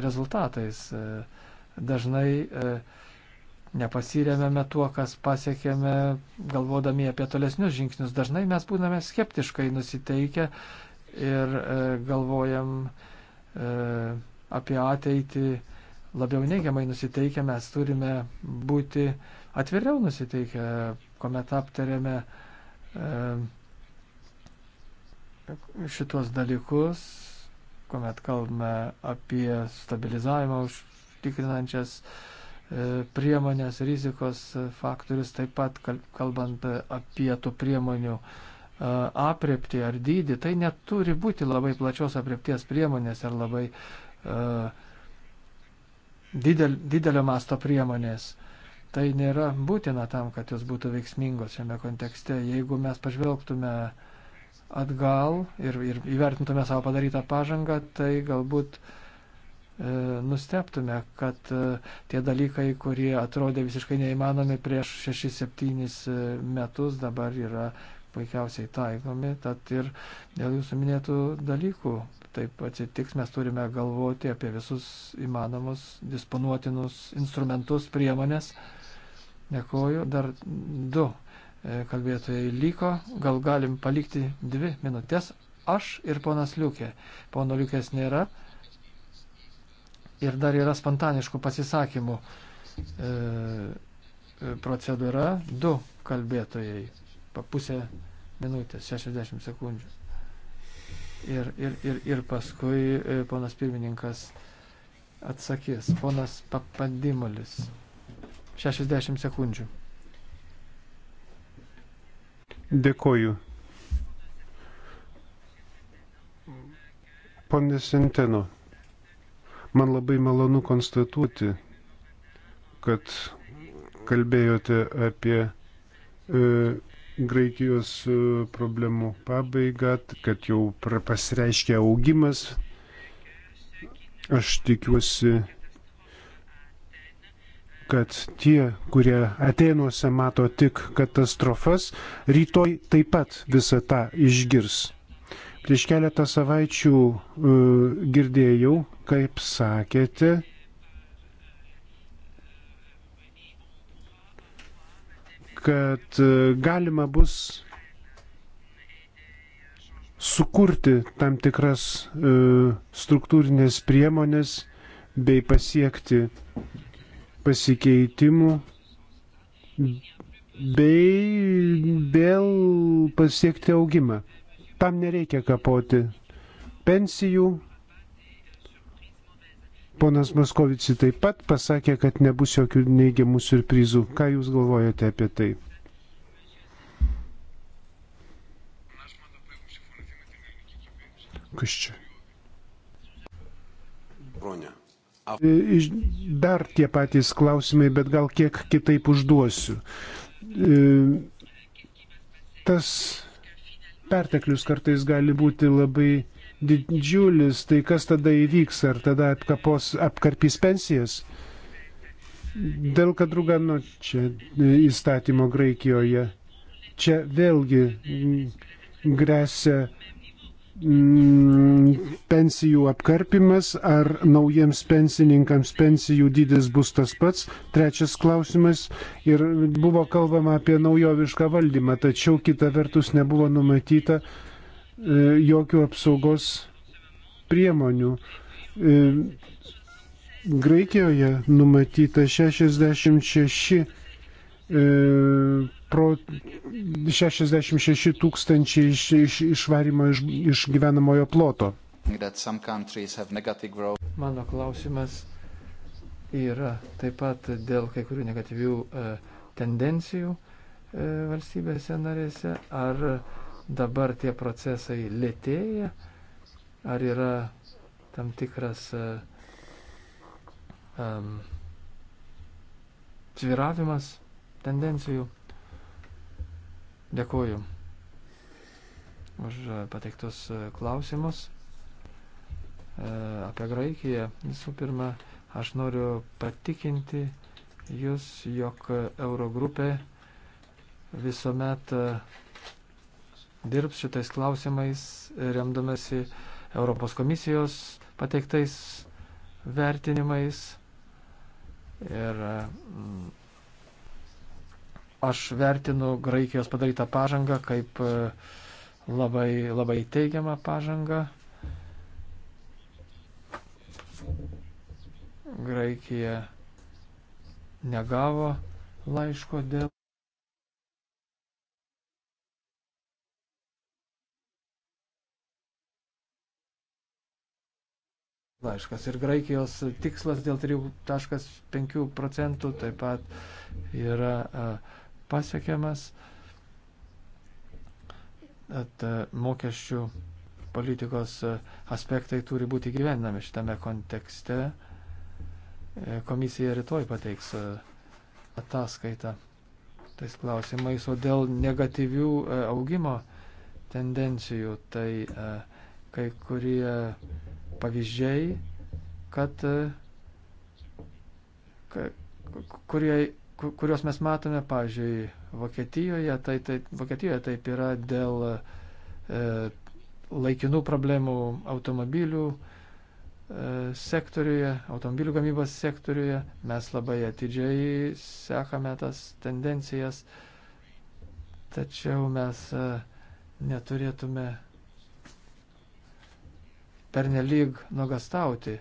rezultatais. Dažnai e, nepasiremėme tuo, kas pasiekėme, galvodami apie tolesnius žingsnius. Dažnai mes būname skeptiškai nusiteikę ir e, galvojam, e, apie ateitį labiau neigiamai nusiteikę, mes turime būti atviriau nusiteikę, kuomet aptarėme e, šitos dalykus, kuomet kalbame apie stabilizavimą užtikrinančias e, priemonės, rizikos faktorius, taip pat kalbant apie tų priemonių e, apriepti ar dydį, tai neturi būti labai plačios apriepties priemonės ar labai E, didel, didelio masto priemonės. Tai nėra būtina tam, kad jos būtų veiksmingos šiame kontekste. Jeigu mes pažvelgtume atgal ir, ir įvertintume savo padarytą pažangą, tai galbūt e, nusteptume, kad e, tie dalykai, kurie atrodė visiškai neįmanomi prieš 6-7 e, metus, dabar yra puikiausiai taikomi. Tad ir dėl jūsų minėtų dalykų taip atsitiks, mes turime galvoti apie visus įmanomus disponuotinus instrumentus, priemonės. Dėkoju. Dar du e, kalbėtojai liko. Gal galim palikti dvi minutės. Aš ir ponas Liukė. Pono Liukės nėra. Ir dar yra spontaniškų pasisakymų e, e procedūra. Du kalbėtojai. Papusė minutės, 60 sekundžių ir, ir, ir, ir paskui e, ponas pirmininkas atsakys. Ponas Papadimulis. 60 sekundžių.
Dėkoju. Pone Senteno, man labai malonu konstatuoti, kad kalbėjote apie e, Graikijos e, problemų pabaigą, kad jau pasireiškia augimas. Aš tikiuosi, kad tie, kurie Atenuose mato tik katastrofas, rytoj taip pat visą tą išgirs. Prieš keletą savaičių uh, girdėjau, kaip sakėte, kad e, galima bus sukurti tam tikras e, struktūrinės priemonės bei pasiekti pasikeitimų bei vėl pasiekti augimą. Tam nereikia kapoti pensijų, Ponas Moskovičiai taip pat pasakė, kad nebus jokių neigiamų surprizų. Ką Jūs galvojate apie tai? Kas čia? Bronė. E, dar tie patys klausimai, bet gal kiek kitaip užduosiu. E, tas perteklius kartais gali būti labai didžiulis, tai kas tada įvyks? Ar tada apkapos, apkarpys pensijas? Dėl Kadrugano čia e, įstatymo Graikijoje. Čia vėlgi grėsia mm, pensijų apkarpimas, ar naujiems pensininkams pensijų dydis bus tas pats. Trečias klausimas. Ir buvo kalbama apie naujovišką valdymą, tačiau kita vertus nebuvo numatyta, uh, E, jokių apsaugos priemonių. E, Graikijoje numatyta 66 e, pro 66 tūkstančiai iš, iš, išvarimo iš, iš gyvenamojo ploto.
Mano klausimas yra taip pat dėl kai kurių negatyvių e, tendencijų e, valstybėse narėse. Ar e, dabar tie procesai lėtėja, ar yra tam tikras um, sviravimas tendencijų. Dėkuoju už pateiktus e, klausimus e, apie Graikiją. Visų pirma, aš noriu patikinti Jūs, jog Eurogrupė visuomet dirbs šitais klausimais, remdamasi Europos komisijos pateiktais vertinimais. Ir mm, aš vertinu Graikijos padarytą pažangą kaip e, labai, labai teigiamą pažangą. Graikija negavo laiško dėl. laiškas. Ir Graikijos tikslas dėl 3,5 procentų taip pat yra pasiekiamas. At mokesčių politikos aspektai turi būti gyvenami šitame kontekste. E, komisija rytoj pateiks ataskaitą tais klausimais, o dėl negatyvių augimo tendencijų, tai kai kurie pavyzdžiai, kad, e, kurie, kuriuos mes matome, pavyzdžiui, Vokietijoje, tai, tai, Vokietijoje taip yra dėl e, laikinų problemų automobilių e, sektoriuje, automobilių gamybos sektoriuje. Mes labai atidžiai sekame tas tendencijas, tačiau mes e, neturėtume pernelyg nogastauti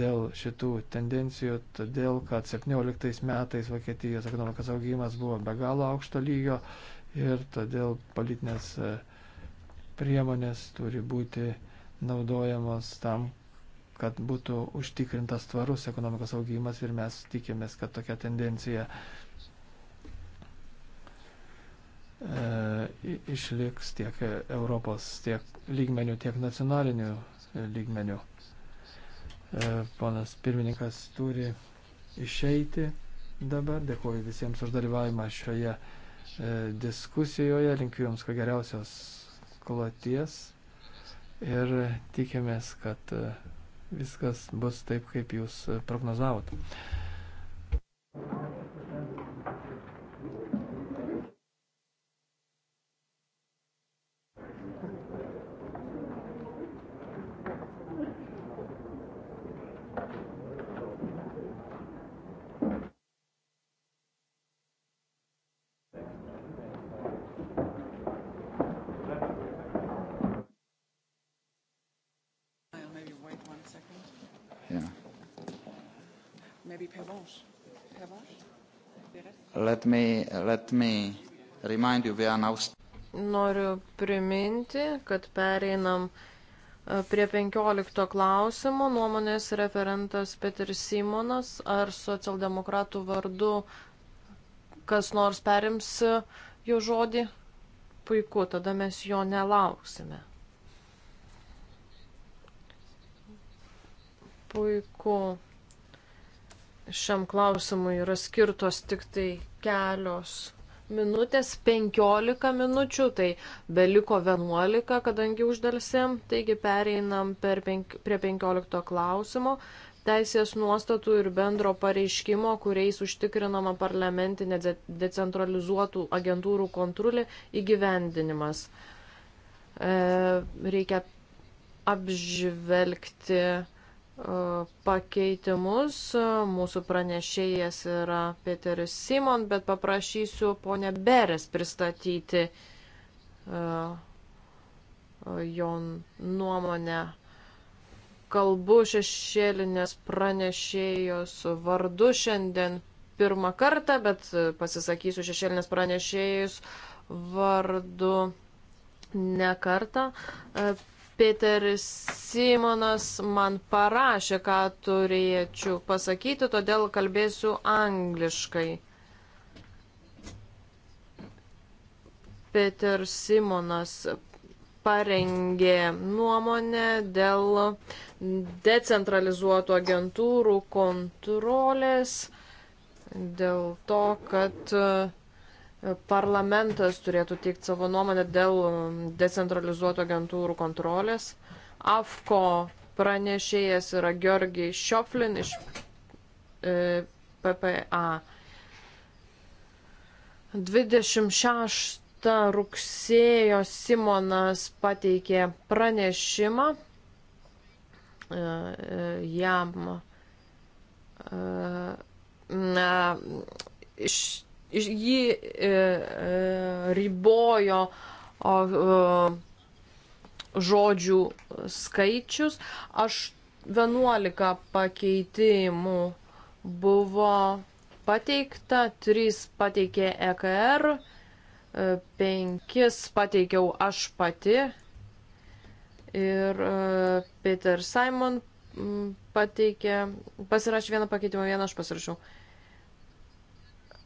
dėl šitų tendencijų, todėl kad 17 metais Vokietijos ekonomikos augimas buvo be galo aukšto lygio ir todėl politinės e, priemonės turi būti naudojamos tam, kad būtų užtikrintas tvarus ekonomikos augimas ir mes tikimės, kad tokia tendencija e, išliks tiek Europos tiek lygmenių, tiek nacionalinių lygmenių. E, ponas pirmininkas turi išeiti dabar. Dėkuoju visiems už dalyvavimą šioje e, diskusijoje. Linkiu Jums ko geriausios kloties ir tikimės, kad e, viskas bus taip, kaip Jūs prognozavot. Thank you. me, let me remind you, we are now...
Noriu priminti, kad pereinam e, prie 15 klausimo. Nuomonės referentas Peter Simonas. Ar socialdemokratų vardu kas nors perims e, jo žodį? Puiku, tada mes jo nelauksime. Puiku šiam klausimui yra skirtos tik tai kelios minutės, 15 minučių, tai beliko 11, kadangi uždelsėm, taigi pereinam per penk, prie 15 klausimo. Teisės nuostatų ir bendro pareiškimo, kuriais užtikrinama parlamentinė decentralizuotų agentūrų kontrolė įgyvendinimas. E, reikia apžvelgti pakeitimus. Mūsų pranešėjas yra Peteris Simon, bet paprašysiu ponę Beres pristatyti e, jo nuomonę. Kalbu šešėlinės pranešėjos vardu šiandien pirmą kartą, bet pasisakysiu šešėlinės pranešėjus vardu ne kartą. Peteris Simonas man parašė, ką turėčiau pasakyti, todėl kalbėsiu angliškai. Peter Simonas parengė nuomonę dėl decentralizuotų agentūrų kontrolės, dėl to, kad uh, parlamentas turėtų teikti savo nuomonę dėl decentralizuoto agentūrų kontrolės. AFKO pranešėjas yra Georgi Šioflin iš e, PPA. 26 rugsėjo Simonas pateikė pranešimą. E, e, jam e, na, iš jį e, e, ribojo o, o, e, žodžių skaičius. Aš 11 pakeitimų buvo pateikta, 3 pateikė EKR, 5 e, pateikiau aš pati ir Peter Simon pateikė, pasirašė vieną pakeitimą, vieną aš pasirašiau.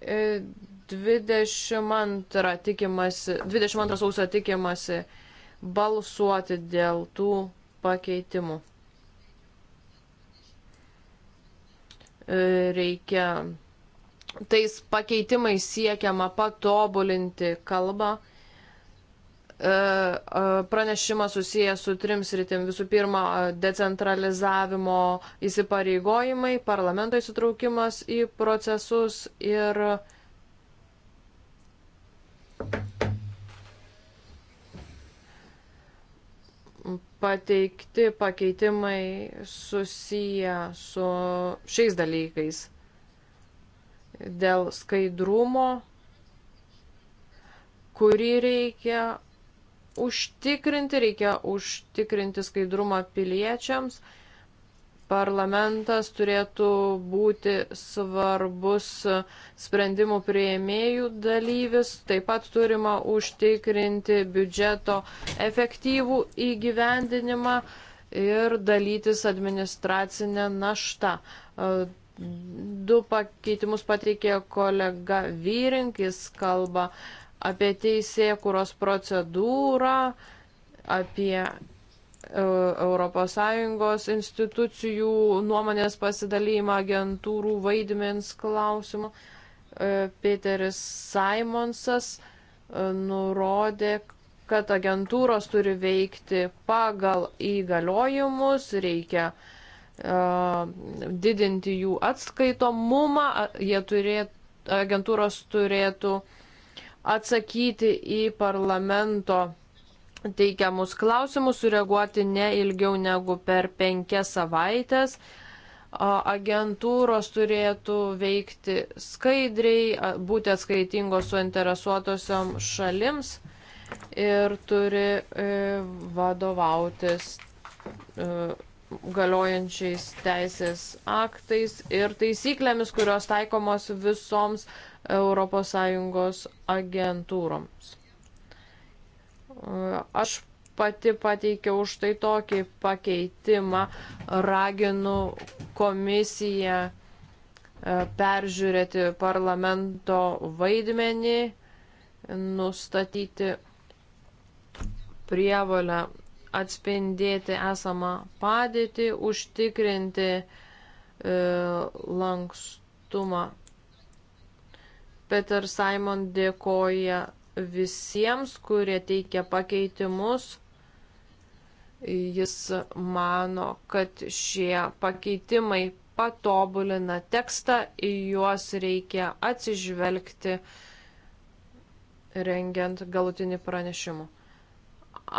22 tikimasi, 22 sausio tikimasi balsuoti dėl tų pakeitimų. Reikia tais pakeitimais siekiama patobulinti kalbą E, e, pranešimas susijęs su trim sritim. Visų pirma, decentralizavimo įsipareigojimai, parlamento įsitraukimas į procesus ir. Pateikti pakeitimai susiję su šiais dalykais. Dėl skaidrumo kurį reikia užtikrinti, reikia užtikrinti skaidrumą piliečiams. Parlamentas turėtų būti svarbus sprendimų prieimėjų dalyvis. Taip pat turima užtikrinti biudžeto efektyvų įgyvendinimą ir dalytis administracinę naštą. Du pakeitimus pateikė kolega Vyrinkis, kalba apie teisėkuros procedūrą, apie ES institucijų nuomonės pasidalymą agentūrų vaidmens klausimų. E, Peteris Simonsas e, nurodė, kad agentūros turi veikti pagal įgaliojimus, reikia uh, didinti jų atskaitomumą, jie turėtų, agentūros turėtų uh, atsakyti į parlamento teikiamus klausimus, sureaguoti ne ilgiau negu per penkias savaitės. Agentūros turėtų veikti skaidriai, būti atskaitingos suinteresuotosiom šalims ir turi e, vadovautis e, galiojančiais teisės aktais ir taisyklėmis, kurios taikomos visoms ES agentūroms. Aš pati pateikiau už tai tokį pakeitimą, raginu komisiją e, peržiūrėti parlamento vaidmenį, nustatyti prievalę atspindėti esamą padėtį, užtikrinti e, lankstumą Peter Simon dėkoja visiems, kurie teikia pakeitimus. Jis mano, kad šie pakeitimai patobulina tekstą, į juos reikia atsižvelgti rengiant galutinį pranešimą.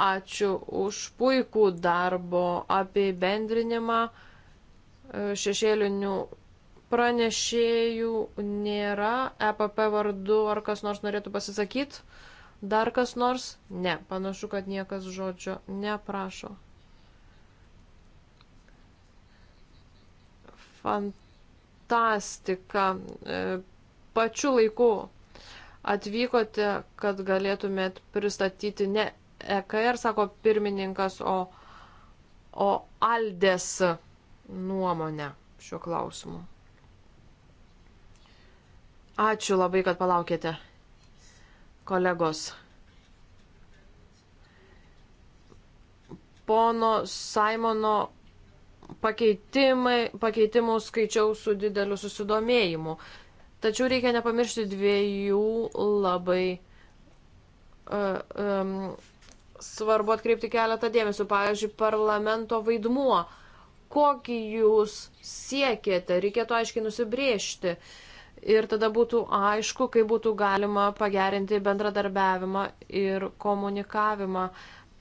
Ačiū už puikų darbo apibendrinimą šešėlinių pranešėjų nėra. EPP vardu ar kas nors norėtų pasisakyti? Dar kas nors? Ne, panašu, kad niekas žodžio neprašo. Fantastika. E, pačiu laiku atvykote, kad galėtumėt pristatyti ne EKR, sako pirmininkas, o, o Aldės nuomonę šiuo klausimu. Ačiū labai, kad palaukėte, kolegos. Pono Simono pakeitimų skaičiau su dideliu susidomėjimu. Tačiau reikia nepamiršti dviejų labai uh, um, svarbu atkreipti keletą dėmesio. Pavyzdžiui, parlamento vaidmuo. Kokį jūs siekėte, reikėtų aiškiai nusibriežti. Uh, ir tada būtų aišku, kaip būtų galima pagerinti bendradarbiavimą ir komunikavimą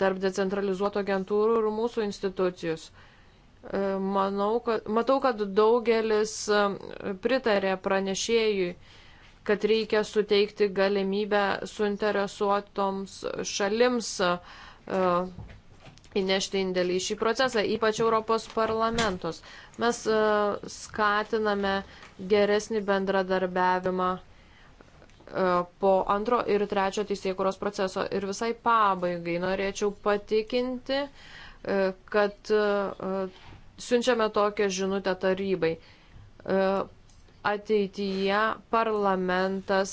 tarp decentralizuotų agentūrų ir mūsų institucijos. E, manau, kad, matau, kad daugelis e, pritarė pranešėjui, kad reikia suteikti galimybę suinteresuotoms šalims e, įnešti indėlį į šį procesą, ypač Europos parlamentos. Mes skatiname geresnį bendradarbiavimą e, po antro ir trečio teisėkuros proceso. Ir visai pabaigai norėčiau patikinti, e, kad e, siunčiame tokią žinutę tarybai. Ateityje parlamentas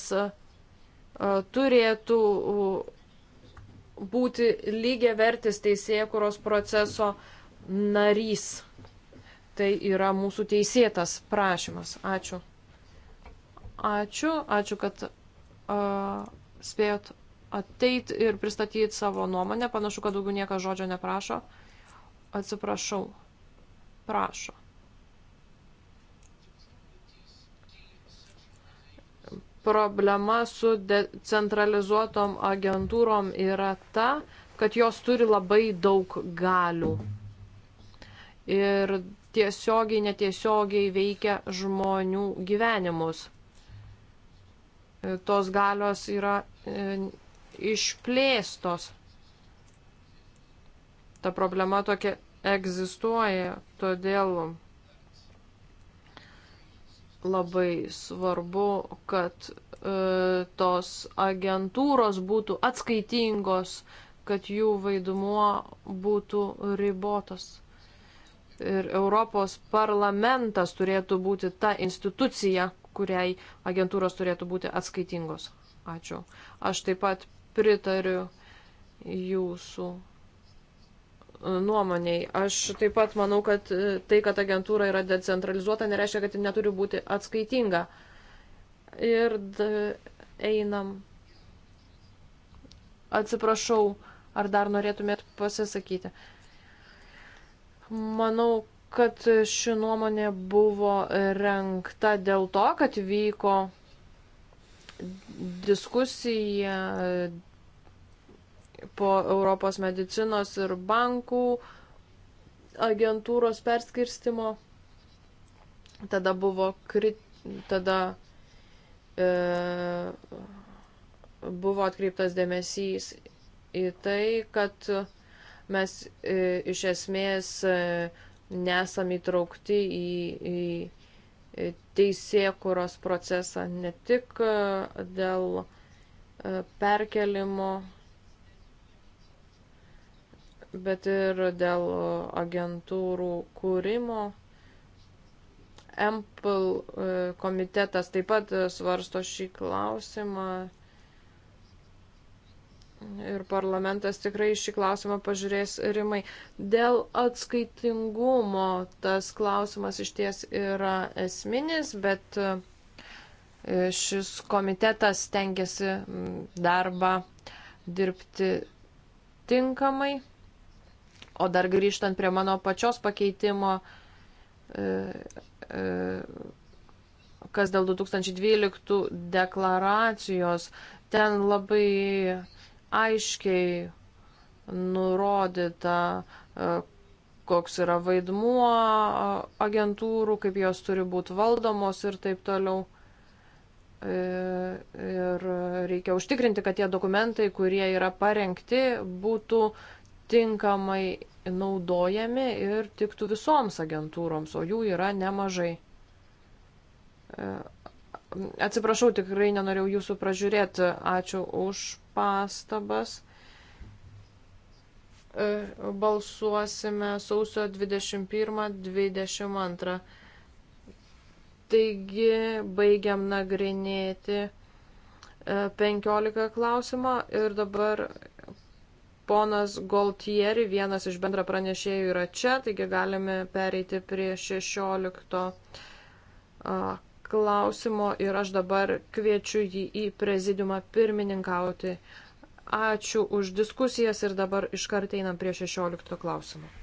turėtų būti lygiavertis teisėkuros proceso narys tai yra mūsų teisėtas prašymas. Ačiū. Ačiū, ačiū, kad uh, spėjot ateit ir pristatyti savo nuomonę. Panašu, kad daugiau niekas žodžio neprašo. Atsiprašau. Prašo. Problema su decentralizuotom agentūrom yra ta, kad jos turi labai daug galių. Ir tiesiogiai, netiesiogiai veikia žmonių gyvenimus. E, tos galios yra e, išplėstos. Ta problema tokia egzistuoja, todėl labai svarbu, kad e, tos agentūros būtų atskaitingos, kad jų vaidmuo būtų ribotas ir Europos parlamentas turėtų būti ta institucija, kuriai agentūros turėtų būti atskaitingos. Ačiū. Aš taip pat pritariu jūsų e, nuomoniai. Aš taip pat manau, kad e, tai, kad agentūra yra decentralizuota, nereiškia, kad ji neturi būti atskaitinga. Ir einam. Atsiprašau, ar dar norėtumėt pasisakyti? Uh, Manau, kad ši nuomonė buvo renkta dėl to, kad vyko diskusija po Europos medicinos ir bankų agentūros perskirstimo. Tada buvo krit... tada e, buvo atkreiptas dėmesys į tai, kad mes e, iš esmės e, nesam įtraukti į, į e, teisėkuros procesą ne tik dėl perkelimo, bet ir dėl agentūrų kūrimo. Ample komitetas taip pat svarsto šį klausimą Ir parlamentas tikrai šį klausimą pažiūrės rimai. Dėl atskaitingumo tas klausimas iš ties yra esminis, bet e, šis komitetas tengiasi darbą dirbti tinkamai. O dar grįžtant prie mano pačios pakeitimo, e, e, kas dėl 2012 deklaracijos, ten labai aiškiai nurodyta, e, koks yra vaidmuo agentūrų, kaip jos turi būti valdomos ir taip toliau. E, ir reikia užtikrinti, kad tie dokumentai, kurie yra parengti, būtų tinkamai naudojami ir tiktų visoms agentūroms, o jų yra nemažai. E, Atsiprašau, tikrai nenorėjau jūsų pražiūrėti. Ačiū už pastabas. E, balsuosime sausio 21-22. Taigi baigiam nagrinėti 15 e, klausimą ir dabar ponas Goltieri, vienas iš bendra pranešėjų, yra čia, taigi galime pereiti prie 16 klausimo ir aš dabar kviečiu jį į prezidiumą pirmininkauti. Ačiū už diskusijas ir dabar iškart einam prie 16 klausimų.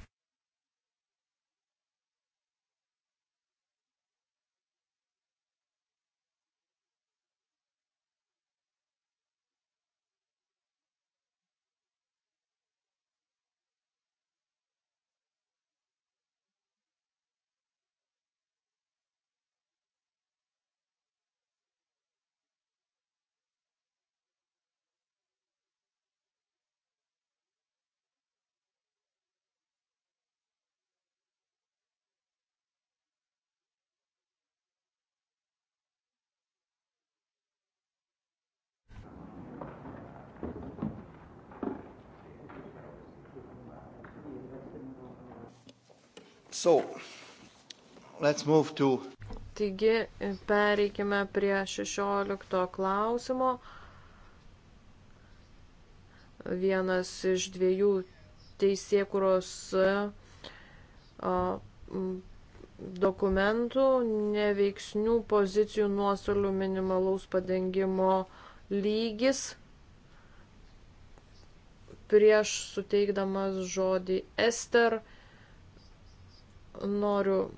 So, let's move to.
Taigi, pereikime prie 16 klausimo. Vienas iš dviejų teisėkuros dokumentų neveiksnių pozicijų nuostolių minimalaus padengimo lygis prieš suteikdamas žodį Ester noriu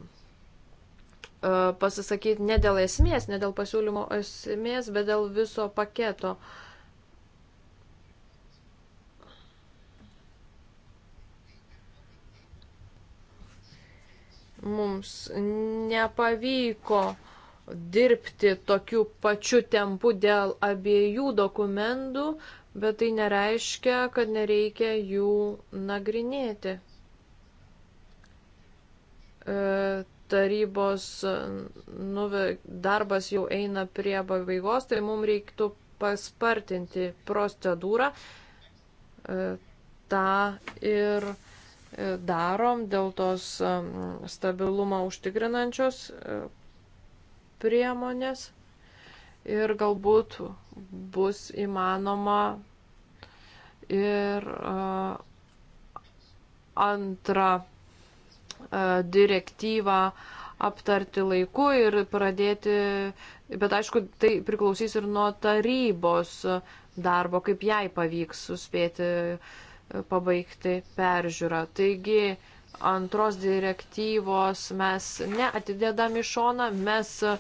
e, pasisakyti ne dėl esmės, ne dėl pasiūlymo esmės, bet dėl viso paketo. Mums nepavyko dirbti tokiu pačiu tempu dėl abiejų dokumentų, bet tai nereiškia, kad nereikia jų nagrinėti. E, tarybos nuve, darbas jau eina prie pabaigos, tai mums reiktų paspartinti procedūrą. E, Ta ir e, darom dėl tos stabilumą užtikrinančios priemonės ir galbūt bus įmanoma ir antrą E, direktyvą aptarti laiku ir pradėti, bet aišku, tai priklausys ir nuo tarybos darbo, kaip jai pavyks suspėti e, pabaigti peržiūrą. Taigi antros direktyvos mes neatidedam į šoną, mes e,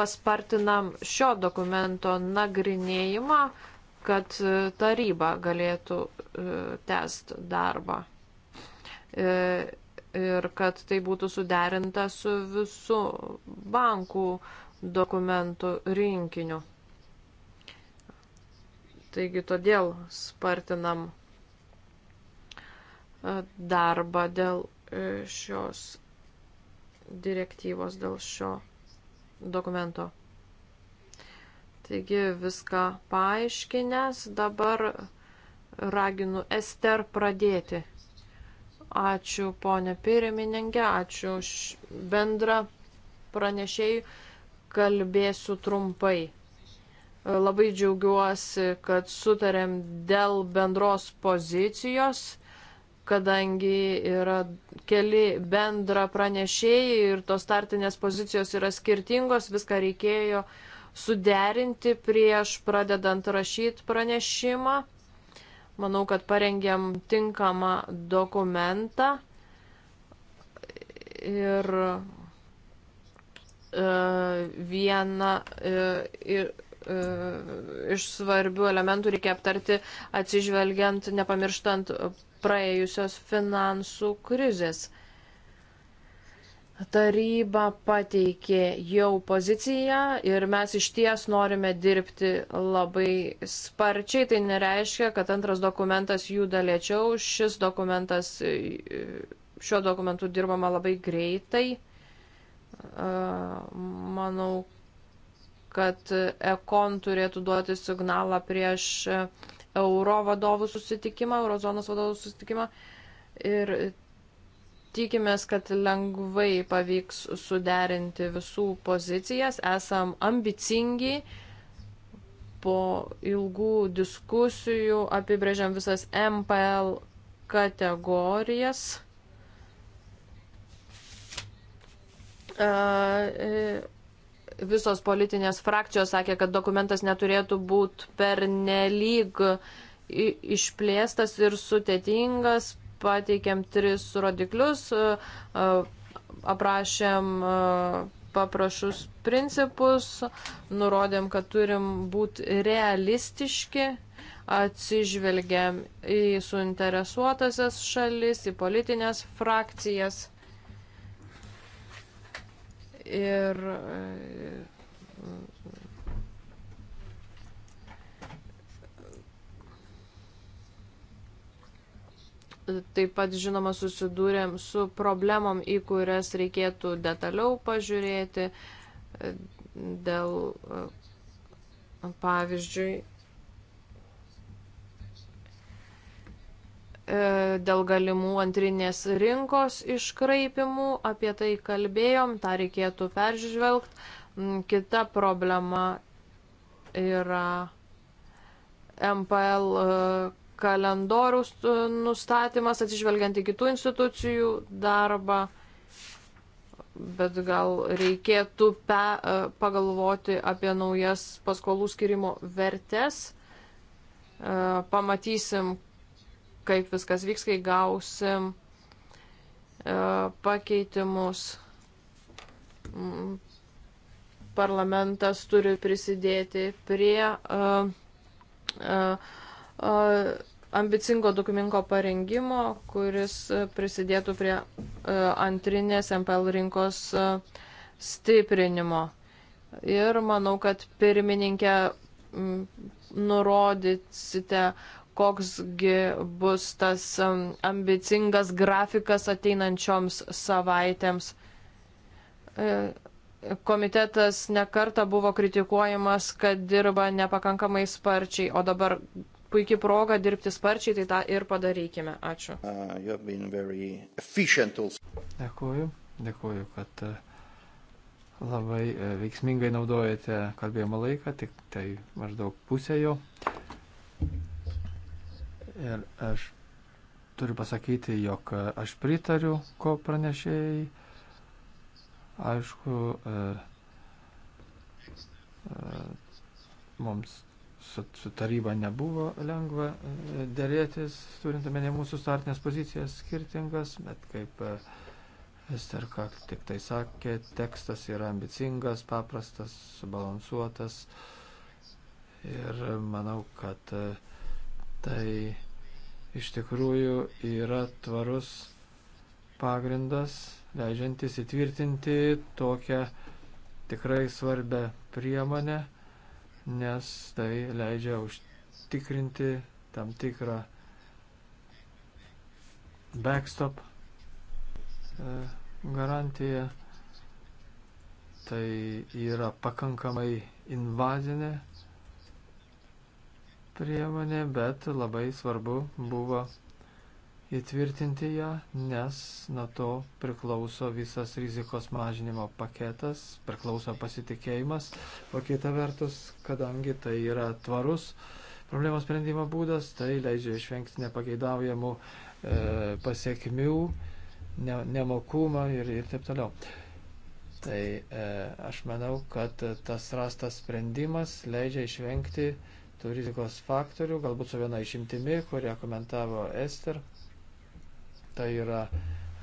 paspartinam šio dokumento nagrinėjimą, kad taryba galėtų tęsti darbą ir kad tai būtų suderinta su visu bankų dokumentų rinkiniu. Taigi todėl spartinam e, darbą dėl e, šios direktyvos, dėl šio dokumento. Taigi viską paaiškinęs, dabar raginu Ester pradėti. Ačiū ponė pirmininkė, ačiū bendra pranešėjai, kalbėsiu trumpai. Labai džiaugiuosi, kad sutarėm dėl bendros pozicijos, kadangi yra keli bendra pranešėjai ir tos startinės pozicijos yra skirtingos, viską reikėjo suderinti prieš pradedant rašyti pranešimą. Manau, kad parengėm tinkamą dokumentą ir e, viena e, e, iš svarbių elementų reikia aptarti atsižvelgiant, nepamirštant praėjusios finansų krizės. Taryba pateikė jau poziciją ir mes iš ties norime dirbti labai sparčiai. Tai nereiškia, kad antras dokumentas juda lėčiau. Šis dokumentas, šiuo dokumentu dirbama labai greitai. Manau, kad Ekon turėtų duoti signalą prieš euro vadovų susitikimą, eurozonos vadovų susitikimą. Ir Tikimės, kad lengvai pavyks suderinti visų pozicijas. Esam ambicingi. Po ilgų diskusijų apibrėžiam visas MPL kategorijas. E, visos politinės frakcijos sakė, kad dokumentas neturėtų būti per nelyg išplėstas ir sudėtingas pateikėm tris rodiklius, e, e, aprašėm e, paprašus principus, nurodėm, kad turim būti realistiški, atsižvelgiam į suinteresuotasias šalis, į politinės frakcijas. Ir taip pat, žinoma, susidūrėm su problemom, į kurias reikėtų detaliau pažiūrėti e, dėl, e, pavyzdžiui, e, dėl galimų antrinės rinkos iškraipimų, apie tai kalbėjom, tą reikėtų peržvelgti. Mm, kita problema yra MPL kalendoriaus e, nustatymas, atsižvelgiant į kitų institucijų darbą, bet gal reikėtų pe, e, pagalvoti apie naujas paskolų skirimo vertes. E, pamatysim, kaip viskas vyks, kai gausim pakeitimus. Mm, parlamentas turi prisidėti prie uh, uh, uh, ambicingo dokumento parengimo, kuris prisidėtų prie e, antrinės MPL rinkos e, stiprinimo. Ir manau, kad pirmininkė nurodysite, koksgi bus tas e, ambicingas grafikas ateinančioms savaitėms. Komitetas nekarta buvo kritikuojamas, kad dirba nepakankamai sparčiai, o dabar puikia proga dirbti sparčiai, tai tą ir padarykime. Ačiū.
Uh, dėkuoju, dėkuoju, kad uh, labai uh, veiksmingai naudojate kalbėjimo laiką, tik tai maždaug pusė jo. Ir aš turiu pasakyti, jog aš pritariu, ko pranešėjai. Aišku, mums su, su taryba nebuvo lengva e, dėrėtis, turint omenyje mūsų startinės pozicijas skirtingas, bet kaip e, Ester, ką tik tai sakė, tekstas yra ambicingas, paprastas, subalansuotas ir manau, kad e, tai iš tikrųjų yra tvarus pagrindas, leidžiantis įtvirtinti tokią tikrai svarbę priemonę nes tai leidžia užtikrinti tam tikrą backstop e, garantiją. Tai yra pakankamai invazinė priemonė, bet labai svarbu buvo įtvirtinti ją, nes nuo to priklauso visas rizikos mažinimo paketas, priklauso pasitikėjimas, o kita vertus, kadangi tai yra tvarus problemos sprendimo būdas, tai leidžia išvengti nepageidaujamų e, pasiekmių, ne, nemokumą ir, ir taip toliau. Tai e, aš manau, kad tas rastas sprendimas leidžia išvengti tų rizikos faktorių, galbūt su viena išimtimi, kurią komentavo Ester. Tai yra,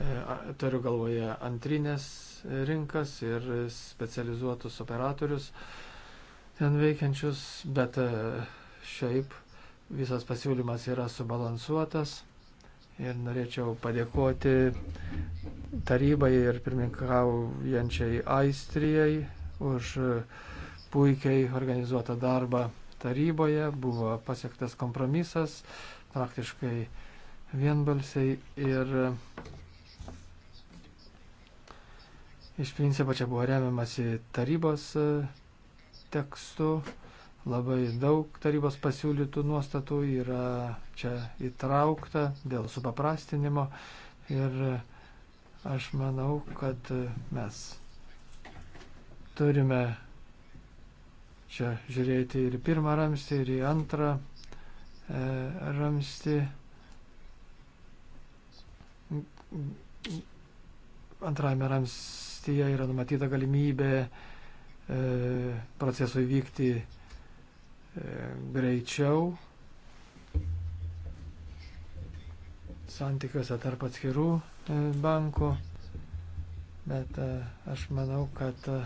e, turiu galvoje, antrinės rinkas ir specializuotus operatorius ten veikiančius, bet e, šiaip visas pasiūlymas yra subalansuotas ir norėčiau padėkoti tarybai ir pirmininkaujančiai Aistrijai už puikiai organizuotą darbą taryboje. Buvo pasiektas kompromisas, praktiškai vienbalsiai ir iš principo čia buvo remiamasi tarybos e, tekstu. Labai daug tarybos pasiūlytų nuostatų yra čia įtraukta dėl supaprastinimo ir aš manau, kad mes turime čia žiūrėti ir į pirmą ramstį, ir į antrą e, ramstį antrajame ramstyje yra numatyta galimybė e, procesui vykti e, greičiau santykiuose tarp atskirų e, bankų, bet e, aš manau, kad e,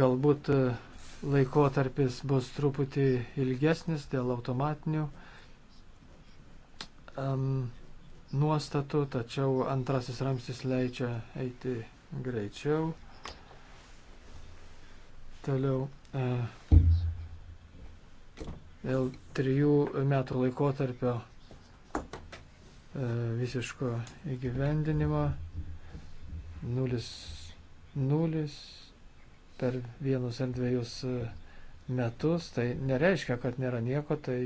galbūt e, laikotarpis bus truputį ilgesnis dėl automatinių e, um, nuostatų, tačiau antrasis ramstis leidžia eiti greičiau. Toliau. Uh, dėl trijų metų laikotarpio e, visiško įgyvendinimo 0 per vienus ar dviejus e, metus, tai nereiškia, kad nėra nieko, tai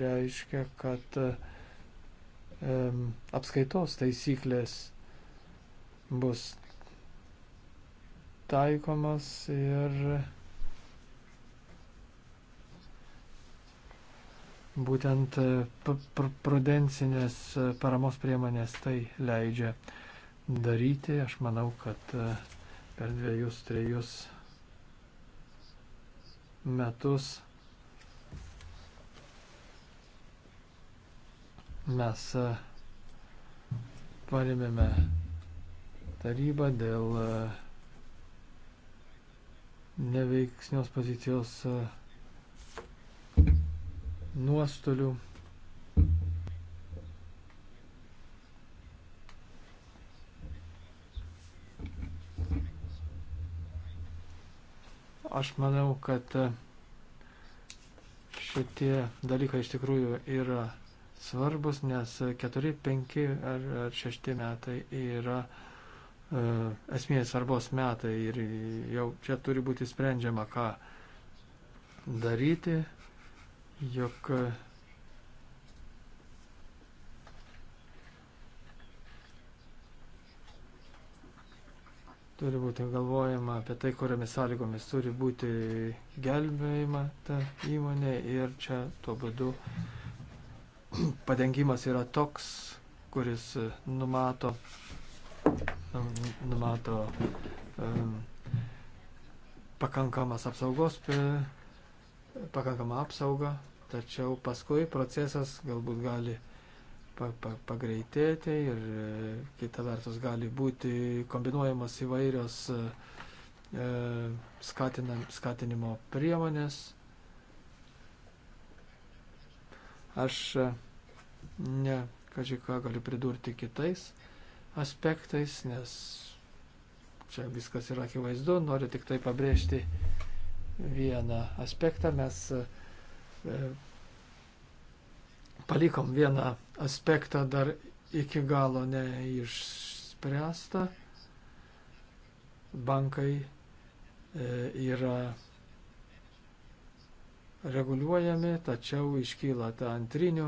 reiškia, kad uh, apskaitos taisyklės bus taikomas ir būtent e, prudencinės paramos priemonės tai leidžia daryti. Aš manau, kad e, per dviejus, trejus metus Mes e, paremėme tarybą dėl e, neveiksnios pozicijos e, nuostolių. Aš manau, kad šitie dalykai iš tikrųjų yra svarbus, nes 4, 5 ar, ar 6 metai yra e, esmės svarbos metai ir jau čia turi būti sprendžiama, ką daryti, jog turi būti galvojama apie tai, kuriamis sąlygomis turi būti gelbėjama ta įmonė ir čia tuo būdu uh, padengimas yra toks, kuris e, numato, nu, nu, numato um, pakankamas apsaugos, e, pakankamą apsaugą, tačiau paskui procesas galbūt gali pagreitėti ir kita vertus gali būti kombinuojamos įvairios skatinam, skatinimo priemonės Aš e, ne, kažkai ką galiu pridurti kitais aspektais, nes čia viskas yra akivaizdu, noriu tik tai pabrėžti vieną aspektą. Mes e, e, palikom vieną aspektą dar iki galo neišspręstą. Bankai yra reguliuojami, tačiau iškyla ta antrinių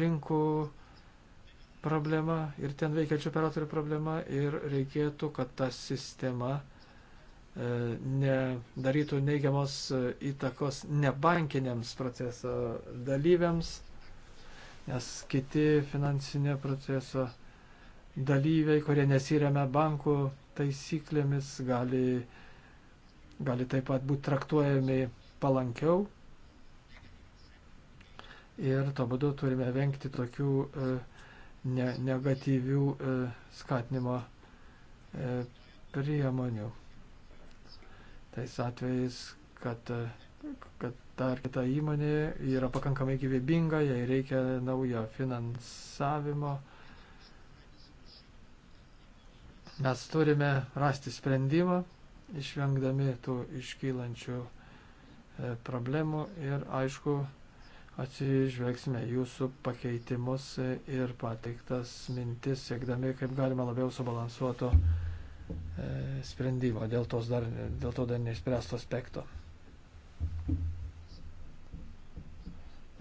rinkų problema ir ten veikiančių operatorių problema ir reikėtų, kad ta sistema e, nedarytų neigiamos e, įtakos nebankiniams proceso dalyviams, nes kiti finansinio proceso dalyviai, kurie nesiremia bankų taisyklėmis, gali, gali taip pat būti traktuojami palankiau ir to būdu turime vengti tokių e, ne, negatyvių e, skatinimo e, priemonių. Tais atvejais, kad, e, kad dar kita įmonė yra pakankamai gyvybinga, jai reikia naujo finansavimo. Mes turime rasti sprendimą, išvengdami tų iškylančių e, problemų ir, aišku, atsižvelgsime jūsų pakeitimus ir pateiktas mintis, siekdami kaip galima labiau subalansuoto e, sprendimo dėl, dar, dėl to dar neišspręsto aspekto.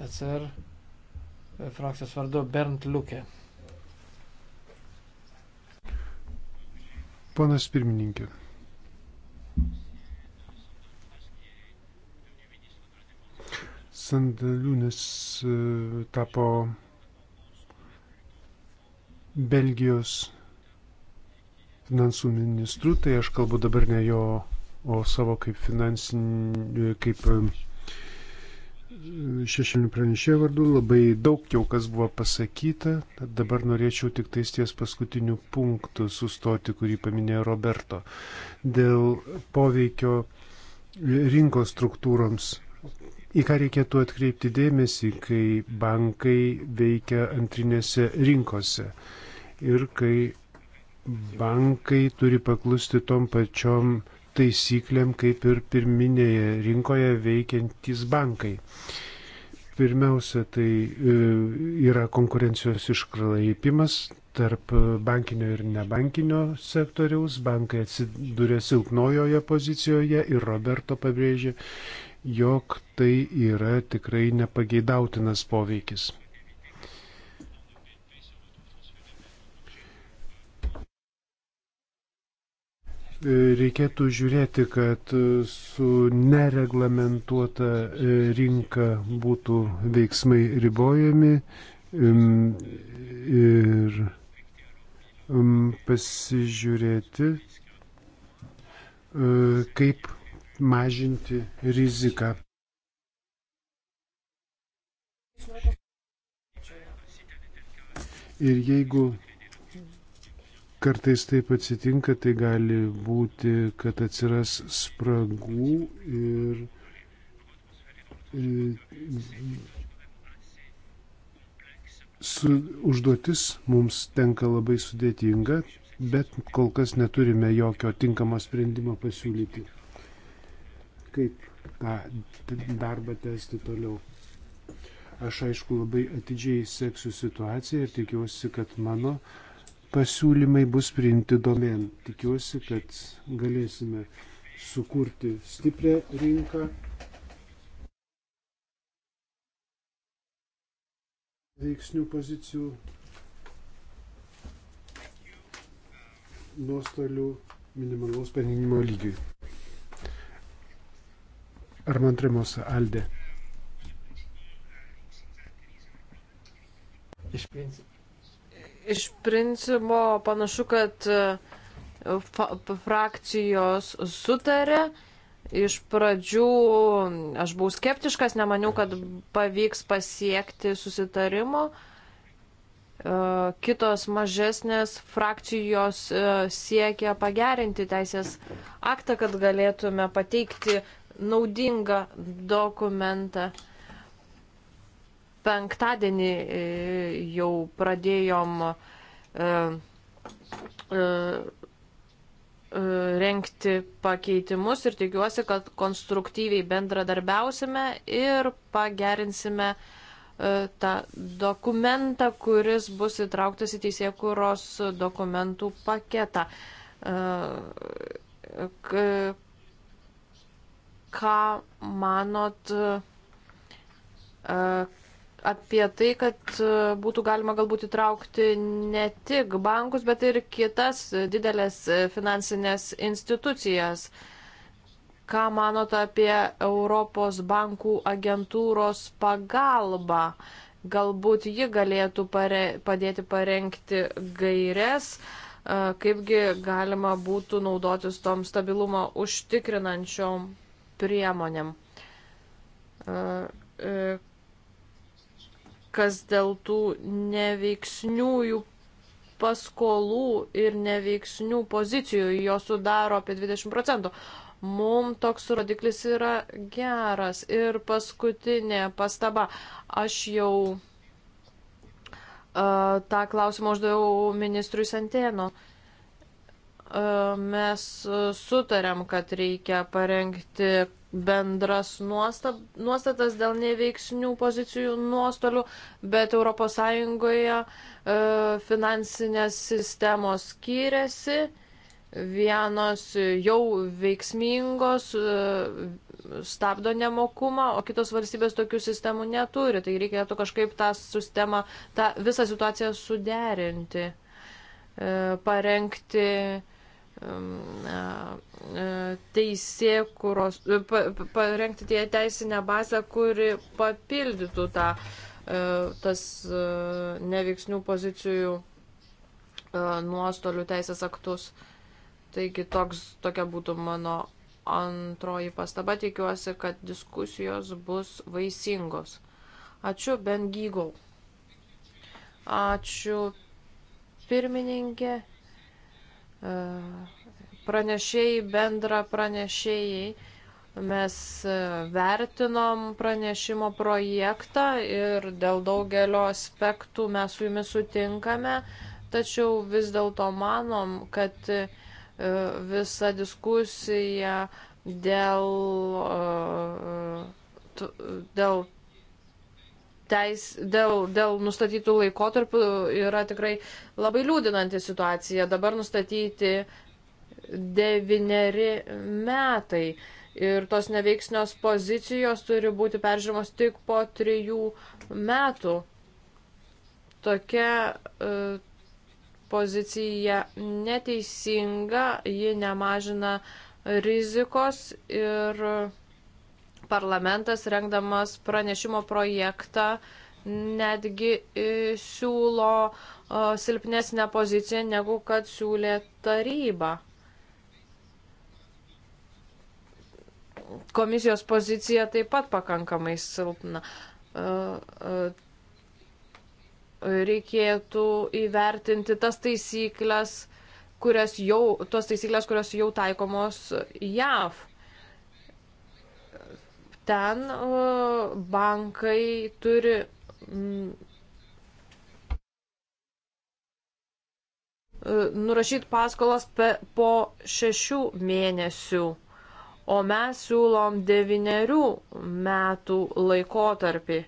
ECR e, frakcijos vardu Bernd Liukė.
Ponas pirmininkė, Sandaliūnis e, tapo Belgijos finansų ministru, tai aš kalbu dabar ne jo, o savo kaip finansinį, e, kaip e, šešėlinių pranešėjų vardu, labai daug jau kas buvo pasakyta, tad dabar norėčiau tik tais ties paskutiniu punktu sustoti, kurį paminėjo Roberto, dėl poveikio rinkos struktūroms į ką reikėtų atkreipti dėmesį, kai bankai veikia antrinėse rinkose ir kai bankai turi paklusti tom pačiom taisyklėm, kaip ir pirminėje rinkoje veikiantys bankai. Pirmiausia, tai e, yra konkurencijos iškraipimas tarp bankinio ir nebankinio sektoriaus. Bankai atsidūrė silpnojoje pozicijoje ir Roberto pabrėžė, jog tai yra tikrai nepageidautinas poveikis. reikėtų žiūrėti, kad su nereglamentuota rinka būtų veiksmai ribojami ir pasižiūrėti, e, kaip mažinti riziką. Ir jeigu kartais taip atsitinka, tai gali būti, kad atsiras spragų ir e, su, užduotis mums tenka labai sudėtinga, bet kol kas neturime jokio tinkamo sprendimo pasiūlyti kaip tą darbą tęsti toliau. Aš aišku labai atidžiai seksiu situaciją ir tikiuosi, kad mano pasiūlymai bus priimti domen. Tikiuosi, kad galėsime sukurti stiprią rinką. Veiksnių pozicijų nuostolių minimalaus pelninimo lygiui. Armand Tremos, Aldė.
Iš principo.
Iš principo panašu, kad e, frakcijos sutarė. Iš pradžių aš buvau skeptiškas, nemaniau, kad pavyks pasiekti susitarimo. E, kitos mažesnės frakcijos e, siekia pagerinti teisės aktą, kad galėtume pateikti naudingą dokumentą. Penktadienį e, jau pradėjom e, e, renkti pakeitimus ir tikiuosi, kad konstruktyviai bendradarbiausime ir pagerinsime tą dokumentą, kuris bus įtrauktas į teisėkūros dokumentų paketą ką manot e, apie tai, kad e, būtų galima galbūt įtraukti ne tik bankus, bet ir kitas didelės e, finansinės institucijas. Ką manot apie Europos bankų agentūros pagalbą? Galbūt ji galėtų pare, padėti parengti gairias, kaipgi galima būtų naudotis tom stabilumą užtikrinančiom priemonėm. E, e, kas dėl tų neveiksniųjų paskolų ir neveiksnių pozicijų, jo sudaro apie 20 procentų. Mums toks rodiklis yra geras. Ir paskutinė pastaba. Aš jau uh, tą klausimą uždaviau ministrui Santėnu. Uh, mes sutarėm, kad reikia parengti bendras nuostab, nuostatas dėl neveiksnių pozicijų nuostolių, bet ES e, finansinės sistemos skiriasi. Vienos jau veiksmingos e, stabdo nemokumą, o kitos valstybės tokių sistemų neturi. Tai reikėtų kažkaip tą sistemą, tą visą situaciją suderinti, e, parengti teisėkuros, e, parengti tie teisinę bazę, kuri papildytų tą, e, tas e, neveiksnių pozicijų nuostolių teisės aktus. Taigi toks, tokia būtų mano antroji pastaba. Tikiuosi, kad diskusijos bus vaisingos. Ačiū, Ben Gygau. Ačiū, pirmininkė pranešėjai, bendra pranešėjai. Mes e, vertinom pranešimo projektą ir dėl daugelio aspektų mes su jumis sutinkame, tačiau vis dėlto manom, kad e, visa diskusija dėl, e, dėl teis, dėl, dėl nustatytų laikotarpių yra tikrai labai liūdinanti situacija. Dabar nustatyti devineri metai ir tos neveiksnios pozicijos turi būti peržiūrimos tik po trijų metų. Tokia uh, pozicija neteisinga, ji nemažina rizikos ir uh, parlamentas rengdamas pranešimo projektą netgi siūlo silpnesnę poziciją negu kad siūlė taryba. Komisijos pozicija taip pat pakankamai silpna. Reikėtų įvertinti tas taisyklės, kurias jau, tos taisyklės, kurios jau taikomos JAV ten bankai turi. Mm, e, Nurašyti paskolas po šešių mėnesių, o mes siūlom devyniarių metų laikotarpį.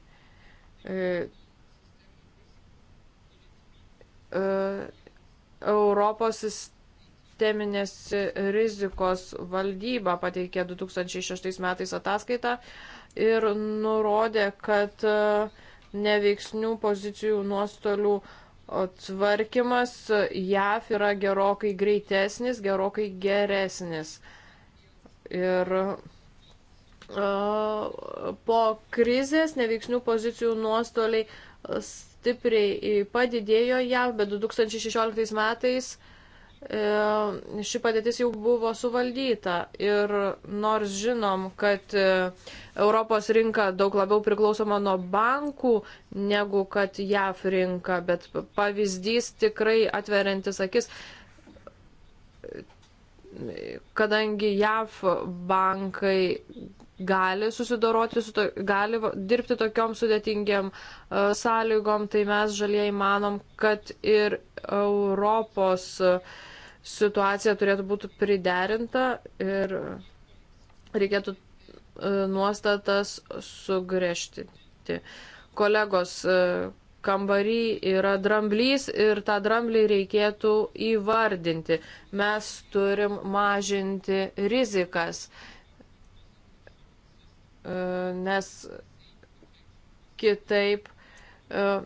E, e, Europos sisteminės rizikos valdyba pateikė 2006 metais ataskaitą ir nurodė, kad e, neveiksnių pozicijų nuostolių tvarkymas JAF yra gerokai greitesnis, gerokai geresnis. Ir e, po krizės neveiksnių pozicijų nuostoliai stipriai padidėjo JAV, bet 2016 metais E, ši padėtis jau buvo suvaldyta. Ir nors žinom, kad e, Europos rinka daug labiau priklausoma nuo bankų negu kad JAF rinka, bet pavyzdys tikrai atveriantis akis, kadangi JAF bankai gali susidoroti, su to, gali dirbti tokiom sudėtingiam uh, e, sąlygom, tai mes žaliai manom, kad ir Europos uh, situacija turėtų būti priderinta ir reikėtų e, nuostatas sugrėžti. Kolegos, e, kambary yra dramblys ir tą dramblį reikėtų įvardinti. Mes turim mažinti rizikas, e, nes kitaip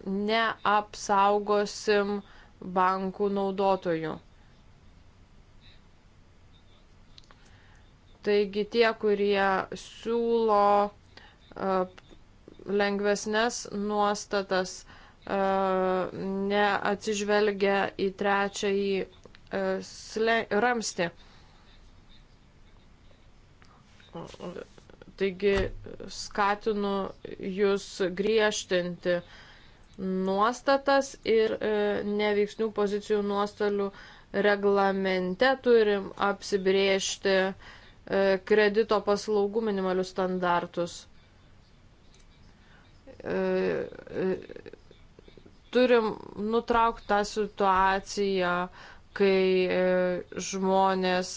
neapsaugosim bankų naudotojų. Taigi tie, kurie siūlo e, lengvesnės nuostatas, e, neatsižvelgia į trečiąjį e, ramstį. Taigi skatinu jūs griežtinti nuostatas ir neveiksnių pozicijų nuostolių reglamente turim apsibriežti uh, E, kredito paslaugų minimalius standartus. E, e, turim nutraukti tą situaciją, kai žmonės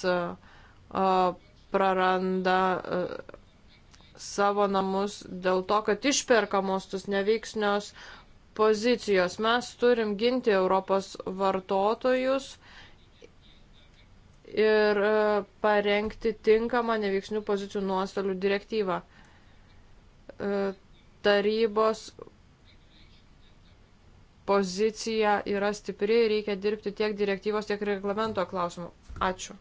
praranda savo namus dėl to, kad išperkamos tos neveiksnios pozicijos. Mes turim ginti Europos vartotojus ir e, parengti tinkamą neveiksnių pozicijų nuostolių direktyvą. E, tarybos pozicija yra stipri ir reikia dirbti tiek direktyvos, tiek reglamento klausimų. Ačiū.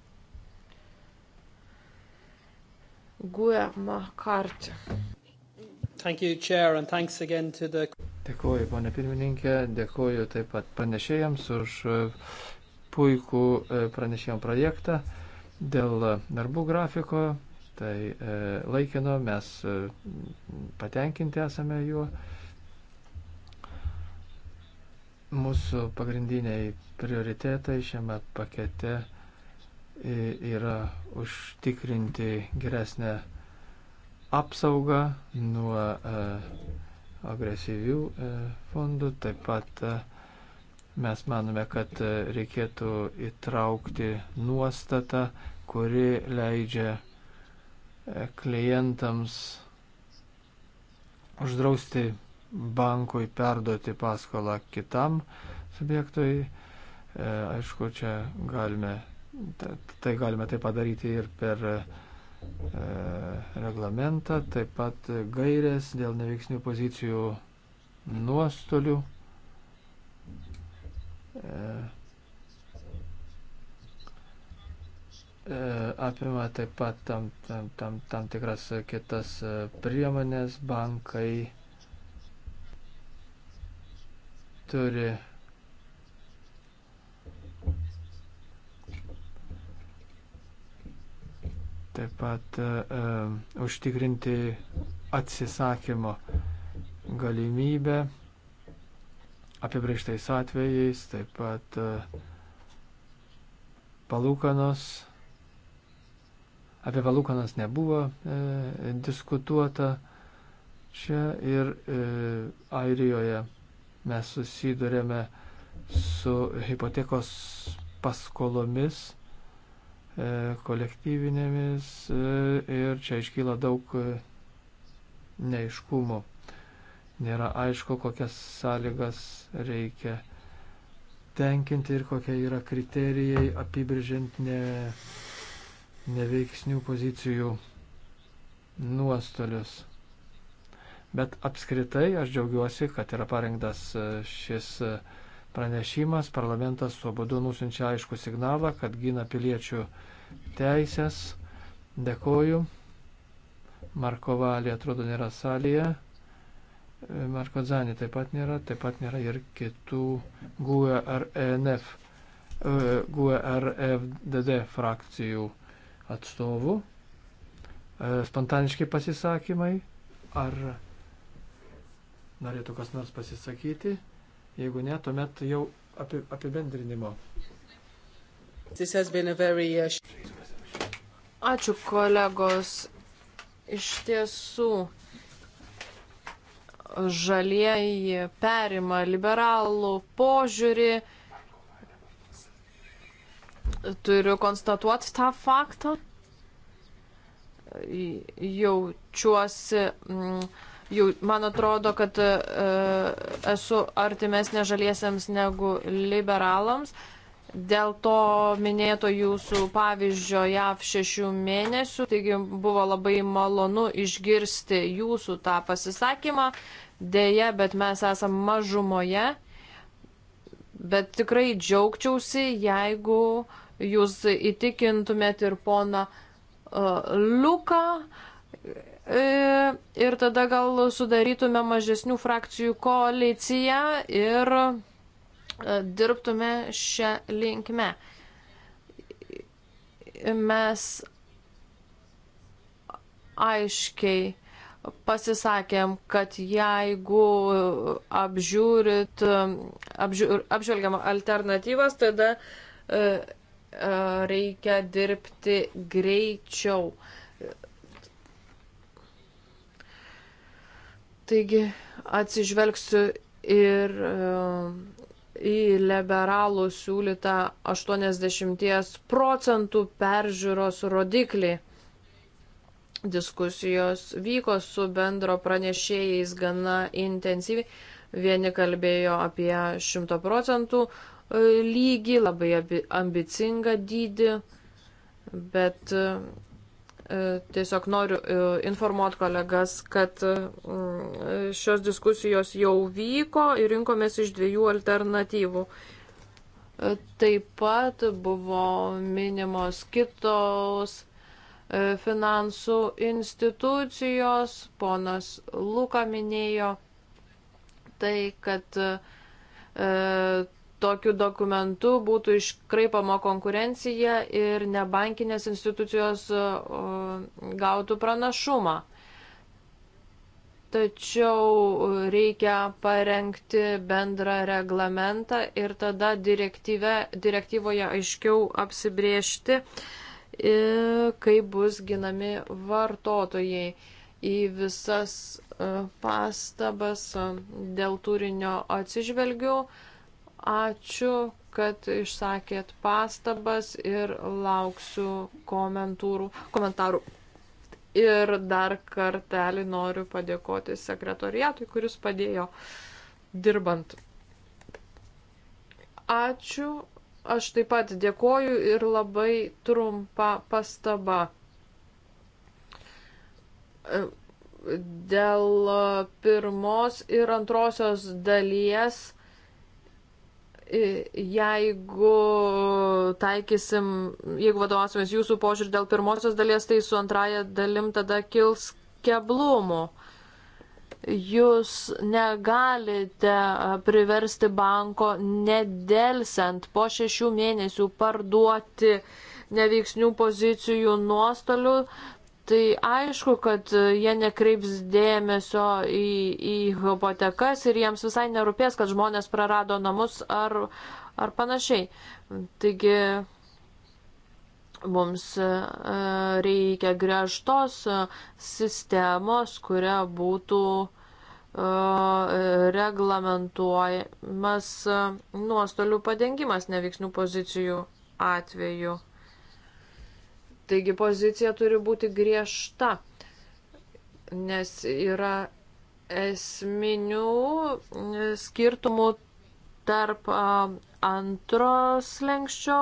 Gue Makarti.
Dėkuoju, ponė pirmininkė, dėkuoju taip pat pranešėjams už puikų e, pranešimo projektą dėl darbų grafiko, tai e, laikino mes e, patenkinti esame juo. Mūsų pagrindiniai prioritetai šiame pakete e, yra užtikrinti geresnę apsaugą nuo e, agresyvių e, fondų, taip pat e, Mes manome, kad e, reikėtų įtraukti nuostatą, kuri leidžia e, klientams uždrausti bankui perduoti paskolą kitam subjektui. E, aišku, čia galime, tai galime tai padaryti ir per reglamentą, taip pat gairės dėl neveiksnių pozicijų nuostolių. E, apima taip pat tam, tam, tam, tam tikras kitas e, priemonės, bankai turi taip pat e, e užtikrinti atsisakymo galimybę apibrieštais atvejais, taip pat e, palūkanos. Apie palūkanas nebuvo e, diskutuota čia ir e, Airijoje mes susidurėme su hipotekos paskolomis e, kolektyvinėmis e, ir čia iškyla daug neiškumo nėra aišku, kokias sąlygas reikia tenkinti ir kokie yra kriterijai apibrėžiant ne, neveiksnių pozicijų nuostolius. Bet apskritai aš džiaugiuosi, kad yra parengtas e, šis e, pranešimas. Parlamentas tuo būdu nusinčia aišku signalą, kad gina piliečių teisės. Dėkoju. Markovalė atrodo nėra salėje. Marko Zanį taip pat nėra, taip pat nėra ir kitų GUE ar ENF, GUE ar e e FDD frakcijų atstovų. E, spontaniški pasisakymai, ar norėtų kas nors pasisakyti, jeigu ne, tuomet jau api, apibendrinimo.
Very... Uh,
Ačiū kolegos, iš tiesų žalieji perima liberalų požiūrį. Turiu konstatuoti tą faktą. Jaučiuosi, mm, jau, man atrodo, kad e, esu artimesnė žaliesiems negu liberalams. E, Dėl to minėto jūsų pavyzdžio JAV šešių mėnesių, taigi buvo labai malonu išgirsti jūsų tą pasisakymą. Deja, bet mes esame mažumoje, bet tikrai džiaugčiausi, jeigu jūs įtikintumėt ir poną uh, Luką e, ir tada gal sudarytume mažesnių frakcijų koaliciją ir E, dirbtume šią linkme. Mes aiškiai pasisakėm, kad jeigu apžiūrit, apžiūr, apžvelgiam alternatyvas, tada e, e, reikia dirbti greičiau. Taigi atsižvelgsiu ir į liberalų siūlytą 80 procentų peržiūros rodiklį. Diskusijos vyko su bendro pranešėjais gana intensyviai. Vieni kalbėjo apie 100 procentų e, lygį, labai ambicingą dydį, bet E, tiesiog noriu e, informuoti kolegas, kad e, mm, šios diskusijos jau vyko ir rinkomės iš dviejų alternatyvų. Taip pat buvo minimos kitos finansų institucijos, ponas Luka minėjo tai, kad tokiu dokumentu būtų iškraipama konkurencija ir nebankinės institucijos e, gautų pranašumą. Tačiau reikia parengti bendrą reglamentą ir tada direktyvoje aiškiau apsibriežti, e, kaip bus ginami vartotojai į visas e, pastabas dėl turinio atsižvelgiau Ačiū, kad išsakėt pastabas ir lauksiu komentarų. Ir dar kartelį noriu padėkoti sekretoriatui, kuris padėjo dirbant. Ačiū, aš taip pat dėkoju ir labai trumpa pastaba dėl pirmos ir antrosios dalies jeigu taikysim, jeigu vadovausimės jūsų požiūrį dėl pirmosios dalies, tai su antraja dalim tada kils keblumų. Jūs negalite priversti banko nedelsiant po šešių mėnesių parduoti neveiksnių pozicijų nuostolių, Tai aišku, kad jie nekreips dėmesio į, į hipotekas ir jiems visai nerūpės, kad žmonės prarado namus ar, ar panašiai. Taigi mums e, reikia griežtos e, sistemos, kuria būtų e, reglamentuojamas nuostolių padengimas neveiksnių pozicijų atveju. Taigi pozicija turi būti griežta, nes yra esminių e, skirtumų tarp antros lenkščio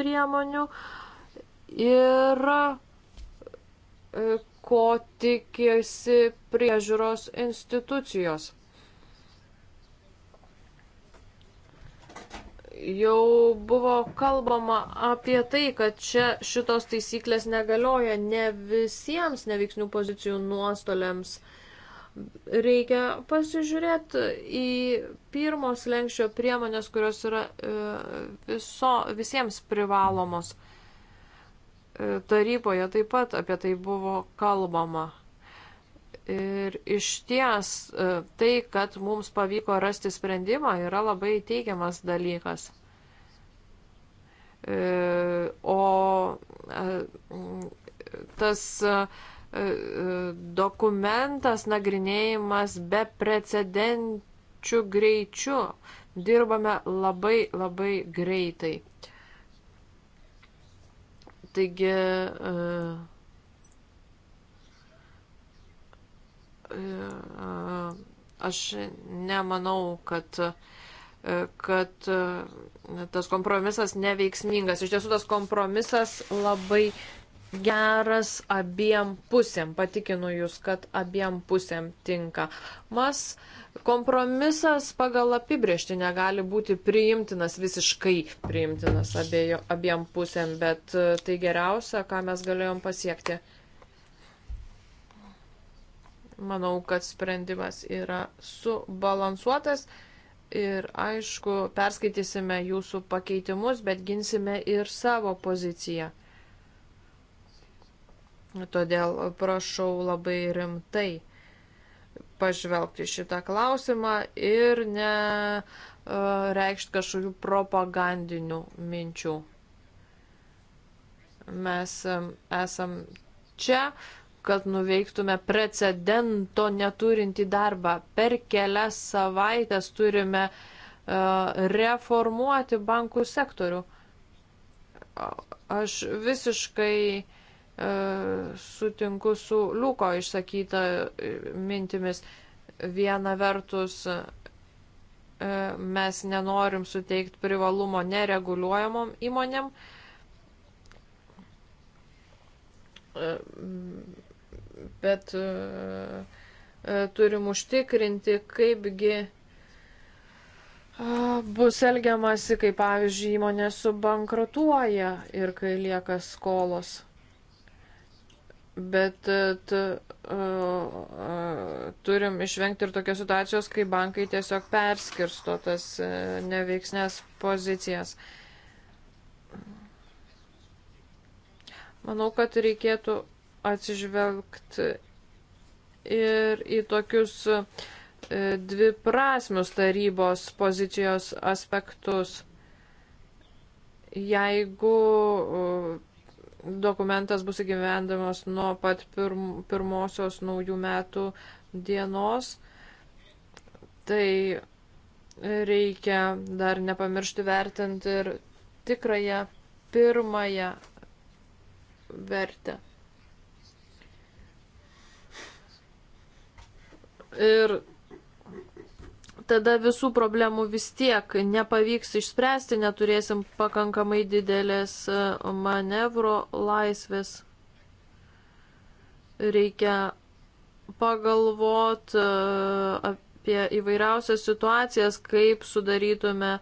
priemonių ir e, ko tikėsi priežiūros institucijos. jau buvo kalbama apie tai, kad čia šitos taisyklės negalioja ne visiems neveiksnių pozicijų nuostoliams. Reikia pasižiūrėti į pirmos lenkščio priemonės, kurios yra e, viso, visiems privalomos. E, taryboje taip pat apie tai buvo kalbama. Ir iš ties e, tai, kad mums pavyko rasti sprendimą, yra labai teigiamas dalykas. E, o e, tas dokumentas nagrinėjimas be precedenčių greičių. Dirbame labai labai greitai. Taigi. Uh E, aš nemanau, kad e, kad e, tas kompromisas neveiksmingas. Iš tiesų, tas kompromisas labai geras abiem pusėm, patikinu jūs, kad abiem pusėm tinka. Mas kompromisas pagal apibriešti negali būti priimtinas, visiškai priimtinas abiejo, abiem pusėm, bet tai geriausia, ką mes galėjom pasiekti. Manau, kad sprendimas yra subalansuotas ir aišku, perskaitysime jūsų pakeitimus, bet ginsime ir savo poziciją. Todėl prašau labai rimtai pažvelgti šitą klausimą ir ne e, reikšti kažkokių propagandinių minčių. Mes e, esam čia kad nuveiktume precedento neturinti darbą. Per kelias savaitės turime e, reformuoti bankų sektorių. Aš visiškai e, sutinku su Liuko išsakyta e, mintimis. Viena vertus, mes nenorim suteikti privalumo nereguliuojamom įmonėm, bet e, e, turim užtikrinti, kaipgi e, bus elgiamasi, kai pavyzdžiui įmonė subankrutuoja ir kai lieka skolos. Bet t, uh, turim išvengti ir tokios situacijos, kai bankai tiesiog perskirsto tas uh, neveiksnės pozicijas. Manau, kad reikėtų atsižvelgti ir į tokius e, dviprasmius tarybos pozicijos aspektus. Jeigu e, dokumentas bus įgyvendamas nuo pat pirm, pirmosios naujų metų dienos, tai reikia dar nepamiršti vertinti ir tikrąją pirmąją vertę. Ir tada visų problemų vis tiek nepavyks išspręsti, neturėsim pakankamai didelės e, manevro laisvės. Reikia pagalvot e, apie įvairiausias situacijas, kaip sudarytume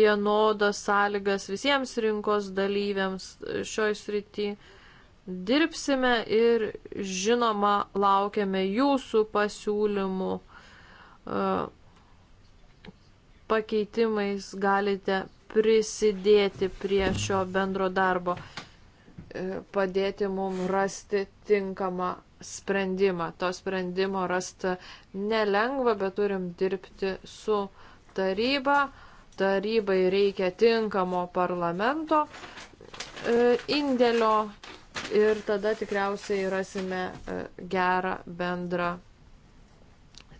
vienodas sąlygas visiems rinkos dalyviams e, šioj srityje dirbsime ir žinoma laukiame jūsų pasiūlymų. E, pakeitimais galite prisidėti prie šio bendro darbo, e, padėti mums rasti tinkamą sprendimą. To sprendimo rasta nelengva, bet turim dirbti su taryba. Tarybai reikia tinkamo parlamento e, indėlio ir tada tikriausiai rasime e, gerą bendrą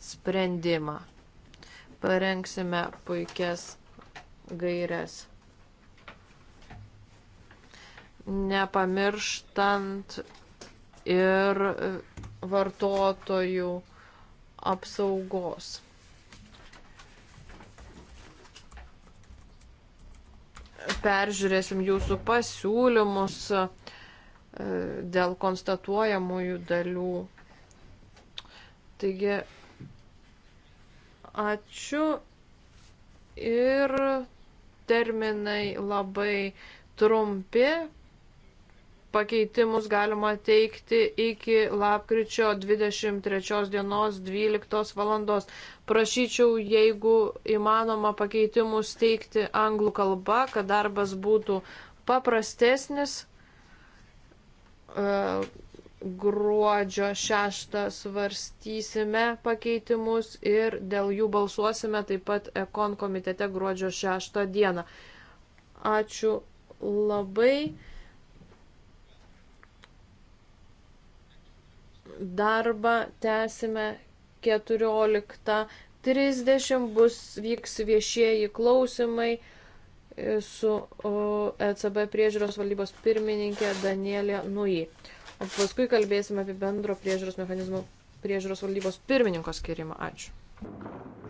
sprendimą. Parengsime puikias gairias. Nepamirštant ir e, vartotojų apsaugos. Peržiūrėsim jūsų pasiūlymus E, dėl konstatuojamųjų dalių. Taigi, ačiū ir terminai labai trumpi. Pakeitimus galima teikti iki lapkričio 23 dienos 12 valandos. Prašyčiau, jeigu įmanoma pakeitimus teikti anglų kalba, kad darbas būtų paprastesnis. E, gruodžio 6 svarstysime pakeitimus ir dėl jų balsuosime taip pat Ekon komitete gruodžio 6 dieną. Ačiū labai. Darbą tęsime 14.30 bus vyks viešieji klausimai su ECB priežiūros valdybos pirmininkė Danielė Nui. O paskui kalbėsime apie bendro priežiūros mechanizmo priežiūros valdybos pirmininko skirimą. Ačiū.